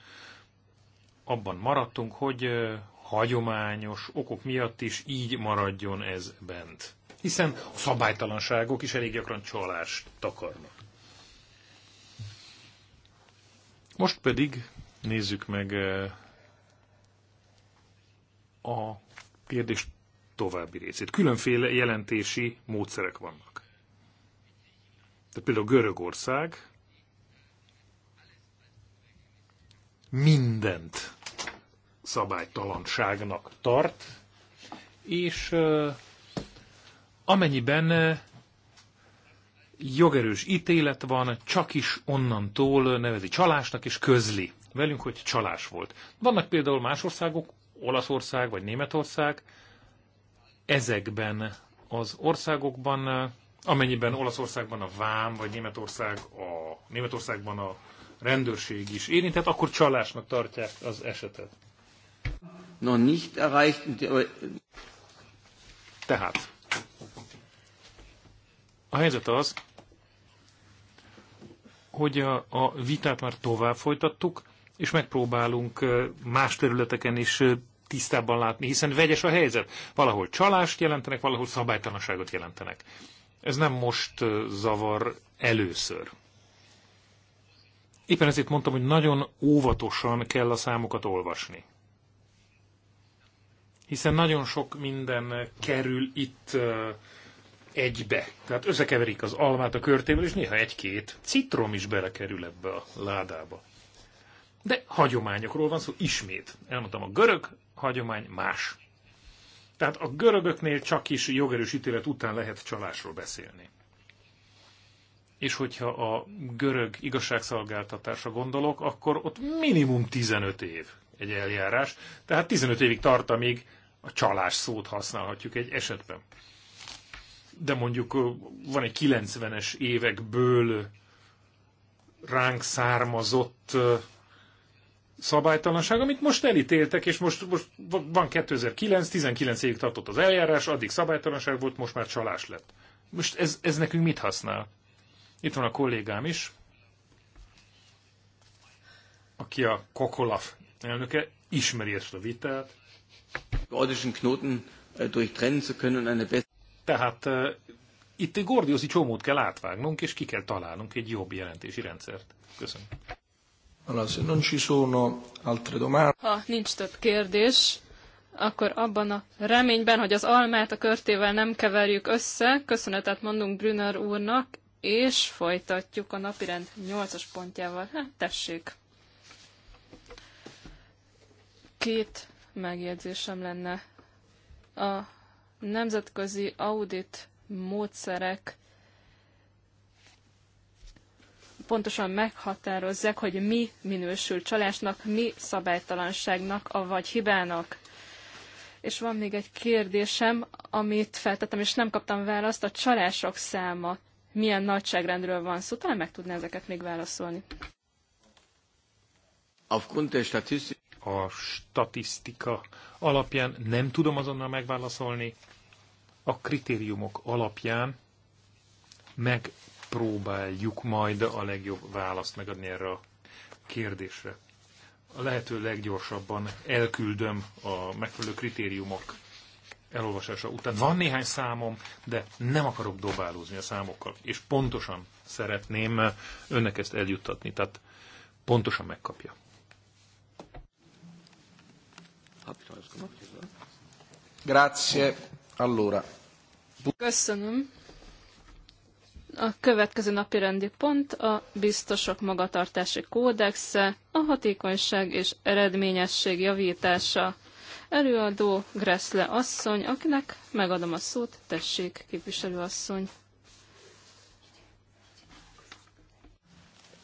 abban maradtunk, hogy hagyományos okok miatt is így maradjon ez bent. Hiszen a szabálytalanságok is elég gyakran csalást takarnak. Most pedig nézzük meg a kérdés további részét. Különféle jelentési módszerek vannak de például Görögország mindent szabálytalanságnak tart, és amennyiben jogerős ítélet van, csak is onnantól nevezi csalásnak, és közli velünk, hogy csalás volt. Vannak például más országok, Olaszország vagy Németország, ezekben az országokban amennyiben Olaszországban a vám, vagy Németország a, Németországban a rendőrség is érintett, akkor csalásnak tartják az esetet. No, nicht erreicht... Tehát, a helyzet az, hogy a, a vitát már tovább folytattuk, és megpróbálunk más területeken is tisztában látni, hiszen vegyes a helyzet. Valahol csalást jelentenek, valahol szabálytalanságot jelentenek. Ez nem most zavar először. Éppen ezért mondtam, hogy nagyon óvatosan kell a számokat olvasni. Hiszen nagyon sok minden kerül itt egybe. Tehát összekeverik az almát a körtével, és néha egy-két citrom is belekerül ebbe a ládába. De hagyományokról van szó, ismét. Elmondtam, a görög hagyomány más. Tehát a görögöknél csak is jogerős ítélet után lehet csalásról beszélni. És hogyha a görög igazságszolgáltatásra gondolok, akkor ott minimum 15 év egy eljárás. Tehát 15 évig tart, amíg a csalás szót használhatjuk egy esetben. De mondjuk van egy 90-es évekből ránk származott szabálytalanság, amit most elítéltek, és most, most van 2009, 19 évig tartott az eljárás, addig szabálytalanság volt, most már csalás lett. Most ez, ez nekünk mit használ? Itt van a kollégám is, aki a Kokolaf elnöke, ismeri ezt a vitát. Äh, Tehát äh, itt egy gordiózi csomót kell átvágnunk, és ki kell találnunk egy jobb jelentési rendszert. Köszönöm. Ha nincs több kérdés, akkor abban a reményben, hogy az almát a körtével nem keverjük össze, köszönetet mondunk Brünner úrnak, és folytatjuk a napirend 8-as pontjával. Hát, tessék! Két megjegyzésem lenne. A nemzetközi audit módszerek pontosan meghatározzák, hogy mi minősül csalásnak, mi szabálytalanságnak, vagy hibának. És van még egy kérdésem, amit feltettem, és nem kaptam választ, a csalások száma. Milyen nagyságrendről van szó? Talán meg tudná ezeket még válaszolni. A statisztika alapján nem tudom azonnal megválaszolni. A kritériumok alapján meg próbáljuk majd a legjobb választ megadni erre a kérdésre. A lehető leggyorsabban elküldöm a megfelelő kritériumok elolvasása után. Van néhány számom, de nem akarok dobálózni a számokkal, és pontosan szeretném önnek ezt eljuttatni, tehát pontosan megkapja. Grazie. Allora. Köszönöm. A következő napi rendi pont a biztosok magatartási kódexe, a hatékonyság és eredményesség javítása. Előadó Greszle asszony, akinek megadom a szót, tessék, képviselő asszony.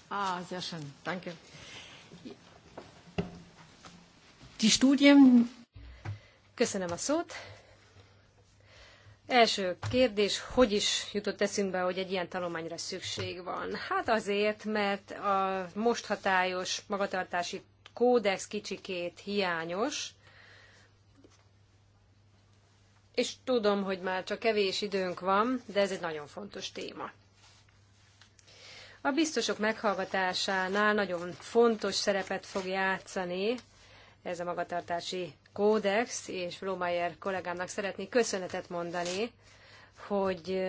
Ah, sehr schön. Danke. Die Studien. Köszönöm a szót. Első kérdés, hogy is jutott eszünkbe, hogy egy ilyen tanulmányra szükség van? Hát azért, mert a most hatályos magatartási kódex kicsikét hiányos, és tudom, hogy már csak kevés időnk van, de ez egy nagyon fontos téma. A biztosok meghallgatásánál nagyon fontos szerepet fog játszani ez a magatartási kódex, és Blomayer kollégámnak szeretnék köszönetet mondani, hogy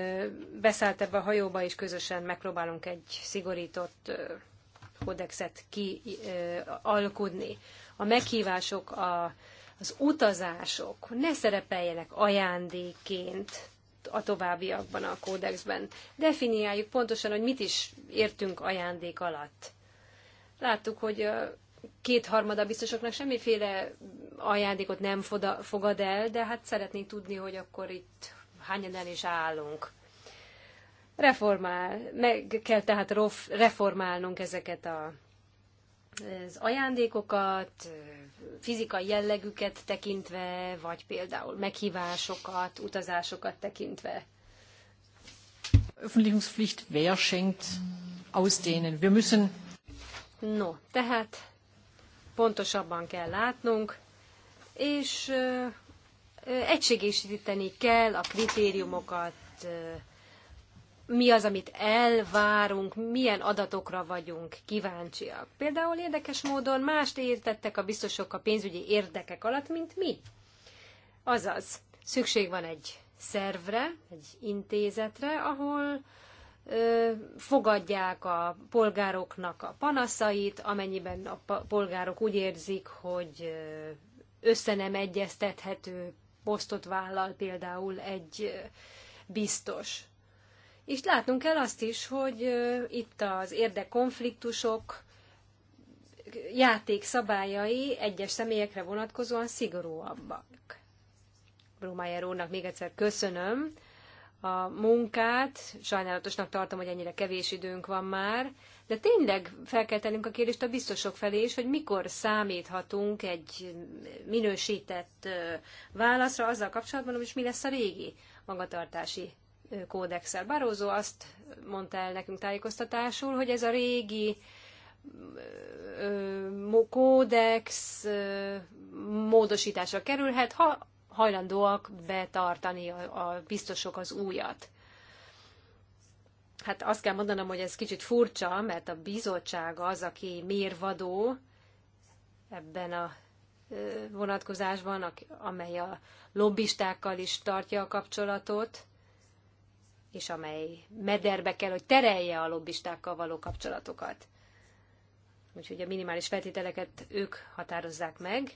beszállt ebbe a hajóba, és közösen megpróbálunk egy szigorított kódexet kialkudni. A meghívások, a, az utazások ne szerepeljenek ajándékként a továbbiakban a kódexben. Definiáljuk pontosan, hogy mit is értünk ajándék alatt. Láttuk, hogy kétharmada biztosoknak semmiféle ajándékot nem fogad el, de hát szeretnénk tudni, hogy akkor itt hányan is állunk. Reformál, meg kell tehát reformálnunk ezeket a, az ajándékokat, fizikai jellegüket tekintve, vagy például meghívásokat, utazásokat tekintve. Öffentlichungspflicht, wer schenkt, ausdehnen. Wir müssen... No, tehát pontosabban kell látnunk, és egységesíteni kell a kritériumokat, mi az, amit elvárunk, milyen adatokra vagyunk kíváncsiak. Például érdekes módon mást értettek a biztosok a pénzügyi érdekek alatt, mint mi. Azaz, szükség van egy szervre, egy intézetre, ahol fogadják a polgároknak a panaszait, amennyiben a polgárok úgy érzik, hogy össze nem egyeztethető posztot vállal például egy biztos. És látnunk kell azt is, hogy itt az érdekkonfliktusok játék szabályai egyes személyekre vonatkozóan szigorúabbak. Brómájer úrnak még egyszer köszönöm, a munkát. Sajnálatosnak tartom, hogy ennyire kevés időnk van már, de tényleg fel kell tennünk a kérdést a biztosok felé is, hogy mikor számíthatunk egy minősített válaszra azzal kapcsolatban, hogy mi lesz a régi magatartási kódexel. Barózó azt mondta el nekünk tájékoztatásul, hogy ez a régi kódex módosításra kerülhet, ha hajlandóak betartani a, a biztosok az újat. Hát azt kell mondanom, hogy ez kicsit furcsa, mert a bizottság az, aki mérvadó ebben a vonatkozásban, amely a lobbistákkal is tartja a kapcsolatot, és amely mederbe kell, hogy terelje a lobbistákkal való kapcsolatokat. Úgyhogy a minimális feltételeket ők határozzák meg,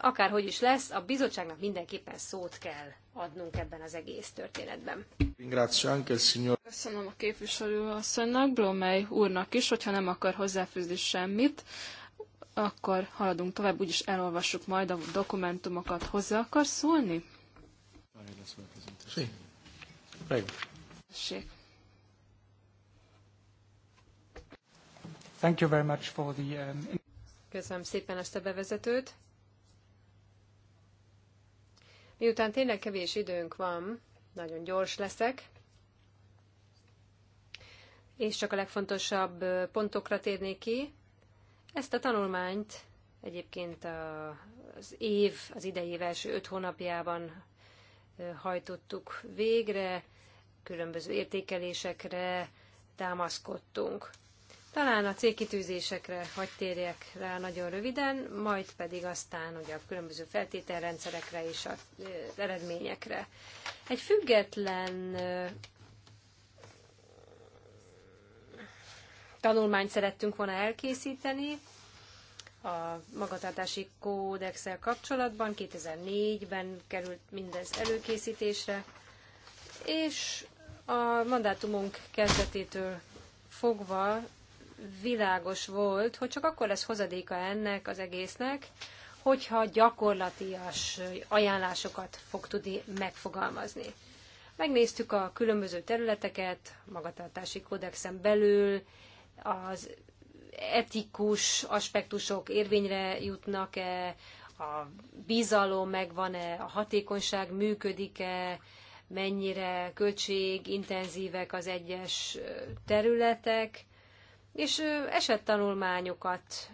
akárhogy is lesz, a bizottságnak mindenképpen szót kell adnunk ebben az egész történetben. Köszönöm a képviselő asszonynak, Blomely úrnak is, hogyha nem akar hozzáfűzni semmit, akkor haladunk tovább, úgyis elolvassuk majd a dokumentumokat. Hozzá akar szólni? Thank you very much for the, um, Köszönöm szépen ezt a bevezetőt. Miután tényleg kevés időnk van, nagyon gyors leszek, és csak a legfontosabb pontokra térnék ki. Ezt a tanulmányt egyébként az év, az idei év első öt hónapjában hajtottuk végre, különböző értékelésekre támaszkodtunk. Talán a célkitűzésekre hagy térjek rá nagyon röviden, majd pedig aztán ugye a különböző feltételrendszerekre és az eredményekre. Egy független tanulmányt szerettünk volna elkészíteni a magatartási kódexel kapcsolatban. 2004-ben került mindez előkészítésre, és a mandátumunk kezdetétől fogva világos volt, hogy csak akkor lesz hozadéka ennek az egésznek, hogyha gyakorlatias ajánlásokat fog tudni megfogalmazni. Megnéztük a különböző területeket, magatartási kódexen belül, az etikus aspektusok érvényre jutnak-e, a bizalom megvan-e, a hatékonyság működik-e, mennyire költségintenzívek az egyes területek, és esettanulmányokat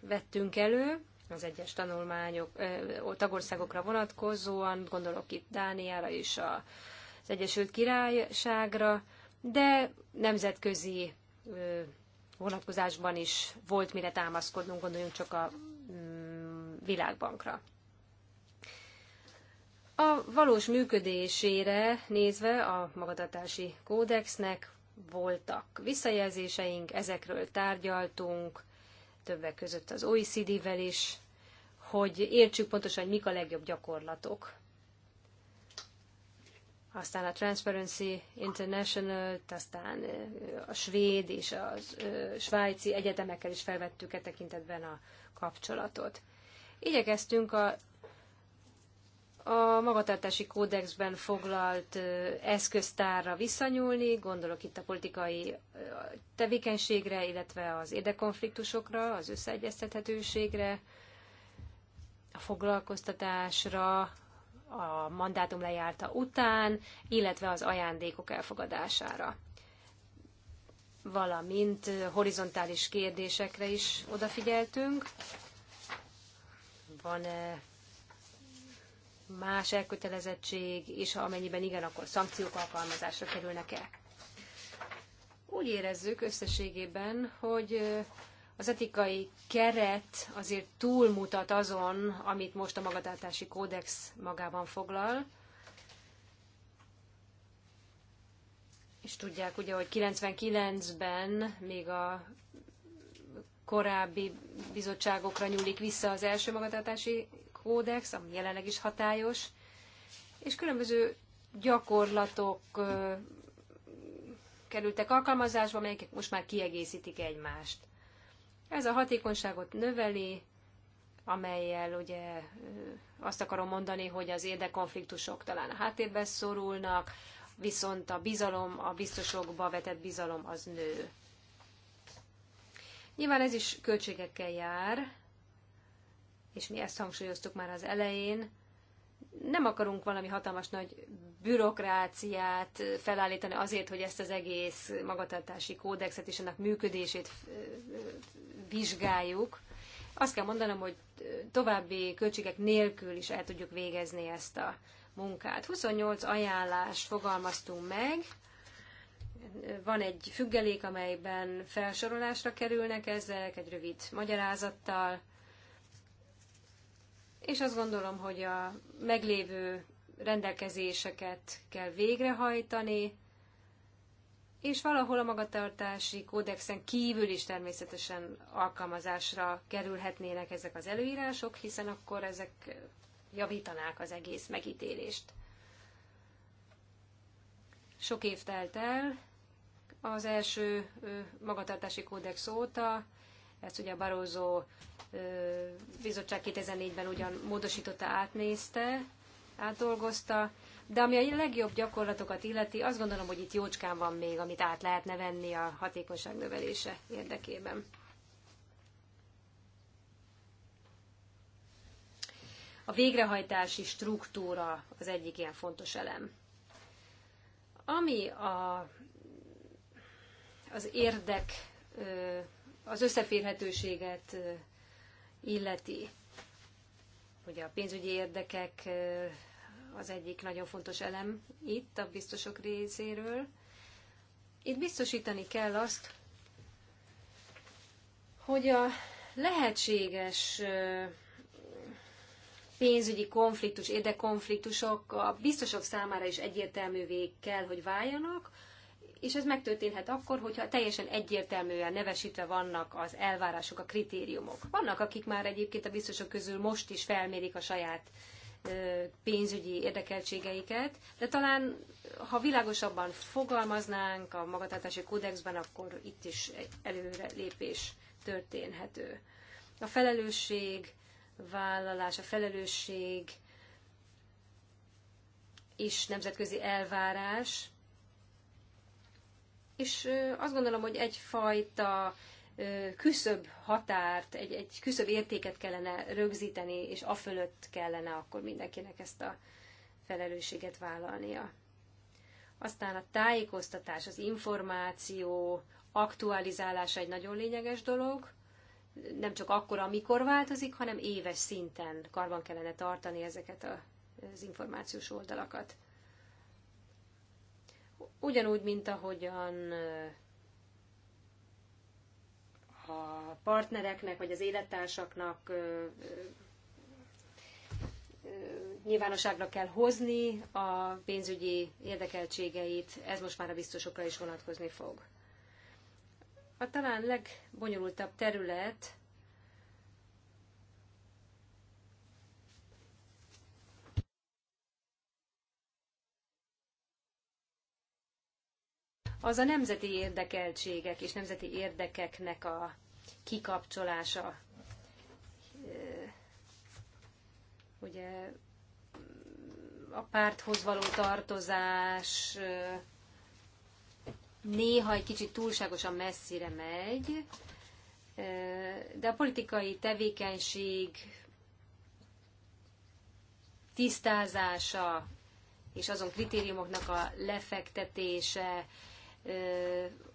vettünk elő, az egyes tanulmányok, tagországokra vonatkozóan, gondolok itt Dániára és az Egyesült Királyságra, de nemzetközi vonatkozásban is volt mire támaszkodnunk, gondoljunk csak a mm, világbankra. A valós működésére nézve a magatartási kódexnek voltak visszajelzéseink, ezekről tárgyaltunk, többek között az OECD-vel is, hogy értsük pontosan, hogy mik a legjobb gyakorlatok. Aztán a Transparency international aztán a svéd és a svájci egyetemekkel is felvettük e tekintetben a kapcsolatot. Igyekeztünk a a magatartási kódexben foglalt eszköztárra visszanyúlni, gondolok itt a politikai tevékenységre, illetve az érdekonfliktusokra, az összeegyeztethetőségre, a foglalkoztatásra, a mandátum lejárta után, illetve az ajándékok elfogadására. Valamint horizontális kérdésekre is odafigyeltünk. Van-e más elkötelezettség, és ha amennyiben igen, akkor szankciók alkalmazásra kerülnek-e? Úgy érezzük összességében, hogy az etikai keret azért túlmutat azon, amit most a magatartási kódex magában foglal. És tudják ugye, hogy 99-ben még a korábbi bizottságokra nyúlik vissza az első magatartási kódex, ami jelenleg is hatályos, és különböző gyakorlatok kerültek alkalmazásba, amelyek most már kiegészítik egymást. Ez a hatékonyságot növeli, amelyel ugye azt akarom mondani, hogy az érdekonfliktusok talán a háttérbe szorulnak, viszont a bizalom, a biztosokba vetett bizalom az nő. Nyilván ez is költségekkel jár, és mi ezt hangsúlyoztuk már az elején, nem akarunk valami hatalmas nagy bürokráciát felállítani azért, hogy ezt az egész magatartási kódexet és ennek működését vizsgáljuk. Azt kell mondanom, hogy további költségek nélkül is el tudjuk végezni ezt a munkát. 28 ajánlást fogalmaztunk meg, van egy függelék, amelyben felsorolásra kerülnek ezek, egy rövid magyarázattal, és azt gondolom, hogy a meglévő rendelkezéseket kell végrehajtani, és valahol a magatartási kódexen kívül is természetesen alkalmazásra kerülhetnének ezek az előírások, hiszen akkor ezek javítanák az egész megítélést. Sok év telt el az első magatartási kódex óta, ezt ugye Barózó bizottság 2004-ben ugyan módosította, átnézte, átdolgozta, de ami a legjobb gyakorlatokat illeti, azt gondolom, hogy itt jócskán van még, amit át lehetne venni a hatékonyság növelése érdekében. A végrehajtási struktúra az egyik ilyen fontos elem. Ami a, az érdek, az összeférhetőséget illeti. Ugye a pénzügyi érdekek az egyik nagyon fontos elem itt a biztosok részéről. Itt biztosítani kell azt, hogy a lehetséges pénzügyi konfliktus, érdekkonfliktusok a biztosok számára is egyértelművé kell, hogy váljanak, és ez megtörténhet akkor, hogyha teljesen egyértelműen nevesítve vannak az elvárások, a kritériumok. Vannak, akik már egyébként a biztosok közül most is felmérik a saját pénzügyi érdekeltségeiket, de talán ha világosabban fogalmaznánk a magatartási kódexben, akkor itt is előre lépés történhető. A felelősség, vállalás, a felelősség és nemzetközi elvárás és azt gondolom, hogy egyfajta küszöbb határt, egy, egy küszöbb értéket kellene rögzíteni, és a fölött kellene akkor mindenkinek ezt a felelősséget vállalnia. Aztán a tájékoztatás, az információ aktualizálása egy nagyon lényeges dolog, nem csak akkor, amikor változik, hanem éves szinten karban kellene tartani ezeket az információs oldalakat. Ugyanúgy, mint ahogyan a partnereknek vagy az élettársaknak nyilvánosságra kell hozni a pénzügyi érdekeltségeit, ez most már a biztosokra is vonatkozni fog. A talán legbonyolultabb terület az a nemzeti érdekeltségek és nemzeti érdekeknek a kikapcsolása. Ugye a párthoz való tartozás néha egy kicsit túlságosan messzire megy, de a politikai tevékenység tisztázása és azon kritériumoknak a lefektetése,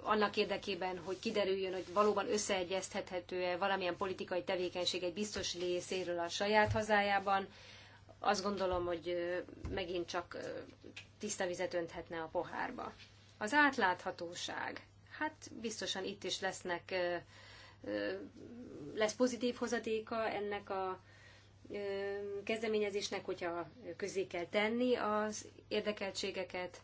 annak érdekében, hogy kiderüljön, hogy valóban összeegyeztethető-e valamilyen politikai tevékenység egy biztos részéről a saját hazájában, azt gondolom, hogy megint csak tiszta vizet önthetne a pohárba. Az átláthatóság. Hát biztosan itt is lesznek, lesz pozitív hozatéka ennek a kezdeményezésnek, hogyha közé kell tenni az érdekeltségeket,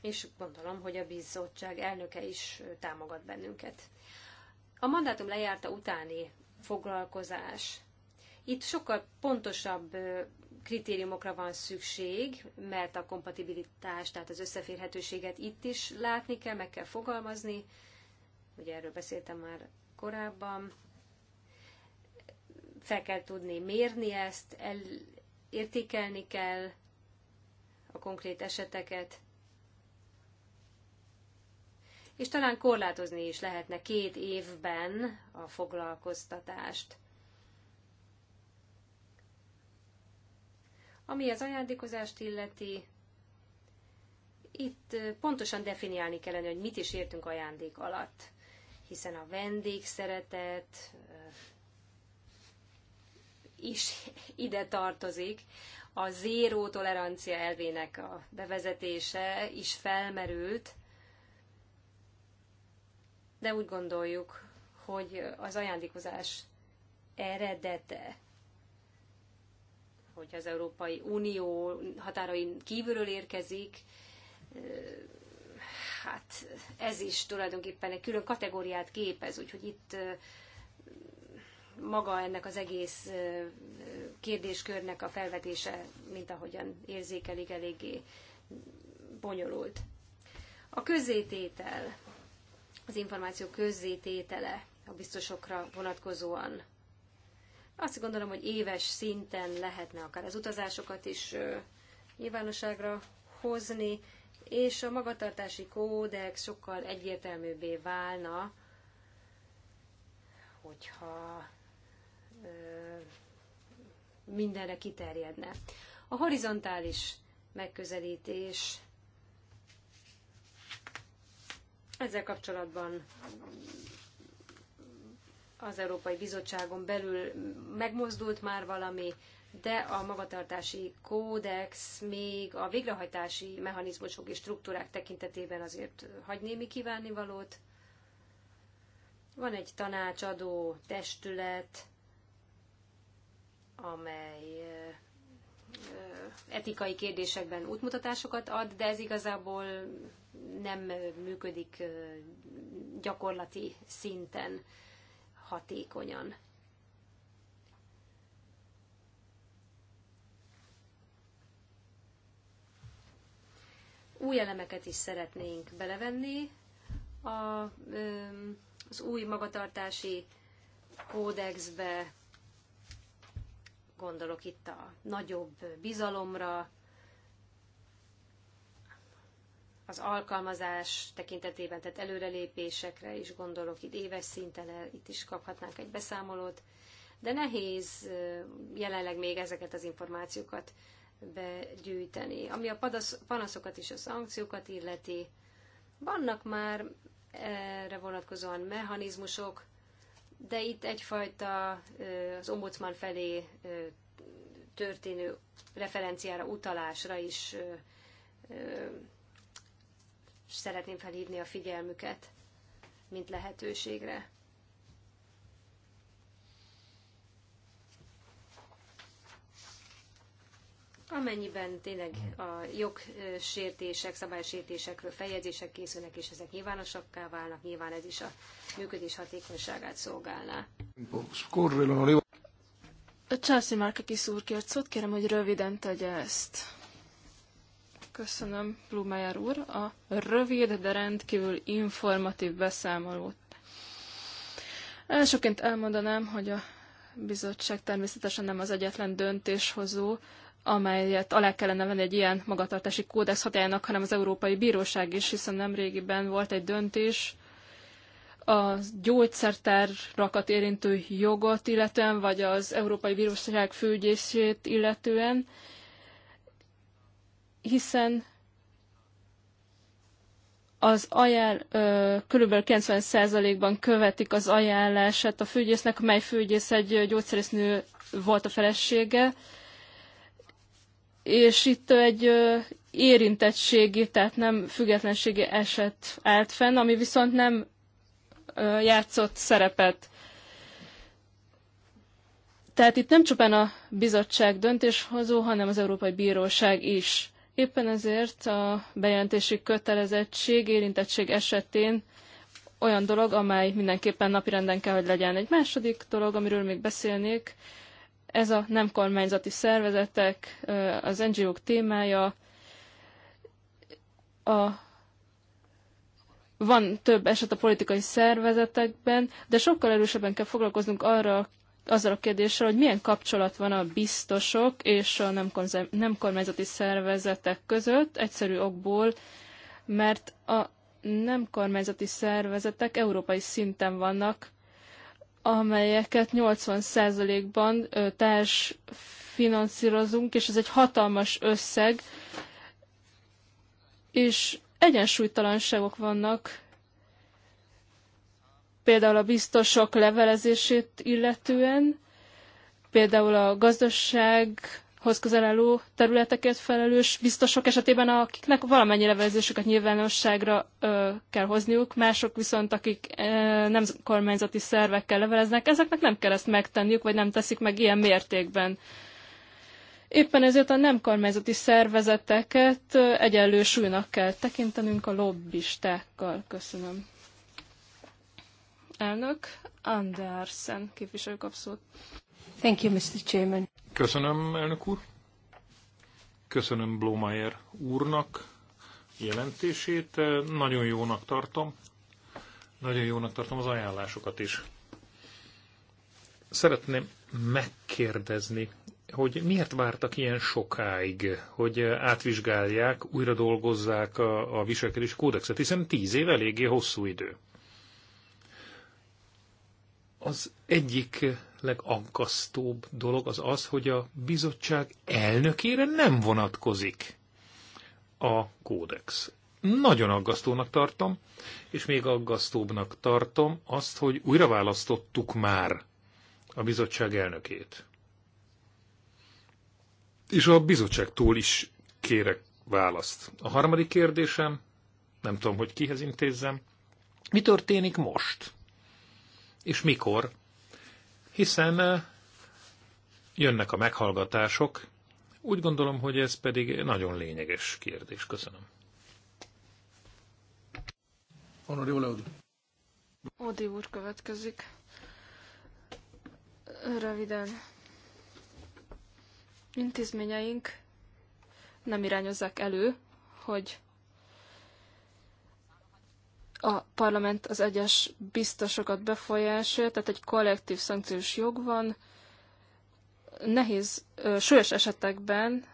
és gondolom, hogy a bizottság elnöke is támogat bennünket. A mandátum lejárta utáni foglalkozás. Itt sokkal pontosabb kritériumokra van szükség, mert a kompatibilitást, tehát az összeférhetőséget itt is látni kell, meg kell fogalmazni. Ugye erről beszéltem már korábban. Fel kell tudni mérni ezt, el, értékelni kell a konkrét eseteket, és talán korlátozni is lehetne két évben a foglalkoztatást. Ami az ajándékozást illeti, itt pontosan definiálni kellene, hogy mit is értünk ajándék alatt, hiszen a vendég szeretet is ide tartozik, a zéró tolerancia elvének a bevezetése is felmerült, de úgy gondoljuk, hogy az ajándékozás eredete, hogy az Európai Unió határain kívülről érkezik, hát ez is tulajdonképpen egy külön kategóriát képez, úgyhogy itt maga ennek az egész kérdéskörnek a felvetése, mint ahogyan érzékelik, eléggé bonyolult. A közététel az információ közzététele a biztosokra vonatkozóan. Azt gondolom, hogy éves szinten lehetne akár az utazásokat is nyilvánosságra hozni, és a magatartási kódex sokkal egyértelműbbé válna, hogyha ö, mindenre kiterjedne. A horizontális megközelítés Ezzel kapcsolatban az Európai Bizottságon belül megmozdult már valami, de a magatartási kódex még a végrehajtási mechanizmusok és struktúrák tekintetében azért hagy némi kívánivalót. Van egy tanácsadó testület, amely eh, eh, etikai kérdésekben útmutatásokat ad, de ez igazából nem működik gyakorlati szinten hatékonyan. Új elemeket is szeretnénk belevenni a, az új magatartási kódexbe, gondolok itt a nagyobb bizalomra, az alkalmazás tekintetében tehát előrelépésekre is gondolok, itt éves szinten itt is kaphatnánk egy beszámolót, de nehéz jelenleg még ezeket az információkat begyűjteni. Ami a panaszokat és a szankciókat illeti, vannak már erre vonatkozóan mechanizmusok, de itt egyfajta az ombudsman felé történő referenciára, utalásra is és szeretném felhívni a figyelmüket, mint lehetőségre. Amennyiben tényleg a jogsértések, szabálysértésekről feljegyzések készülnek, és ezek nyilvánosakká válnak, nyilván ez is a működés hatékonyságát szolgálná. Császi Márka kiszúr kérdszót, kérem, hogy röviden tegye ezt. Köszönöm, Blumeyer úr, a rövid, de rendkívül informatív beszámolót. Elsőként elmondanám, hogy a bizottság természetesen nem az egyetlen döntéshozó, amelyet alá kellene venni egy ilyen magatartási kódex hatájának, hanem az Európai Bíróság is, hiszen nemrégiben volt egy döntés a gyógyszertárakat érintő jogot illetően, vagy az Európai Bíróság főügyészét illetően, hiszen az ajánl, kb. 90%-ban követik az ajánlását a főgyésznek, mely főgyész egy gyógyszerésznő volt a felesége, és itt egy érintettségi, tehát nem függetlenségi eset állt fenn, ami viszont nem játszott szerepet. Tehát itt nem csupán a bizottság döntéshozó, hanem az Európai Bíróság is. Éppen ezért a bejelentési kötelezettség, érintettség esetén olyan dolog, amely mindenképpen napirenden kell, hogy legyen. Egy második dolog, amiről még beszélnék, ez a nem kormányzati szervezetek, az NGO-k témája. A, van több eset a politikai szervezetekben, de sokkal erősebben kell foglalkoznunk arra a azzal a kérdéssel, hogy milyen kapcsolat van a biztosok és a nem, nem kormányzati szervezetek között, egyszerű okból, mert a nem kormányzati szervezetek európai szinten vannak, amelyeket 80%-ban társ finanszírozunk, és ez egy hatalmas összeg, és egyensúlytalanságok vannak például a biztosok levelezését illetően, például a gazdasághoz közel álló területeket felelős biztosok esetében, akiknek valamennyi levelezésüket nyilvánosságra ö, kell hozniuk, mások viszont, akik ö, nem kormányzati szervekkel leveleznek, ezeknek nem kell ezt megtenniük, vagy nem teszik meg ilyen mértékben. Éppen ezért a nem kormányzati szervezeteket egyenlő súlynak kell tekintenünk a lobbistákkal. Köszönöm. Elnök Andersen képviselő kapszót. Thank you, Mr. Chairman. Köszönöm, elnök úr. Köszönöm Blomeyer úrnak jelentését. Nagyon jónak tartom. Nagyon jónak tartom az ajánlásokat is. Szeretném megkérdezni, hogy miért vártak ilyen sokáig, hogy átvizsgálják, újra dolgozzák a, a viselkedési kódexet, hiszen tíz év eléggé hosszú idő. Az egyik legankasztóbb dolog az az, hogy a bizottság elnökére nem vonatkozik a kódex. Nagyon aggasztónak tartom, és még aggasztóbbnak tartom azt, hogy újra választottuk már a bizottság elnökét. És a bizottságtól is kérek választ. A harmadik kérdésem, nem tudom, hogy kihez intézzem, mi történik most? és mikor, hiszen eh, jönnek a meghallgatások, úgy gondolom, hogy ez pedig nagyon lényeges kérdés. Köszönöm. Honorable Audi. Audi úr következik. Röviden. Intézményeink nem irányozzák elő, hogy a parlament az egyes biztosokat befolyásolja, tehát egy kollektív szankciós jog van. Nehéz, súlyos esetekben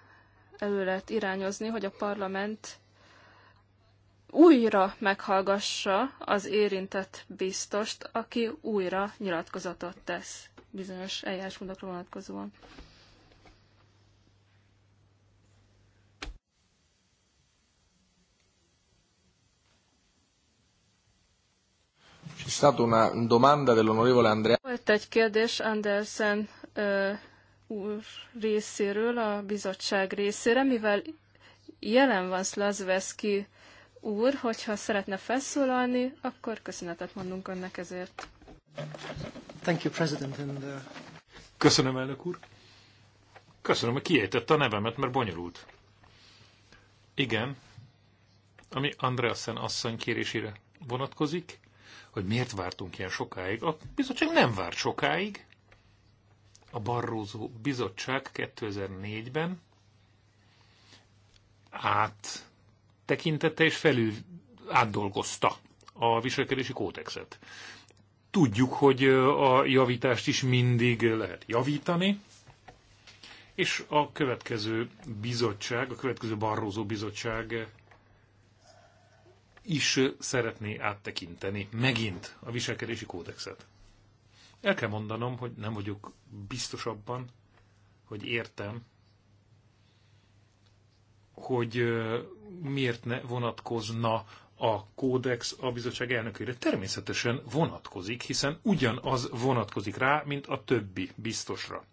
elő lehet irányozni, hogy a parlament újra meghallgassa az érintett biztost, aki újra nyilatkozatot tesz bizonyos eljárásmódokra vonatkozóan. stata una domanda dell'onorevole Andrea. Volt egy kérdés Andersen uh, úr részéről, a bizottság részére, mivel jelen van Szlazveszki úr, hogyha szeretne felszólalni, akkor köszönetet mondunk önnek ezért. Thank you, President. And, uh... Köszönöm, elnök úr. Köszönöm, hogy kiejtette a nevemet, mert bonyolult. Igen, ami Andreasen asszony kérésére vonatkozik, hogy miért vártunk ilyen sokáig. A bizottság nem várt sokáig. A Barrózó Bizottság 2004-ben át tekintette és felül átdolgozta a viselkedési kódexet. Tudjuk, hogy a javítást is mindig lehet javítani, és a következő bizottság, a következő Barrózó bizottság is szeretné áttekinteni megint a viselkedési kódexet. El kell mondanom, hogy nem vagyok biztos abban, hogy értem, hogy miért ne vonatkozna a kódex a bizottság elnökére. Természetesen vonatkozik, hiszen ugyanaz vonatkozik rá, mint a többi biztosra.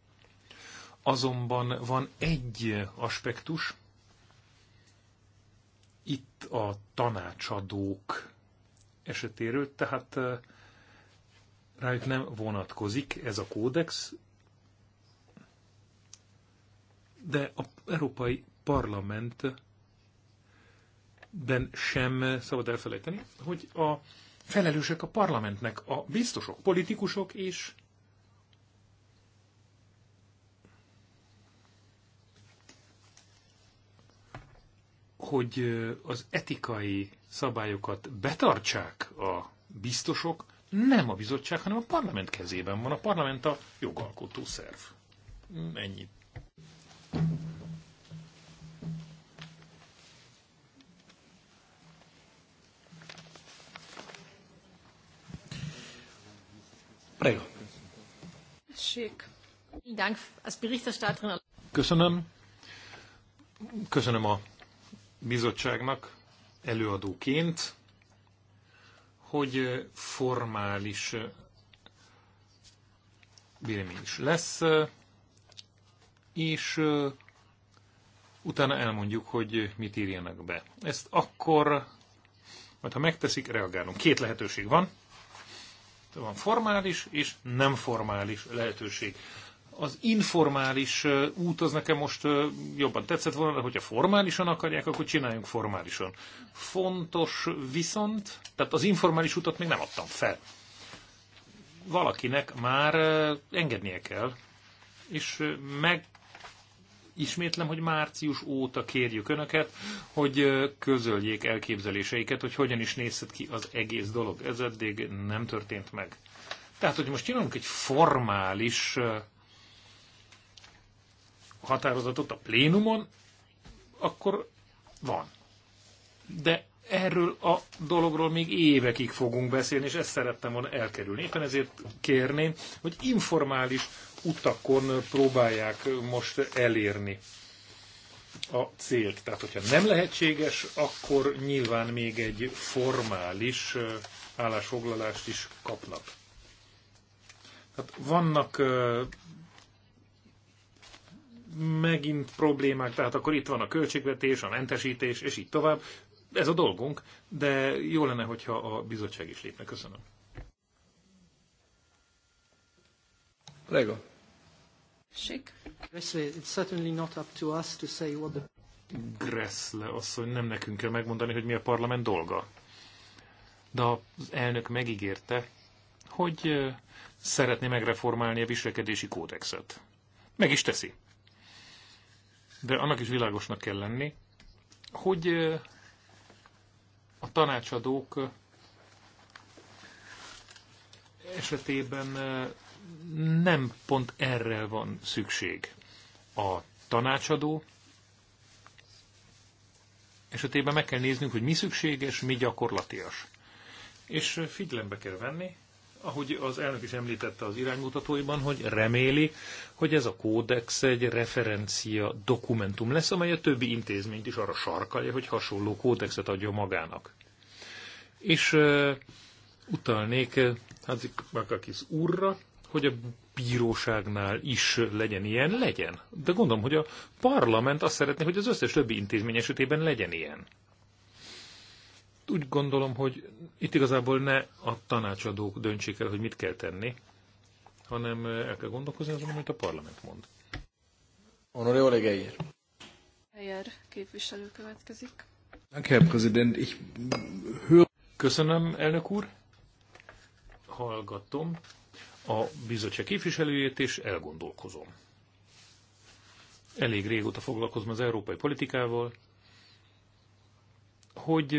Azonban van egy aspektus, itt a tanácsadók esetéről, tehát eh, rájuk nem vonatkozik ez a kódex, de az Európai Parlamentben sem szabad elfelejteni, hogy a felelősek a parlamentnek, a biztosok, politikusok és hogy az etikai szabályokat betartsák a biztosok, nem a bizottság, hanem a parlament kezében van. A parlament a jogalkotó szerv. Ennyi. Schick. Köszönöm. Köszönöm a bizottságnak előadóként, hogy formális vélemény is lesz, és utána elmondjuk, hogy mit írjanak be. Ezt akkor, majd ha megteszik, reagálunk. Két lehetőség van. Van formális és nem formális lehetőség az informális út az nekem most jobban tetszett volna, de hogyha formálisan akarják, akkor csináljunk formálisan. Fontos viszont, tehát az informális utat még nem adtam fel. Valakinek már engednie kell, és meg ismétlem, hogy március óta kérjük Önöket, hogy közöljék elképzeléseiket, hogy hogyan is nézhet ki az egész dolog. Ez eddig nem történt meg. Tehát, hogy most csinálunk egy formális határozatot a plénumon, akkor van. De erről a dologról még évekig fogunk beszélni, és ezt szerettem volna elkerülni. Éppen ezért kérném, hogy informális utakon próbálják most elérni a célt. Tehát, hogyha nem lehetséges, akkor nyilván még egy formális állásfoglalást is kapnak. Tehát vannak megint problémák, tehát akkor itt van a költségvetés, a mentesítés, és így tovább. Ez a dolgunk, de jó lenne, hogyha a bizottság is lépne. Köszönöm. Lego. Sik. Gressle asszony, nem nekünk kell megmondani, hogy mi a parlament dolga. De az elnök megígérte, hogy szeretné megreformálni a viselkedési kódexet. Meg is teszi de annak is világosnak kell lenni, hogy a tanácsadók esetében nem pont erre van szükség. A tanácsadó esetében meg kell néznünk, hogy mi szükséges, mi gyakorlatias. És figyelembe kell venni, ahogy az elnök is említette az iránymutatóiban, hogy reméli, hogy ez a kódex egy referencia dokumentum lesz, amely a többi intézményt is arra sarkalja, hogy hasonló kódexet adja magának. És uh, utalnék Hadzik Makakis úrra, hogy a bíróságnál is legyen ilyen, legyen. De gondolom, hogy a parlament azt szeretné, hogy az összes többi intézmény esetében legyen ilyen úgy gondolom, hogy itt igazából ne a tanácsadók döntsék el, hogy mit kell tenni, hanem eh, el kell gondolkozni azon, amit a parlament mond. Honoré Geyer. Geyer képviselő következik. Herr Präsident, ich höre... Köszönöm, elnök úr. Hallgatom a bizottság képviselőjét, és elgondolkozom. Elég régóta foglalkozom az európai politikával, hogy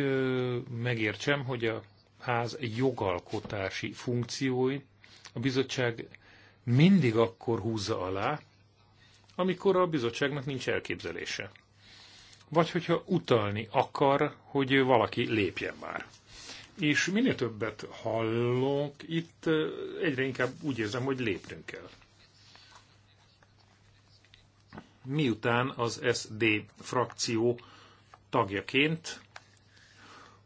megértsem, hogy a ház jogalkotási funkciói a bizottság mindig akkor húzza alá, amikor a bizottságnak nincs elképzelése. Vagy hogyha utalni akar, hogy valaki lépjen már. És minél többet hallok, itt egyre inkább úgy érzem, hogy lépnünk kell. Miután az SD frakció tagjaként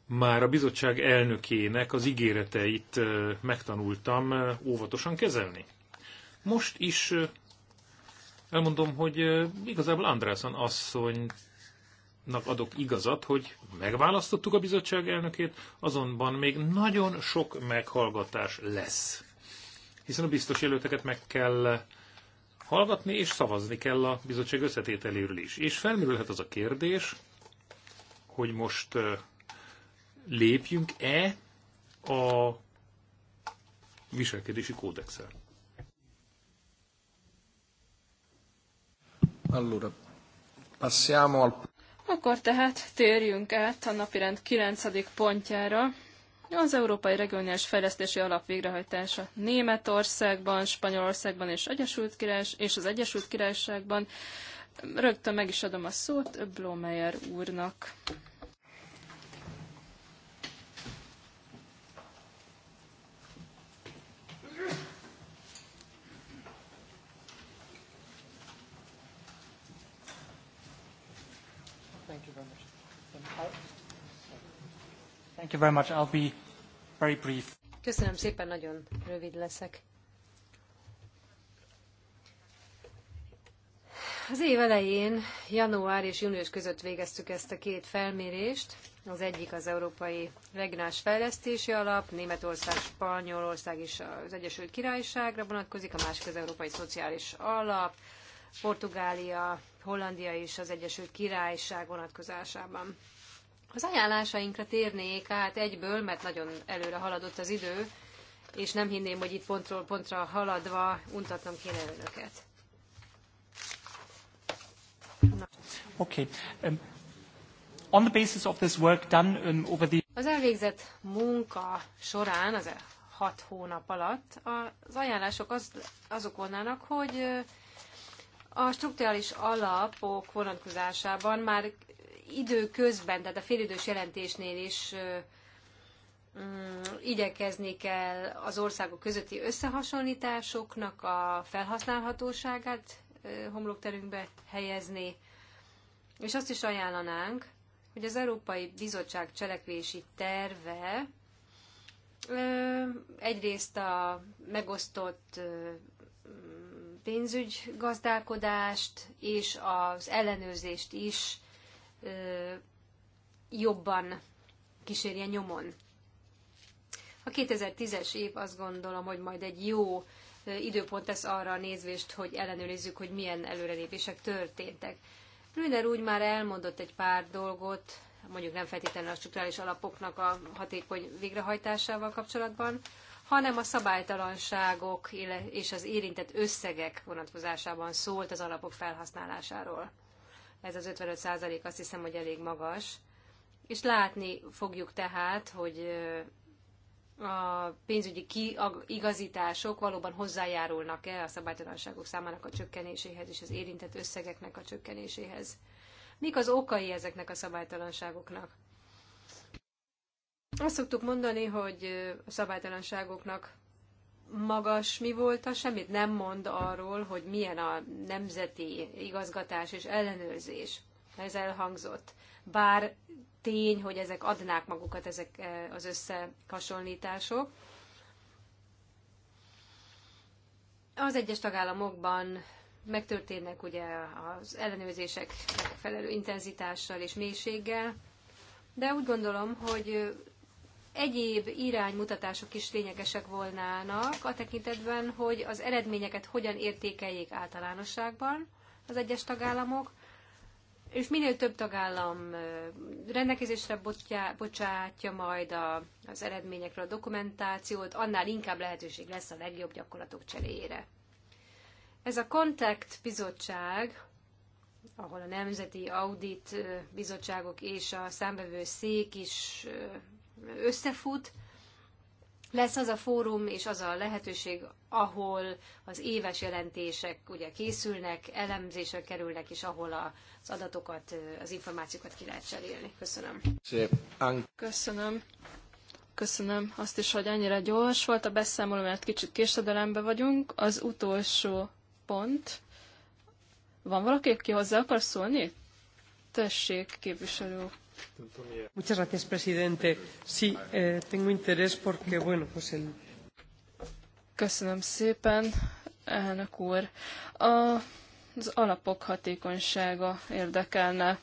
már a bizottság elnökének az ígéreteit megtanultam óvatosan kezelni. Most is elmondom, hogy igazából Andrászon asszonynak adok igazat, hogy megválasztottuk a bizottság elnökét, azonban még nagyon sok meghallgatás lesz. Hiszen a biztos jelölteket meg kell hallgatni, és szavazni kell a bizottság összetételéről is. És felmerülhet az a kérdés, hogy most lépjünk-e a viselkedési kódexel? Allora, passiamo al... Akkor tehát térjünk át a napirend 9. pontjára. Az Európai Regionális Fejlesztési Alap végrehajtása Németországban, Spanyolországban és, Egyesült Királys- és az Egyesült Királyságban. Rögtön meg is adom a szót Blomeyer úrnak. Thank you very much. I'll be very brief. Köszönöm szépen, nagyon rövid leszek. Az év elején, január és június között végeztük ezt a két felmérést. Az egyik az Európai Regionális Fejlesztési Alap, Németország, Spanyolország és az Egyesült Királyságra vonatkozik, a másik az Európai Szociális Alap, Portugália, Hollandia és az Egyesült Királyság vonatkozásában. Az ajánlásainkra térnék át egyből, mert nagyon előre haladott az idő, és nem hinném, hogy itt pontról pontra haladva untatnom kéne önöket. Okay. Um, on the basis of this work done um, over the... Az elvégzett munka során, az e hat hónap alatt az ajánlások az, azok volnának, hogy a struktúrális alapok vonatkozásában már időközben, tehát a félidős jelentésnél is mm, igyekezni kell az országok közötti összehasonlításoknak a felhasználhatóságát homlokterünkbe helyezni, és azt is ajánlanánk, hogy az Európai Bizottság cselekvési terve egyrészt a megosztott mm, pénzügygazdálkodást és az ellenőrzést is jobban kísérje nyomon. A 2010-es év azt gondolom, hogy majd egy jó időpont lesz arra a nézvést, hogy ellenőrizzük, hogy milyen előrelépések történtek. Brüner úgy már elmondott egy pár dolgot, mondjuk nem feltétlenül a struktúrális alapoknak a hatékony végrehajtásával kapcsolatban, hanem a szabálytalanságok és az érintett összegek vonatkozásában szólt az alapok felhasználásáról ez az 55 százalék azt hiszem, hogy elég magas. És látni fogjuk tehát, hogy a pénzügyi kiigazítások valóban hozzájárulnak-e a szabálytalanságok számának a csökkenéséhez és az érintett összegeknek a csökkenéséhez. Mik az okai ezeknek a szabálytalanságoknak? Azt szoktuk mondani, hogy a szabálytalanságoknak magas mi volt a semmit nem mond arról, hogy milyen a nemzeti igazgatás és ellenőrzés. Ez elhangzott. Bár tény, hogy ezek adnák magukat, ezek eh, az összehasonlítások. Az egyes tagállamokban megtörténnek ugye az ellenőrzések megfelelő intenzitással és mélységgel, de úgy gondolom, hogy egyéb iránymutatások is lényegesek volnának a tekintetben, hogy az eredményeket hogyan értékeljék általánosságban az egyes tagállamok, és minél több tagállam rendelkezésre botjá, bocsátja majd a, az eredményekre a dokumentációt, annál inkább lehetőség lesz a legjobb gyakorlatok cseréjére. Ez a Contact Bizottság, ahol a Nemzeti Audit Bizottságok és a számbevő szék is összefut, lesz az a fórum és az a lehetőség, ahol az éves jelentések ugye készülnek, elemzések kerülnek, és ahol az adatokat, az információkat ki lehet cserélni. Köszönöm. Szép. Köszönöm. Köszönöm azt is, hogy annyira gyors volt a beszámoló, mert kicsit késedelemben vagyunk. Az utolsó pont. Van valaki, aki hozzá akar szólni? Tessék, képviselő Muchas gracias, presidente. Sí, eh, tengo interés porque, bueno, pues el... Köszönöm szépen, elnök úr. A, az alapok hatékonysága érdekelne.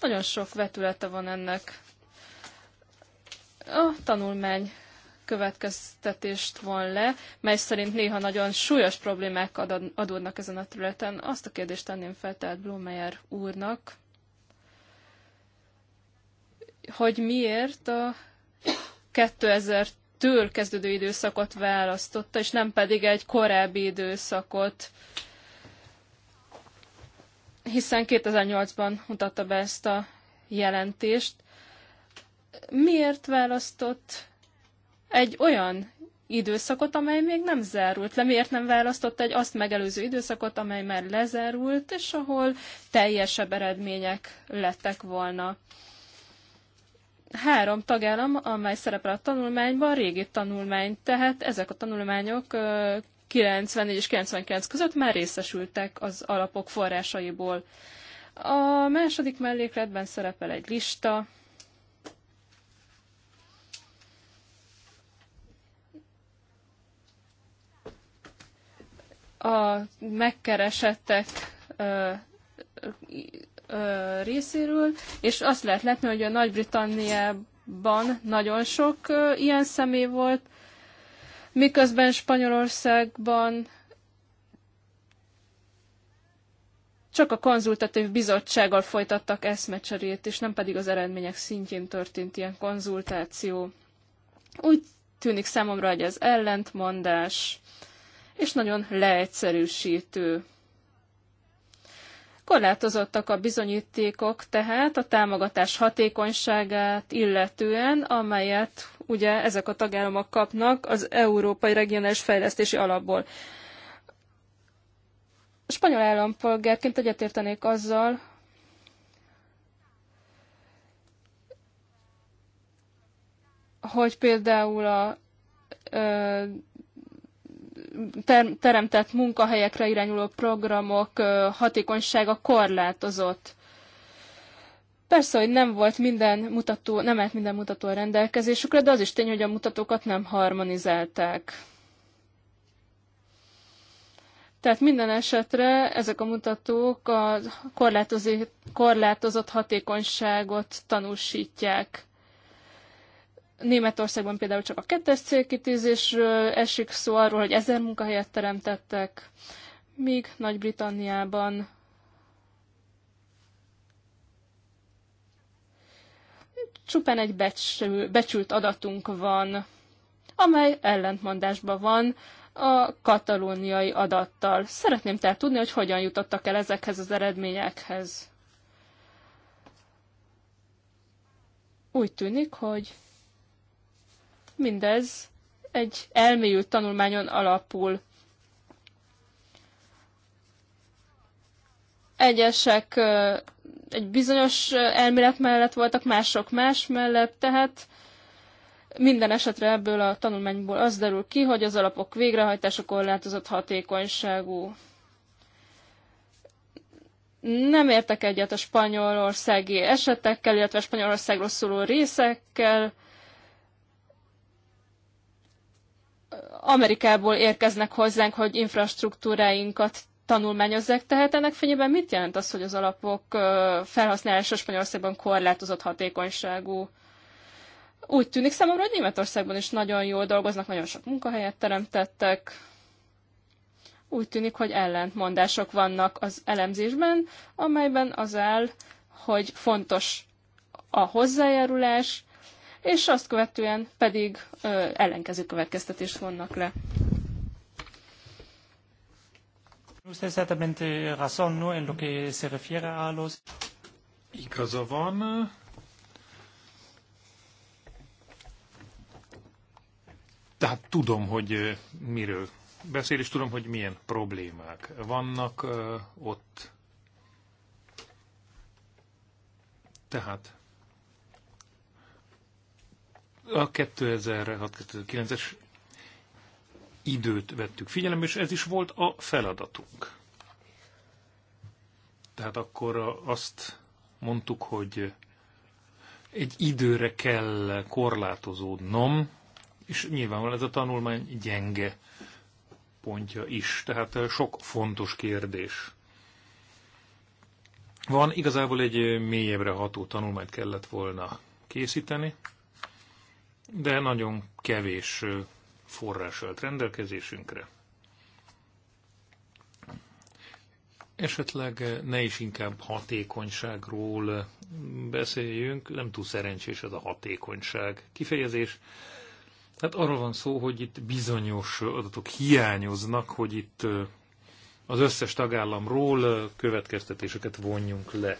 Nagyon sok vetülete van ennek. A tanulmány következtetést von le, mely szerint néha nagyon súlyos problémák adódnak ezen a területen. Azt a kérdést tenném fel tehát Blumeyer úrnak, hogy miért a 2000-től kezdődő időszakot választotta, és nem pedig egy korábbi időszakot, hiszen 2008-ban mutatta be ezt a jelentést. Miért választott egy olyan időszakot, amely még nem zárult le. Miért nem választott egy azt megelőző időszakot, amely már lezárult, és ahol teljesebb eredmények lettek volna három tagállam, amely szerepel a tanulmányban, régi tanulmány, tehát ezek a tanulmányok 94 és 99 között már részesültek az alapok forrásaiból. A második mellékletben szerepel egy lista, a megkeresettek részéről, és azt lehet látni, hogy a Nagy-Britanniában nagyon sok ilyen személy volt, miközben Spanyolországban csak a konzultatív bizottsággal folytattak eszmecserét, és nem pedig az eredmények szintjén történt ilyen konzultáció. Úgy tűnik számomra, hogy ez ellentmondás, és nagyon leegyszerűsítő. Korlátozottak a bizonyítékok tehát a támogatás hatékonyságát illetően, amelyet ugye ezek a tagállamok kapnak az Európai Regionális Fejlesztési Alapból. A spanyol állampolgárként egyetértenék azzal, hogy például a teremtett munkahelyekre irányuló programok hatékonysága korlátozott. Persze, hogy nem volt minden mutató, nem állt minden mutató a rendelkezésükre, de az is tény, hogy a mutatókat nem harmonizálták. Tehát minden esetre ezek a mutatók a korlátozott hatékonyságot tanúsítják. Németországban például csak a kettes célkitűzésről esik szó arról, hogy ezer munkahelyet teremtettek, míg Nagy-Britanniában csupán egy becsül, becsült adatunk van, amely ellentmondásban van a katalóniai adattal. Szeretném tehát tudni, hogy hogyan jutottak el ezekhez az eredményekhez. Úgy tűnik, hogy Mindez egy elmélyült tanulmányon alapul. Egyesek egy bizonyos elmélet mellett voltak, mások más mellett, tehát minden esetre ebből a tanulmányból az derül ki, hogy az alapok végrehajtása korlátozott hatékonyságú. Nem értek egyet a spanyolországi esetekkel, illetve a Spanyolországról szóló részekkel, Amerikából érkeznek hozzánk, hogy infrastruktúráinkat tanulmányozzák. Tehát ennek fényében mit jelent az, hogy az alapok felhasználása Spanyolországban korlátozott hatékonyságú? Úgy tűnik számomra, hogy Németországban is nagyon jól dolgoznak, nagyon sok munkahelyet teremtettek. Úgy tűnik, hogy ellentmondások vannak az elemzésben, amelyben az áll, hogy fontos a hozzájárulás, és azt követően pedig ellenkező következtetést vonnak le. Igaza van. Tehát tudom, hogy miről beszél, és tudom, hogy milyen problémák vannak ott. Tehát a 2006-2009-es időt vettük figyelembe, és ez is volt a feladatunk. Tehát akkor azt mondtuk, hogy egy időre kell korlátozódnom, és nyilvánvalóan ez a tanulmány gyenge pontja is. Tehát sok fontos kérdés. Van, igazából egy mélyebbre ható tanulmányt kellett volna készíteni, de nagyon kevés forrás állt rendelkezésünkre. Esetleg ne is inkább hatékonyságról beszéljünk, nem túl szerencsés ez a hatékonyság kifejezés. Hát arról van szó, hogy itt bizonyos adatok hiányoznak, hogy itt az összes tagállamról következtetéseket vonjunk le,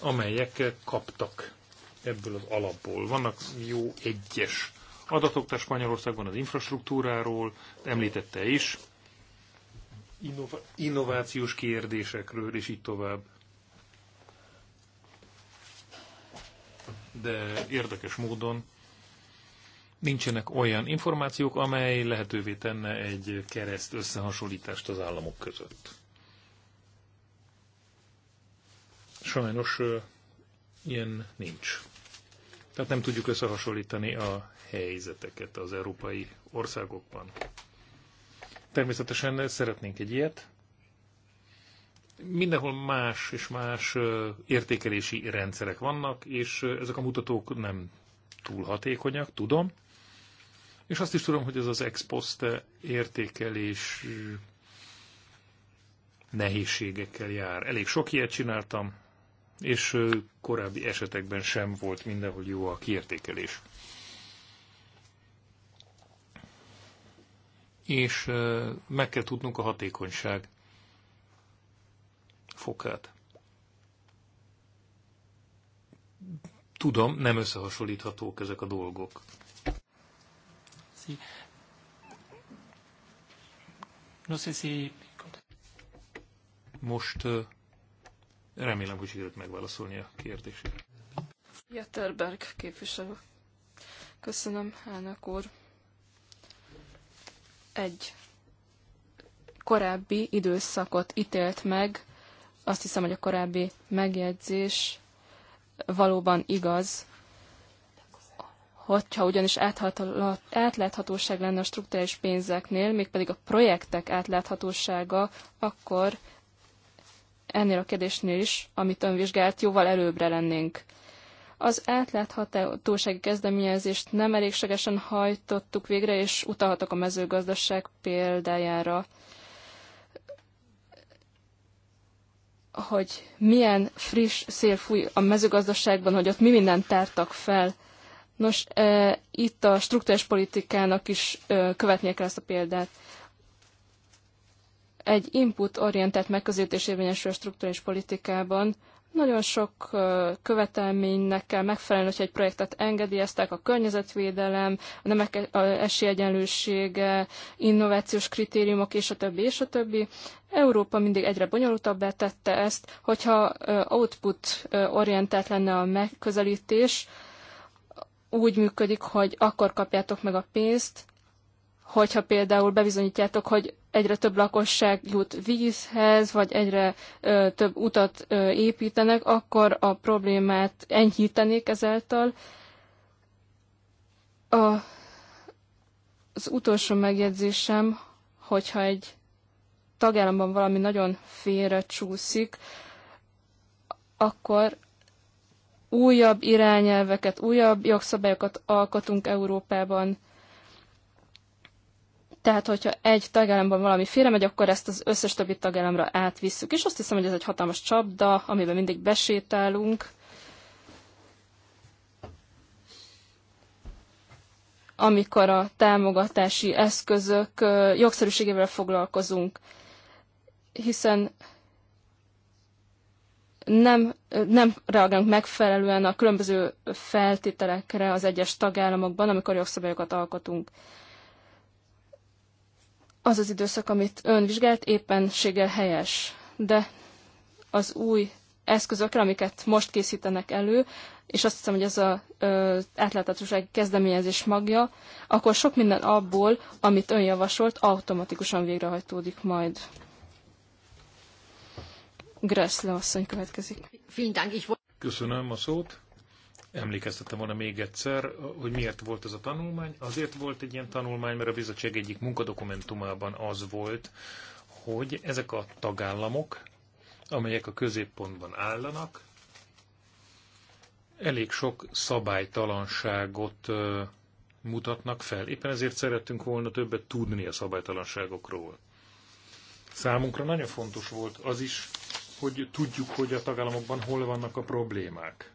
amelyek kaptak ebből az alapból. Vannak jó egyes adatok, tehát Spanyolországban az infrastruktúráról, említette is, innova, innovációs kérdésekről, és így tovább. De érdekes módon nincsenek olyan információk, amely lehetővé tenne egy kereszt összehasonlítást az államok között. Sajnos ilyen nincs. Tehát nem tudjuk összehasonlítani a helyzeteket az európai országokban. Természetesen szeretnénk egy ilyet. Mindenhol más és más értékelési rendszerek vannak, és ezek a mutatók nem túl hatékonyak, tudom. És azt is tudom, hogy ez az ex post értékelés nehézségekkel jár. Elég sok ilyet csináltam, és korábbi esetekben sem volt mindenhol jó a kiértékelés. És meg kell tudnunk a hatékonyság fokát. Tudom, nem összehasonlíthatók ezek a dolgok. Most Remélem, hogy sikerült megválaszolni a kérdését. Jetterberg képviselő. Köszönöm, elnök úr. Egy korábbi időszakot ítélt meg. Azt hiszem, hogy a korábbi megjegyzés valóban igaz, hogyha ugyanis átláthatóság lenne a strukturális pénzeknél, mégpedig a projektek átláthatósága, akkor ennél a kérdésnél is, amit ön vizsgált, jóval előbbre lennénk. Az átláthatósági kezdeményezést nem elégségesen hajtottuk végre, és utalhatok a mezőgazdaság példájára, hogy milyen friss szél fúj a mezőgazdaságban, hogy ott mi mindent tártak fel. Nos, e, itt a struktúrás politikának is e, követnie kell ezt a példát egy input-orientált megközelítés érvényesül a struktúrális politikában. Nagyon sok követelménynek kell megfelelni, hogyha egy projektet engedélyeztek, a környezetvédelem, a nemek esélyegyenlősége, innovációs kritériumok, és a többi, és a többi. Európa mindig egyre bonyolultabbá tette ezt, hogyha output-orientált lenne a megközelítés, úgy működik, hogy akkor kapjátok meg a pénzt, hogyha például bebizonyítjátok, hogy egyre több lakosság jut vízhez, vagy egyre ö, több utat ö, építenek, akkor a problémát enyhítenék ezáltal. A, az utolsó megjegyzésem, hogyha egy tagállamban valami nagyon félre csúszik, akkor újabb irányelveket, újabb jogszabályokat alkotunk Európában, tehát, hogyha egy tagállamban valami félremegy, akkor ezt az összes többi tagállamra átvisszük. És azt hiszem, hogy ez egy hatalmas csapda, amiben mindig besétálunk. amikor a támogatási eszközök jogszerűségével foglalkozunk, hiszen nem, nem reagálunk megfelelően a különböző feltételekre az egyes tagállamokban, amikor jogszabályokat alkotunk az az időszak, amit ön vizsgált, éppenséggel helyes, de az új eszközökre, amiket most készítenek elő, és azt hiszem, hogy ez az átláthatóság kezdeményezés magja, akkor sok minden abból, amit ön javasolt, automatikusan végrehajtódik majd. Gressle asszony következik. Köszönöm a szót emlékeztettem volna még egyszer, hogy miért volt ez a tanulmány. Azért volt egy ilyen tanulmány, mert a bizottság egyik munkadokumentumában az volt, hogy ezek a tagállamok, amelyek a középpontban állanak, elég sok szabálytalanságot mutatnak fel. Éppen ezért szerettünk volna többet tudni a szabálytalanságokról. Számunkra nagyon fontos volt az is, hogy tudjuk, hogy a tagállamokban hol vannak a problémák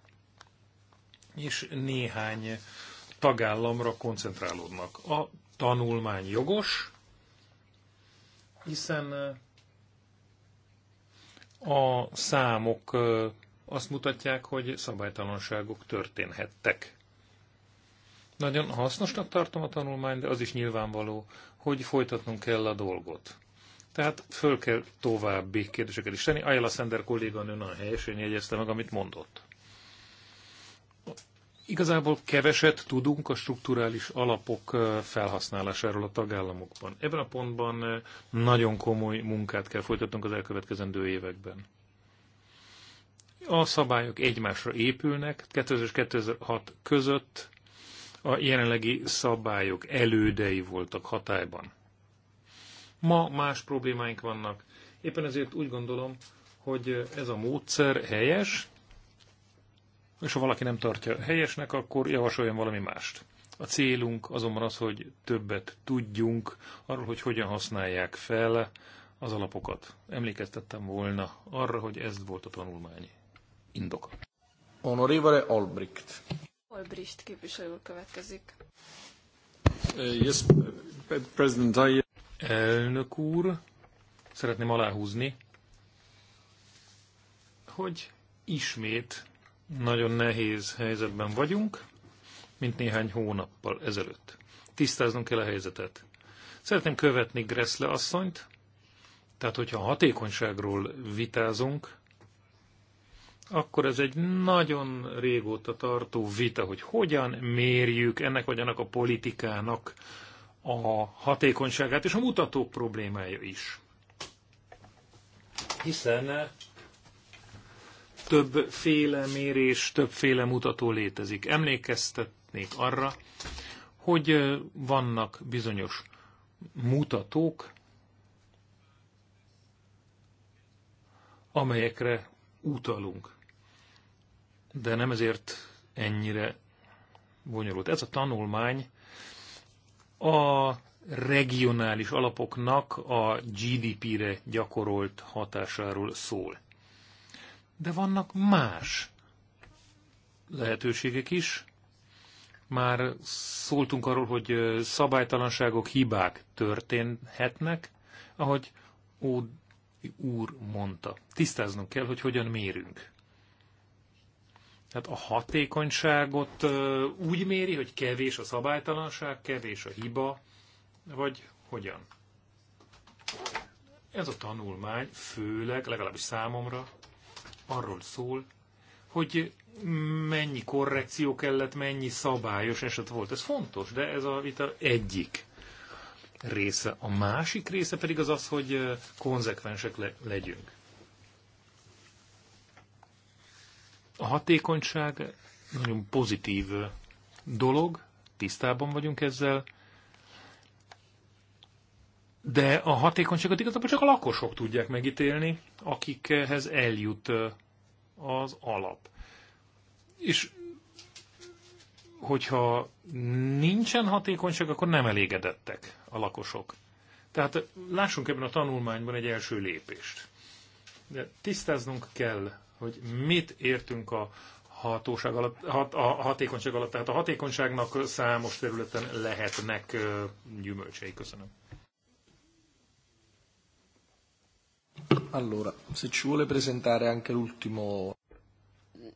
és néhány tagállamra koncentrálódnak. A tanulmány jogos, hiszen eh, a számok eh, azt mutatják, hogy szabálytalanságok történhettek. Nagyon hasznosnak tartom a tanulmányt, de az is nyilvánvaló, hogy folytatnunk kell a dolgot. Tehát föl kell további kérdéseket is tenni. Ayala Sender kolléganő nagyon helyesen jegyezte meg, amit mondott. Igazából keveset tudunk a strukturális alapok felhasználásáról a tagállamokban. Ebben a pontban nagyon komoly munkát kell folytatnunk az elkövetkezendő években. A szabályok egymásra épülnek. 2000 2006 között a jelenlegi szabályok elődei voltak hatályban. Ma más problémáink vannak. Éppen ezért úgy gondolom, hogy ez a módszer helyes, és ha valaki nem tartja helyesnek, akkor javasoljon valami mást. A célunk azonban az, hogy többet tudjunk arról, hogy hogyan használják fel az alapokat. Emlékeztettem volna arra, hogy ez volt a tanulmányi indoka. Honorevole Albrecht. Albrecht képviselő következik. Uh, yes, President, I... Elnök úr, szeretném aláhúzni, hogy ismét nagyon nehéz helyzetben vagyunk, mint néhány hónappal ezelőtt. Tisztáznunk kell a helyzetet. Szeretném követni Gressle asszonyt, tehát hogyha hatékonyságról vitázunk, akkor ez egy nagyon régóta tartó vita, hogy hogyan mérjük ennek vagy annak a politikának a hatékonyságát, és a mutatók problémája is. Hiszen többféle mérés, többféle mutató létezik. Emlékeztetnék arra, hogy vannak bizonyos mutatók, amelyekre utalunk. De nem ezért ennyire bonyolult. Ez a tanulmány a regionális alapoknak a GDP-re gyakorolt hatásáról szól de vannak más lehetőségek is. Már szóltunk arról, hogy szabálytalanságok, hibák történhetnek, ahogy Ó úr mondta. Tisztáznunk kell, hogy hogyan mérünk. Tehát a hatékonyságot úgy méri, hogy kevés a szabálytalanság, kevés a hiba, vagy hogyan? Ez a tanulmány főleg, legalábbis számomra arról szól, hogy mennyi korrekció kellett, mennyi szabályos eset volt. Ez fontos, de ez a vita egyik része. A másik része pedig az az, hogy eh, konzekvensek le- legyünk. A hatékonyság nagyon pozitív eh, dolog, tisztában vagyunk ezzel, de a hatékonyságot igazából csak a lakosok tudják megítélni, akikhez eljut eh, az alap. És hogyha nincsen hatékonyság, akkor nem elégedettek a lakosok. Tehát lássunk ebben a tanulmányban egy első lépést. De tisztáznunk kell, hogy mit értünk a hatóság alatt, hat, a hatékonyság alatt. Tehát a hatékonyságnak számos területen lehetnek gyümölcsei. Köszönöm. Allora, se ci vuole presentare anche l'ultimo...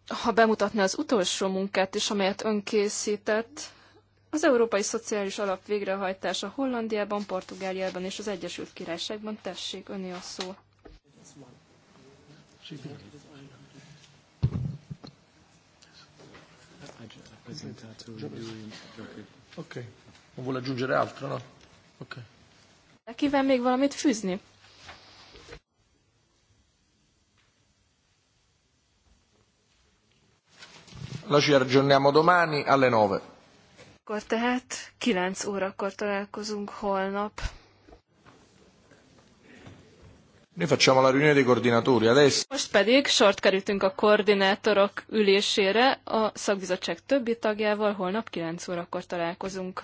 Ha bemutatni az utolsó munkát is, amelyet ön készített, az Európai Szociális Alap végrehajtása Hollandiában, Portugáliában és az Egyesült Királyságban. Tessék, öné a szó. Oké. Okay. Kíván még valamit fűzni? la ci aggiorniamo domani alle 9. Akkor tehát 9 órakor találkozunk holnap. Noi facciamo la riunione dei coordinatori adesso. Most pedig sort kerültünk a koordinátorok ülésére, a szakbizottság többi tagjával holnap 9 órakor találkozunk.